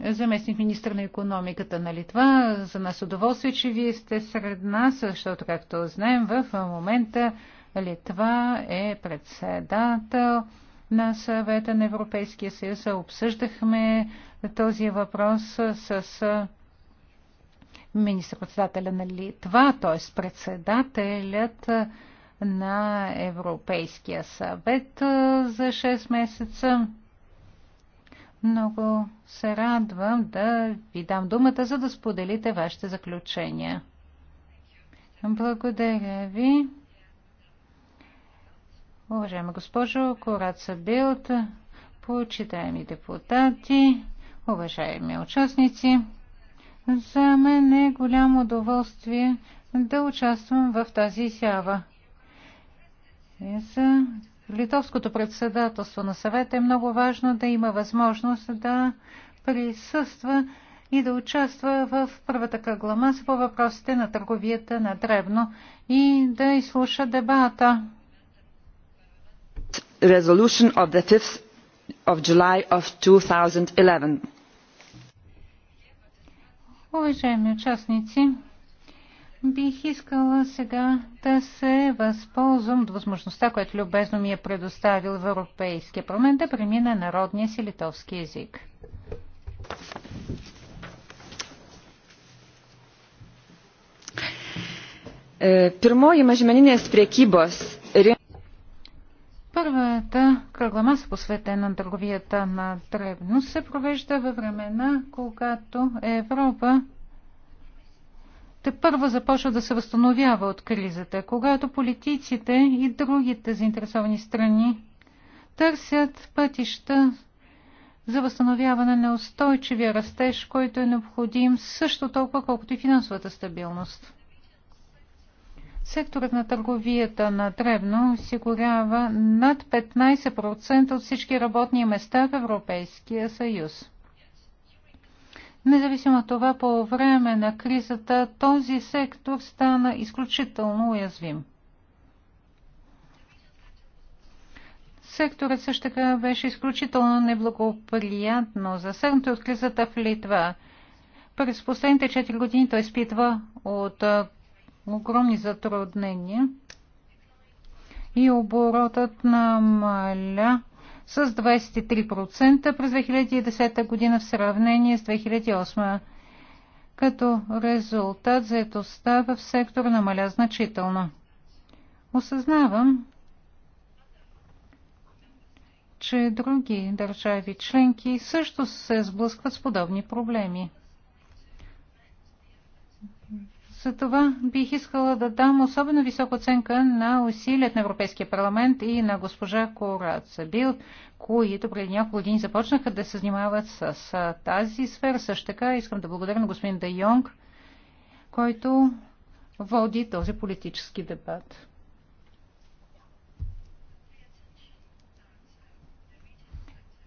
заместник министр на економиката на Литва. За нас удоволствие, че вие сте сред нас, защото, както знаем, в момента Литва е председател на съвета на Европейския съюз. Обсъждахме този въпрос с министр-председателя на Литва, т.е. председателят на Европейския съвет за 6 месеца. Много се радвам да ви дам думата, за да споделите вашите заключения. Благодаря ви. Уважаема госпожо Кораца Билт, почитаеми депутати, уважаеми участници, за мен е голямо удоволствие да участвам в тази изява. За литовското председателство на съвета е много важно да има възможност да присъства и да участва в първата кръгла маса по въпросите на търговията на Дребно и да изслуша дебата. Resolution of the 5th of July of 2011. Уважаеми участници, Бих искала сега да се възползвам от възможността, която любезно ми е предоставил в Европейския парламент, да премина народния си литовски език. Pirmoji mažmeninės priekybos Първата кръгла маса, посветена на търговията на древност, се провежда във времена, когато Европа те първо започва да се възстановява от кризата, когато политиците и другите заинтересовани страни търсят пътища за възстановяване на устойчивия растеж, който е необходим също толкова, колкото и финансовата стабилност. Секторът на търговията на Древно осигурява над 15% от всички работни места в Европейския съюз. Независимо от това, по време на кризата този сектор стана изключително уязвим. Секторът също така беше изключително неблагоприятно засегнат от кризата в Литва. През последните 4 години той изпитва от огромни затруднения и оборотът намаля с 23% през 2010 година в сравнение с 2008. Като резултат заетостта в сектора намаля значително. Осъзнавам, че други държави членки също се сблъскват с подобни проблеми. За това бих искала да дам особено висока оценка на усилият на Европейския парламент и на госпожа Кораца Бил, които преди няколко години започнаха да се занимават с, с тази сфера. Също така искам да благодаря на господин Де Йонг, който води този политически дебат.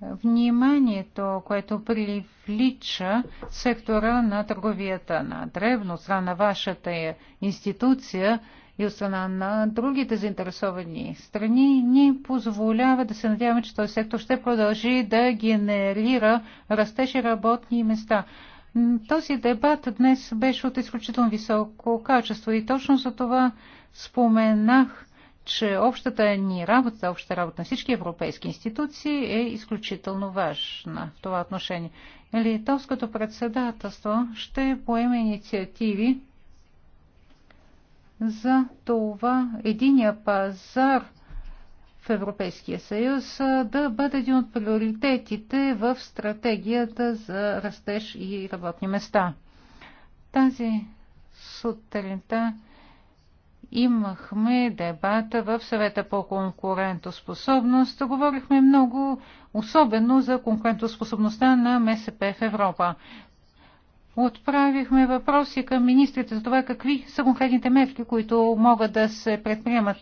вниманието, което привлича сектора на търговията на древно, страна на вашата институция и от страна на другите заинтересовани страни, ни позволява да се надяваме, че този сектор ще продължи да генерира растеж и работни места. Този дебат днес беше от изключително високо качество и точно за това споменах че общата ни работа, общата работа на всички европейски институции е изключително важна в това отношение. Литовското председателство ще поеме инициативи за това единия пазар в Европейския съюз да бъде един от приоритетите в стратегията за растеж и работни места. Тази сутринта имахме дебата в съвета по конкурентоспособност. Говорихме много, особено за конкурентоспособността на МСП в Европа. Отправихме въпроси към министрите за това какви са конкретните мерки, които могат да се предприемат,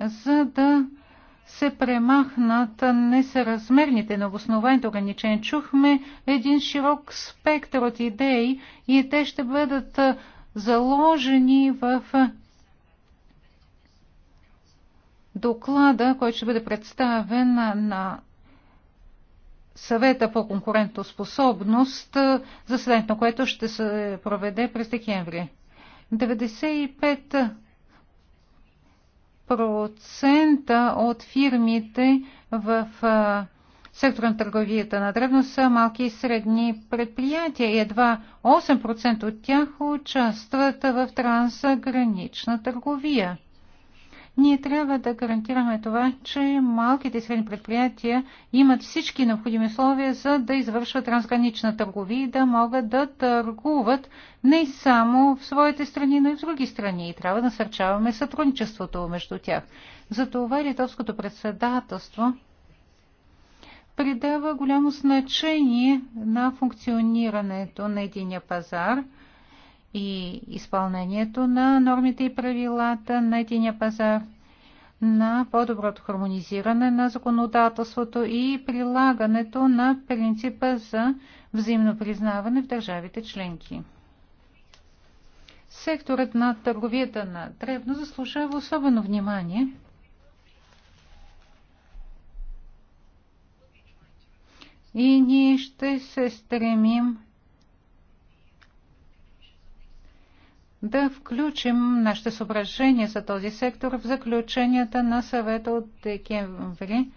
за да се премахнат несъразмерните на обоснованите ограничения. Чухме един широк спектър от идеи и те ще бъдат заложени в доклада, който ще бъде представен на съвета по конкурентоспособност, заседанието на което ще се проведе през декември. 95 процента от фирмите в сектора на търговията на древно са малки и средни предприятия и едва 8% от тях участват в трансгранична търговия. Ние трябва да гарантираме това, че малките и средни предприятия имат всички необходими условия за да извършват трансгранична търговия и да могат да търгуват не само в своите страни, но и в други страни. И трябва да насърчаваме сътрудничеството между тях. Затова литовското председателство придава голямо значение на функционирането на единия пазар – и изпълнението на нормите и правилата на единия пазар, на по-доброто хармонизиране на законодателството и прилагането на принципа за взаимно признаване в държавите членки. Секторът на търговията на древно заслужава особено внимание. И ние ще се стремим да включим нашите съображения за този сектор в заключенията на съвета от декември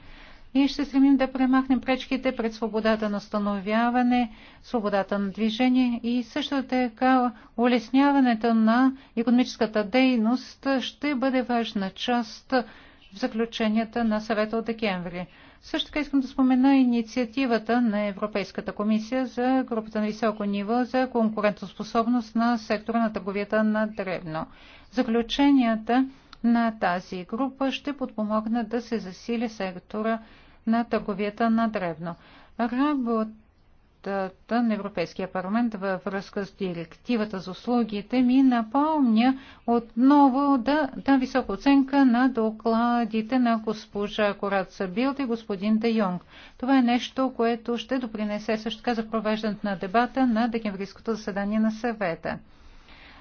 и ще стремим да премахнем пречките пред свободата на установяване, свободата на движение и също така улесняването на економическата дейност ще бъде важна част в заключенията на съвета от декември. Също така искам да спомена инициативата на Европейската комисия за групата на високо ниво за конкурентоспособност на сектора на търговията на древно. Заключенията на тази група ще подпомогнат да се засили сектора на търговията на древно. Работа работата на Европейския парламент във връзка с директивата за услугите ми напомня отново да, да висока оценка на докладите на госпожа Кораца Билт и господин Де Йонг. Това е нещо, което ще допринесе също така за провеждането на дебата на декемврийското заседание на съвета.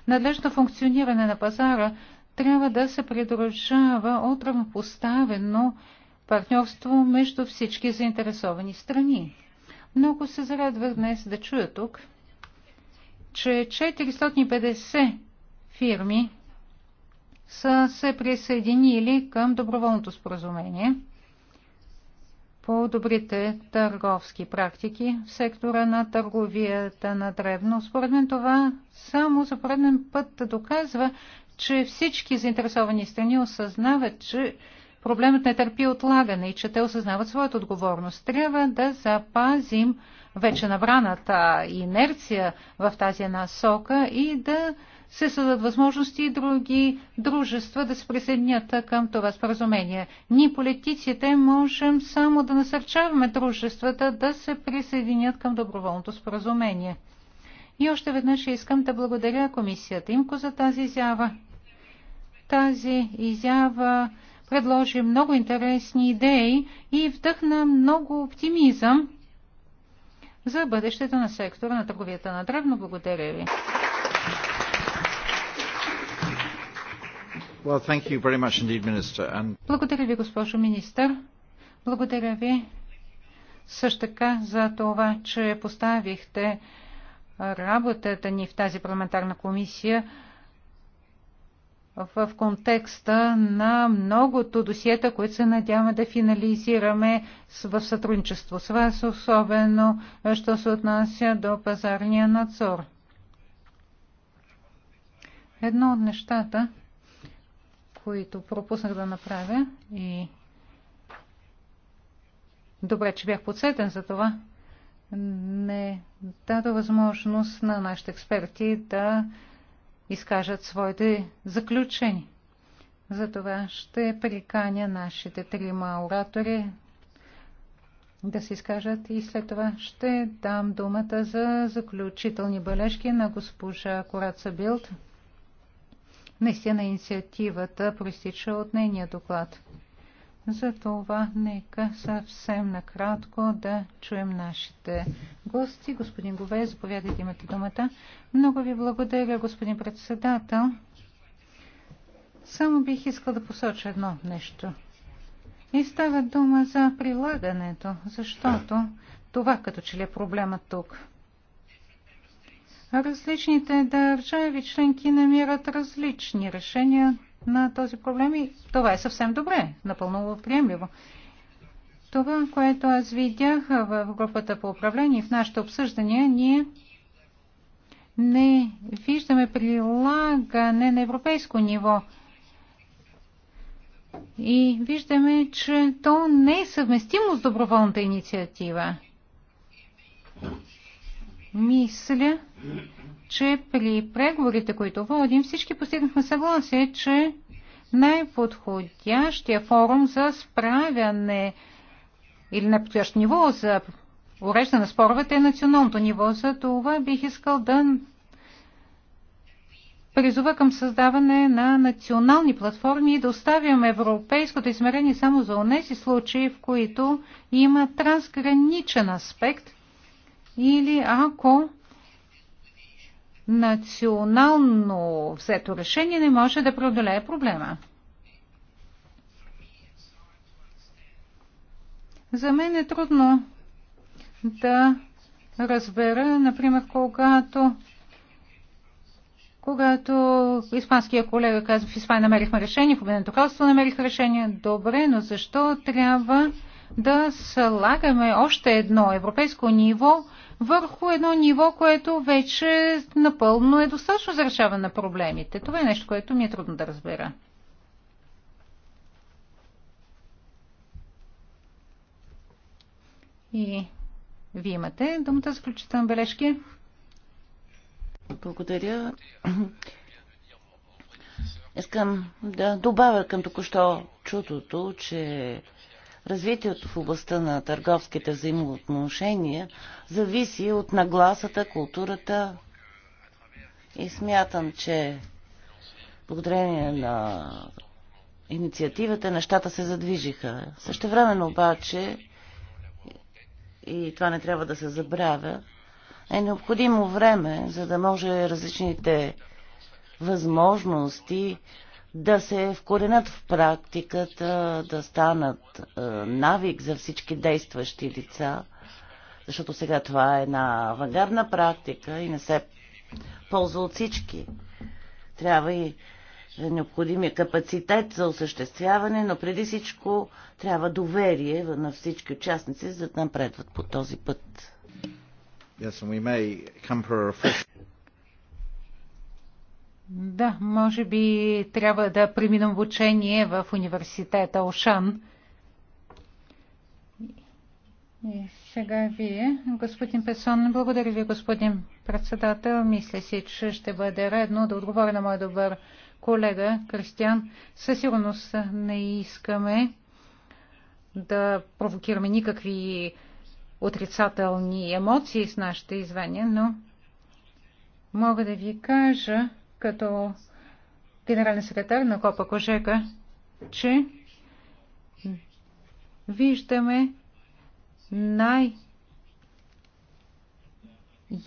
Надлежно функциониране на пазара трябва да се придружава от равнопоставено партньорство между всички заинтересовани страни. Много се зарадвах днес да чуя тук, че 450 фирми са се присъединили към доброволното споразумение по добрите търговски практики в сектора на търговията на древно. Според мен това само за пореден път доказва, че всички заинтересовани страни осъзнават, че проблемът не търпи отлагане и че те осъзнават своята отговорност. Трябва да запазим вече набраната инерция в тази насока и да се създадат възможности и други дружества да се присъединят към това споразумение. Ние политиците можем само да насърчаваме дружествата да се присъединят към доброволното споразумение. И още веднъж искам да благодаря комисията Имко за тази изява. Тази изява предложи много интересни идеи и вдъхна много оптимизъм за бъдещето на сектора на търговията на древно. Благодаря ви. Well, thank you very much indeed, Minister. And... Благодаря ви, госпожо министър. Благодаря ви също така за това, че поставихте работата ни в тази парламентарна комисия в контекста на многото досиета, които се надяваме да финализираме в сътрудничество с вас, особено що се отнася до пазарния надзор. Едно от нещата, които пропуснах да направя и добре, че бях подсетен за това, не дадо възможност на нашите експерти да изкажат своите заключения. Затова ще приканя нашите трима оратори да се изкажат и след това ще дам думата за заключителни бележки на госпожа Кораца Билд. Наистина инициативата проистича от нейния доклад. Затова нека съвсем накратко да чуем нашите гости. Господин Гове, заповядайте, имате думата. Много ви благодаря, господин председател. Само бих искал да посоча едно нещо. И става дума за прилагането, защото това като че ли е проблема тук. Различните държави членки намират различни решения на този проблем и това е съвсем добре, напълно приемливо. Това, което аз видях в групата по управление и в нашите обсъждания, ние не виждаме прилагане на европейско ниво. И виждаме, че то не е съвместимо с доброволната инициатива. Мисля, че при преговорите, които водим, всички постигнахме съгласие, че най-подходящия форум за справяне или на подходящ ниво за уреждане на споровете е националното ниво. За това бих искал да призова към създаване на национални платформи и да оставим европейското измерение само за онези случаи, в които има трансграничен аспект или ако национално взето решение не може да преодолее проблема. За мен е трудно да разбера, например, когато когато испанския колега казва, в Испания намерихме решение, в Обединеното кралство намерих решение. Добре, но защо трябва да слагаме още едно европейско ниво върху едно ниво, което вече напълно е достатъчно за решаване на проблемите. Това е нещо, което ми е трудно да разбера. И вие имате думата за включителни бележки. Благодаря. Искам да добавя към току-що чутото, че Развитието в областта на търговските взаимоотношения зависи от нагласата, културата и смятам, че благодарение на инициативата нещата се задвижиха. Същевременно обаче, и това не трябва да се забравя, е необходимо време, за да може различните възможности да се вкоренят в практиката, да станат е, навик за всички действащи лица, защото сега това е една авангардна практика и не се ползва от всички. Трябва и необходимия капацитет за осъществяване, но преди всичко трябва доверие на всички участници, за да напредват по този път. Yes, and we may come for a refresh. Да, може би трябва да преминам в учение в университета Ошан. И сега вие, господин Песон, благодаря ви, господин председател. Мисля си, че ще бъде редно да отговоря на мой добър колега Кристиан. Със сигурност не искаме да провокираме никакви отрицателни емоции с нашите извания, но мога да ви кажа, като генерален секретар на Копа Кожека, че виждаме най-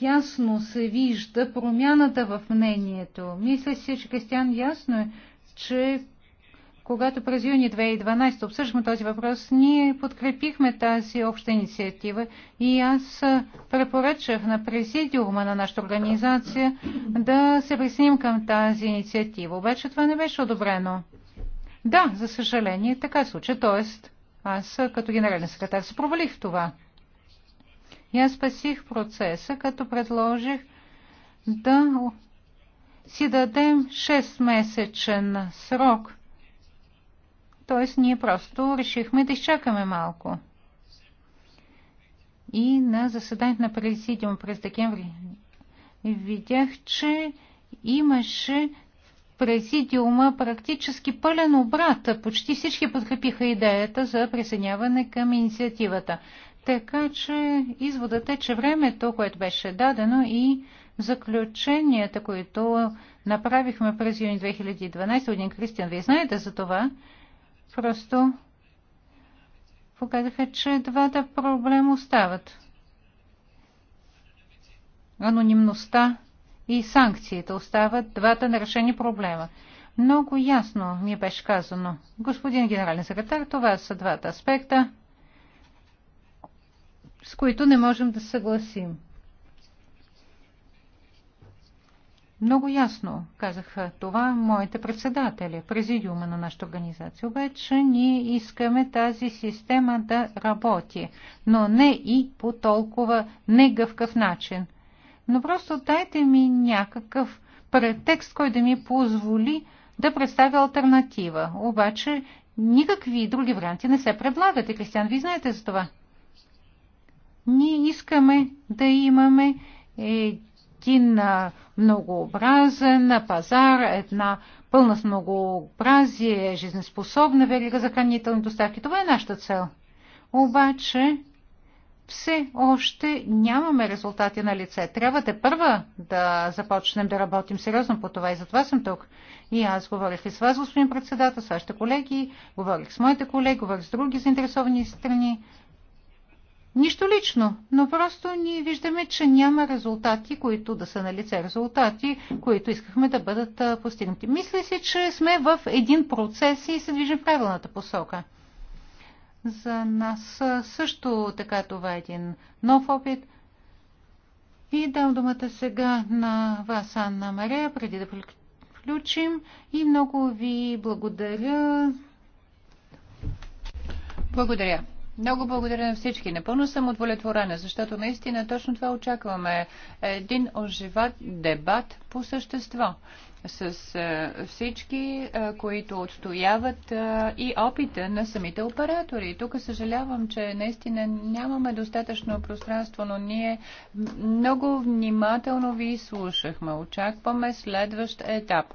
ясно се вижда промяната в мнението. Мисля си, че Кристиан ясно е, че когато през юни 2012 обсъждахме този въпрос, ние подкрепихме тази обща инициатива и аз препоръчах на президиума на нашата организация да се присъединим към тази инициатива. Обаче това не беше одобрено. Да, за съжаление, така случи. Тоест, аз като генерален секретар се провалих в това. И аз спасих процеса, като предложих да си дадем 6-месечен срок т.е. ние просто решихме да изчакаме малко. И на заседанието на президиум през декември видях, че имаше президиума практически пълен обрат. Почти всички подкрепиха идеята за присъединяване към инициативата. Така че изводът е, че времето, което беше дадено и заключенията, които направихме през юни 2012 година, Кристиан, вие знаете за това, просто показаха, че двата проблема остават. Анонимността и санкциите остават двата нерешени проблема. Много ясно ми беше казано, господин генерален секретар, това са двата аспекта, с които не можем да съгласим. Много ясно казаха това моите председатели, президиума на нашата организация. Обаче ние искаме тази система да работи, но не и по толкова негъвкав начин. Но просто дайте ми някакъв претекст, който да ми позволи да представя альтернатива. Обаче никакви други варианти не се предлагат. И, Кристиан, ви знаете за това. Ние искаме да имаме един многообразен пазар, една пълна с многообразие, жизнеспособна верига за хранителни доставки. Това е нашата цел. Обаче все още нямаме резултати на лице. Трябва те първа да започнем да работим сериозно по това и затова съм тук. И аз говорих и с вас, господин председател, с вашите колеги, говорих с моите колеги, говорих с други заинтересовани страни. Нищо лично, но просто ние виждаме, че няма резултати, които да са на лице резултати, които искахме да бъдат постигнати. Мисля си, че сме в един процес и се движим в правилната посока. За нас също така това е един нов опит. И дам думата сега на вас, Анна Мария, преди да приключим. И много ви благодаря. Благодаря. Много благодаря на всички. Напълно съм удовлетворена, защото наистина точно това очакваме. Един оживат дебат по същество с е, всички, е, които отстояват е, и опита на самите оператори. Тук съжалявам, че наистина нямаме достатъчно пространство, но ние много внимателно ви слушахме. Очакваме следващ етап.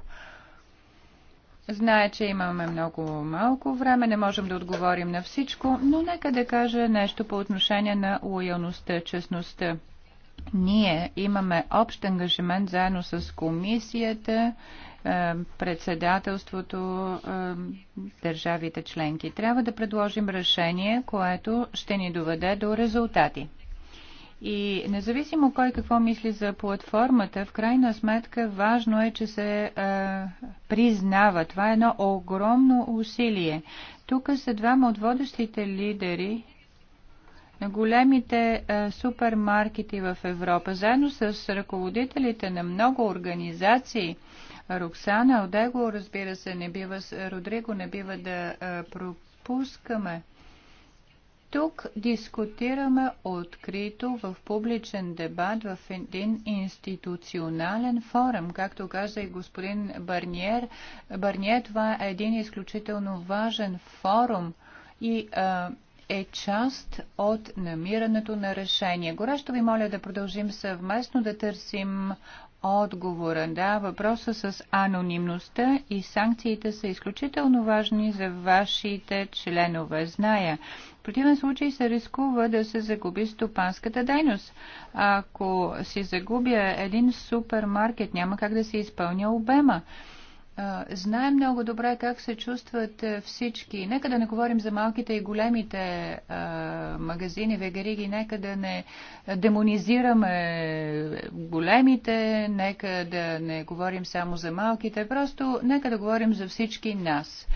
Знае, че имаме много малко време, не можем да отговорим на всичко, но нека да кажа нещо по отношение на лоялността, честността. Ние имаме общ ангажимент заедно с комисията, е, председателството, е, държавите членки. Трябва да предложим решение, което ще ни доведе до резултати. И независимо кой какво мисли за платформата, в крайна сметка важно е, че се е, признава. Това е едно огромно усилие. Тук са двама от водещите лидери на големите е, супермаркети в Европа, заедно с ръководителите на много организации. Роксана Одего, разбира се, не бива, Родриго не бива да е, пропускаме. Тук дискутираме открито в публичен дебат в един институционален форум. Както каза и господин Барниер, Барниер това е един изключително важен форум и а, е част от намирането на решение. Горещо ви моля да продължим съвместно да търсим отговора. Да, въпроса с анонимността и санкциите са изключително важни за вашите членове. Зная, противен случай се рискува да се загуби стопанската дейност. Ако си загубя един супермаркет, няма как да се изпълня обема. Знаем много добре как се чувстват всички. Нека да не говорим за малките и големите магазини, вегариги. Нека да не демонизираме големите. Нека да не говорим само за малките. Просто нека да говорим за всички нас.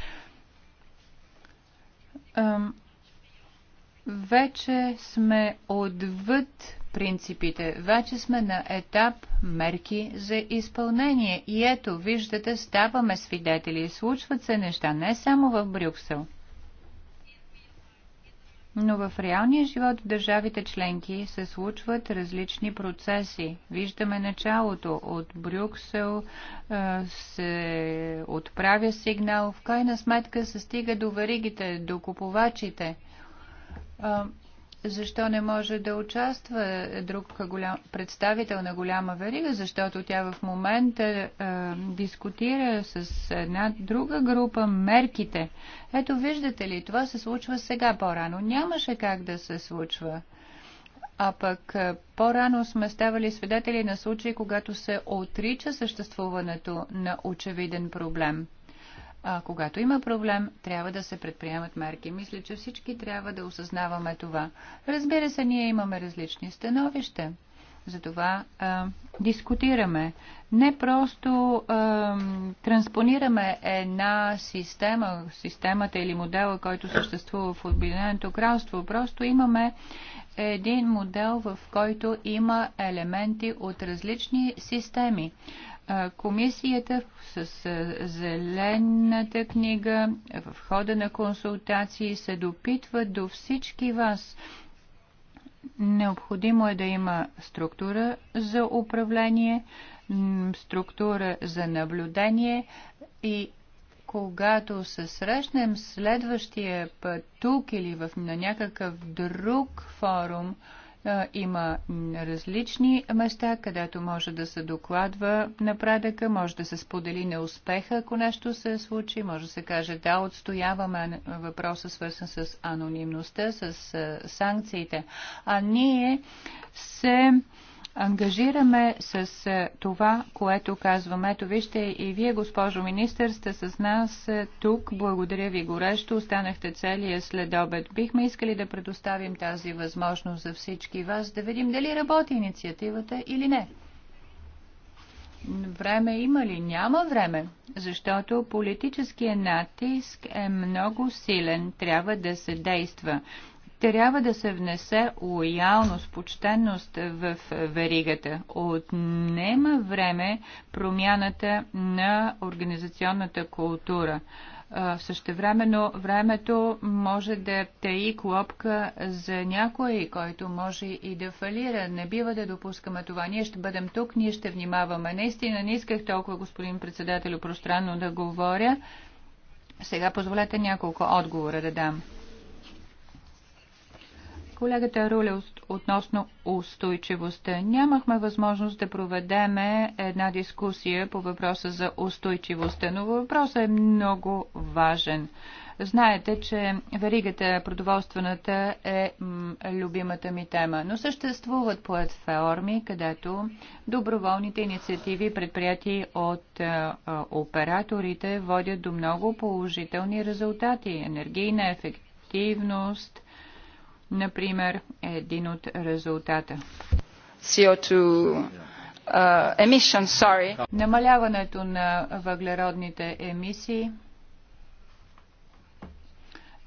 Вече сме отвъд принципите. Вече сме на етап мерки за изпълнение. И ето, виждате, ставаме свидетели. Случват се неща не само в Брюксел, но в реалния живот в държавите членки се случват различни процеси. Виждаме началото. От Брюксел е, се отправя сигнал. В крайна сметка се стига до веригите, до купувачите – защо не може да участва друг голям, представител на голяма верига, защото тя в момента е, дискутира с една друга група мерките. Ето виждате ли, това се случва сега по-рано. Нямаше как да се случва. А пък е, по-рано сме ставали свидетели на случаи, когато се отрича съществуването на очевиден проблем а, когато има проблем, трябва да се предприемат мерки. Мисля, че всички трябва да осъзнаваме това. Разбира се, ние имаме различни становища. Затова а, дискутираме. Не просто а, транспонираме една система, системата или модела, който съществува в Обединеното кралство. Просто имаме един модел, в който има елементи от различни системи комисията с зелената книга в хода на консултации се допитва до всички вас. Необходимо е да има структура за управление, структура за наблюдение и когато се срещнем следващия път тук или в, на някакъв друг форум, е, има различни места, където може да се докладва напредъка, може да се сподели неуспеха, ако нещо се случи, може да се каже да, отстояваме въпроса свързан с анонимността, с е, санкциите. А ние се ангажираме с е, това, което казваме. Ето вижте и вие, госпожо министър, сте с нас е, тук. Благодаря ви горещо. Останахте целия след обед. Бихме искали да предоставим тази възможност за всички вас, да видим дали работи инициативата или не. Време има ли? Няма време, защото политическия натиск е много силен. Трябва да се действа. Трябва да се внесе лоялност, почтенност в веригата. Отнема време промяната на организационната култура. Същевременно времето може да теи клопка за някой, който може и да фалира. Не бива да допускаме това. Ние ще бъдем тук, ние ще внимаваме. Наистина не исках толкова, господин председател, пространно да говоря. Сега позволете няколко отговора да дам колегата Руле, относно устойчивостта. Нямахме възможност да проведеме една дискусия по въпроса за устойчивостта, но въпросът е много важен. Знаете, че веригата продоволствената е любимата ми тема, но съществуват платформи, където доброволните инициативи, предприяти от а, е, а, е, операторите, водят до много положителни резултати. Енергийна ефективност, Например, е един от резултата. CO2 uh, emission, sorry. Намаляването на въглеродните емисии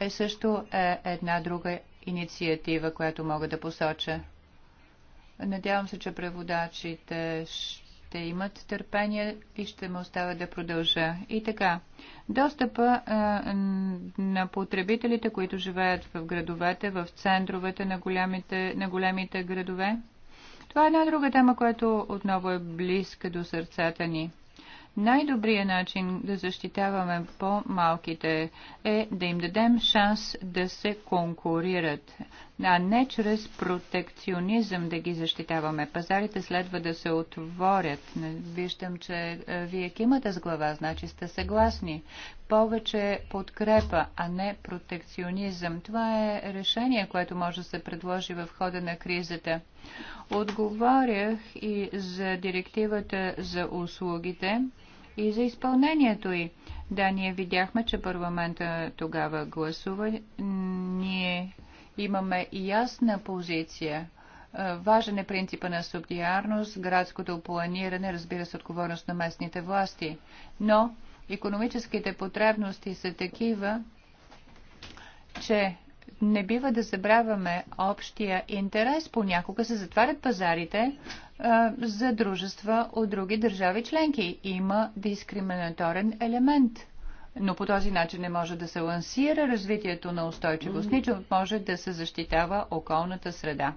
е също е една друга инициатива, която мога да посоча. Надявам се, че преводачите ще ще имат търпение и ще ме остава да продължа. И така, достъпа а, на потребителите, които живеят в градовете, в центровете на големите, на големите градове. Това е една друга тема, която отново е близка до сърцата ни. Най-добрият начин да защитаваме по-малките е да им дадем шанс да се конкурират а не чрез протекционизъм да ги защитаваме. Пазарите следва да се отворят. Виждам, че е, вие кимате с глава, значи сте съгласни. Повече подкрепа, а не протекционизъм. Това е решение, което може да се предложи в хода на кризата. Отговорях и за директивата за услугите и за изпълнението й. Да, ние видяхме, че парламента тогава гласува. Ние Имаме и ясна позиция. Е, важен е принципа на субдиарност, градското планиране, разбира се, отговорност на местните власти. Но економическите потребности са такива, че не бива да забравяме общия интерес. Понякога се затварят пазарите а, е, за дружества от други държави членки. Има дискриминаторен елемент – но по този начин не може да се лансира развитието на устойчивост, нито може да се защитава околната среда.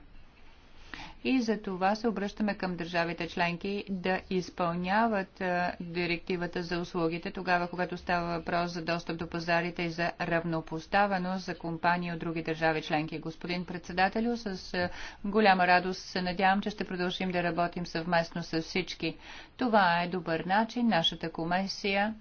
И за това се обръщаме към държавите членки да изпълняват директивата за услугите, тогава когато става въпрос за достъп до пазарите и за равнопоставеност за компании от други държави членки. Господин председателю, с голяма радост се надявам, че ще продължим да работим съвместно с всички. Това е добър начин нашата комисия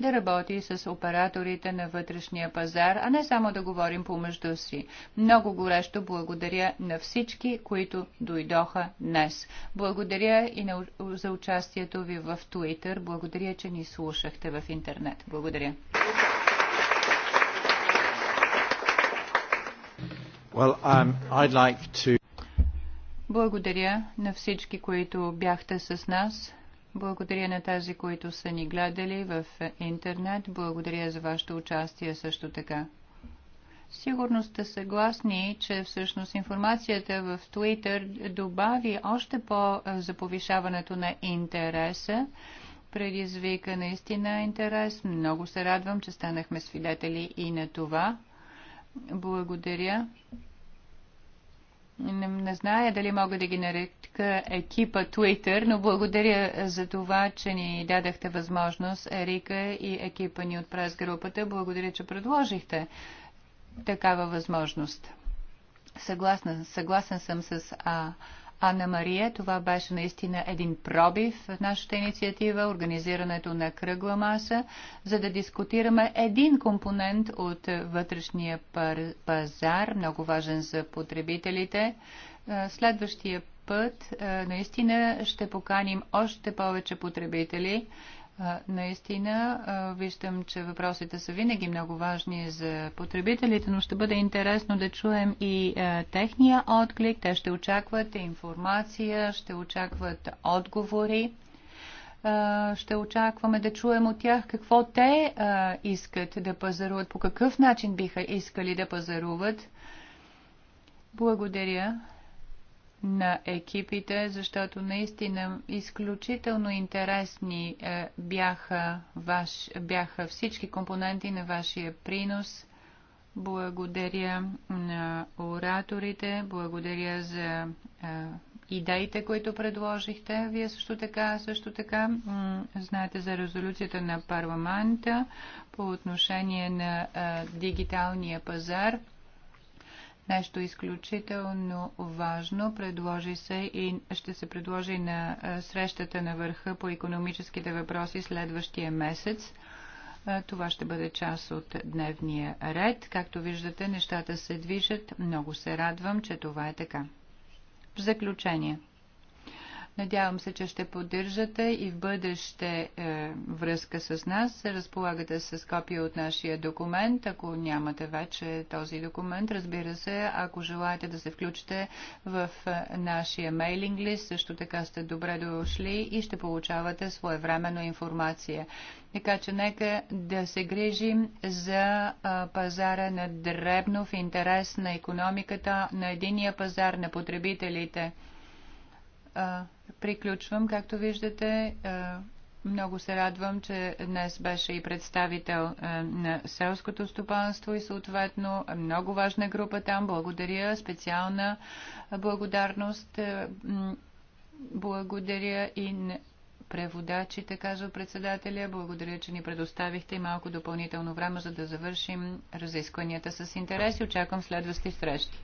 да работи с операторите на вътрешния пазар, а не само да говорим помежду си. Много горещо благодаря на всички, които дойдоха днес. Благодаря и на, за участието ви в Twitter. Благодаря, че ни слушахте в интернет. Благодаря. Well, um, I'd like to... Благодаря на всички, които бяхте с нас. Благодаря на тези, които са ни гледали в интернет. Благодаря за вашето участие също така. Сигурно сте съгласни, че всъщност информацията в Twitter добави още по е, за повишаването на интереса. Предизвика наистина интерес. Много се радвам, че станахме свидетели и на това. Благодаря. Не, не зная дали мога да ги нарека екипа Twitter, но благодаря за това, че ни дадахте възможност, Ерика и екипа ни от прес-групата. Благодаря, че предложихте такава възможност. Съгласна, съгласен съм с а, Анна Мария. Това беше наистина един пробив в нашата инициатива, организирането на кръгла маса, за да дискутираме един компонент от вътрешния пазар, много важен за потребителите. Е, следващия път е, наистина ще поканим още повече потребители Наистина, виждам, че въпросите са винаги много важни за потребителите, но ще бъде интересно да чуем и техния отклик. Те ще очакват информация, ще очакват отговори. Ще очакваме да чуем от тях какво те искат да пазаруват, по какъв начин биха искали да пазаруват. Благодаря на екипите, защото наистина изключително интересни е, бяха, ваш, бяха всички компоненти на вашия принос. Благодаря на ораторите, благодаря за е, идеите, които предложихте. Вие също така, също така, знаете за резолюцията на парламента по отношение на е, дигиталния пазар – нещо изключително важно. Предложи се и ще се предложи на срещата на върха по економическите въпроси следващия месец. Това ще бъде част от дневния ред. Както виждате, нещата се движат. Много се радвам, че това е така. В заключение – Надявам се, че ще поддържате и в бъдеще е, връзка с нас. Разполагате с копия от нашия документ, ако нямате вече този документ. Разбира се, ако желаете да се включите в е, нашия мейлинг лист, също така сте добре дошли и ще получавате своевременно информация. Така че нека да се грижим за а, е, пазара на дребно в интерес на економиката, на единия пазар на потребителите. А, е, приключвам. Както виждате, е, много се радвам, че днес беше и представител е, на селското стопанство и съответно много важна група там. Благодаря. Специална благодарност. Е, благодаря и преводачите, казва председателя. Благодаря, че ни предоставихте и малко допълнително време, за да завършим разискванията с интерес и очаквам следващи срещи.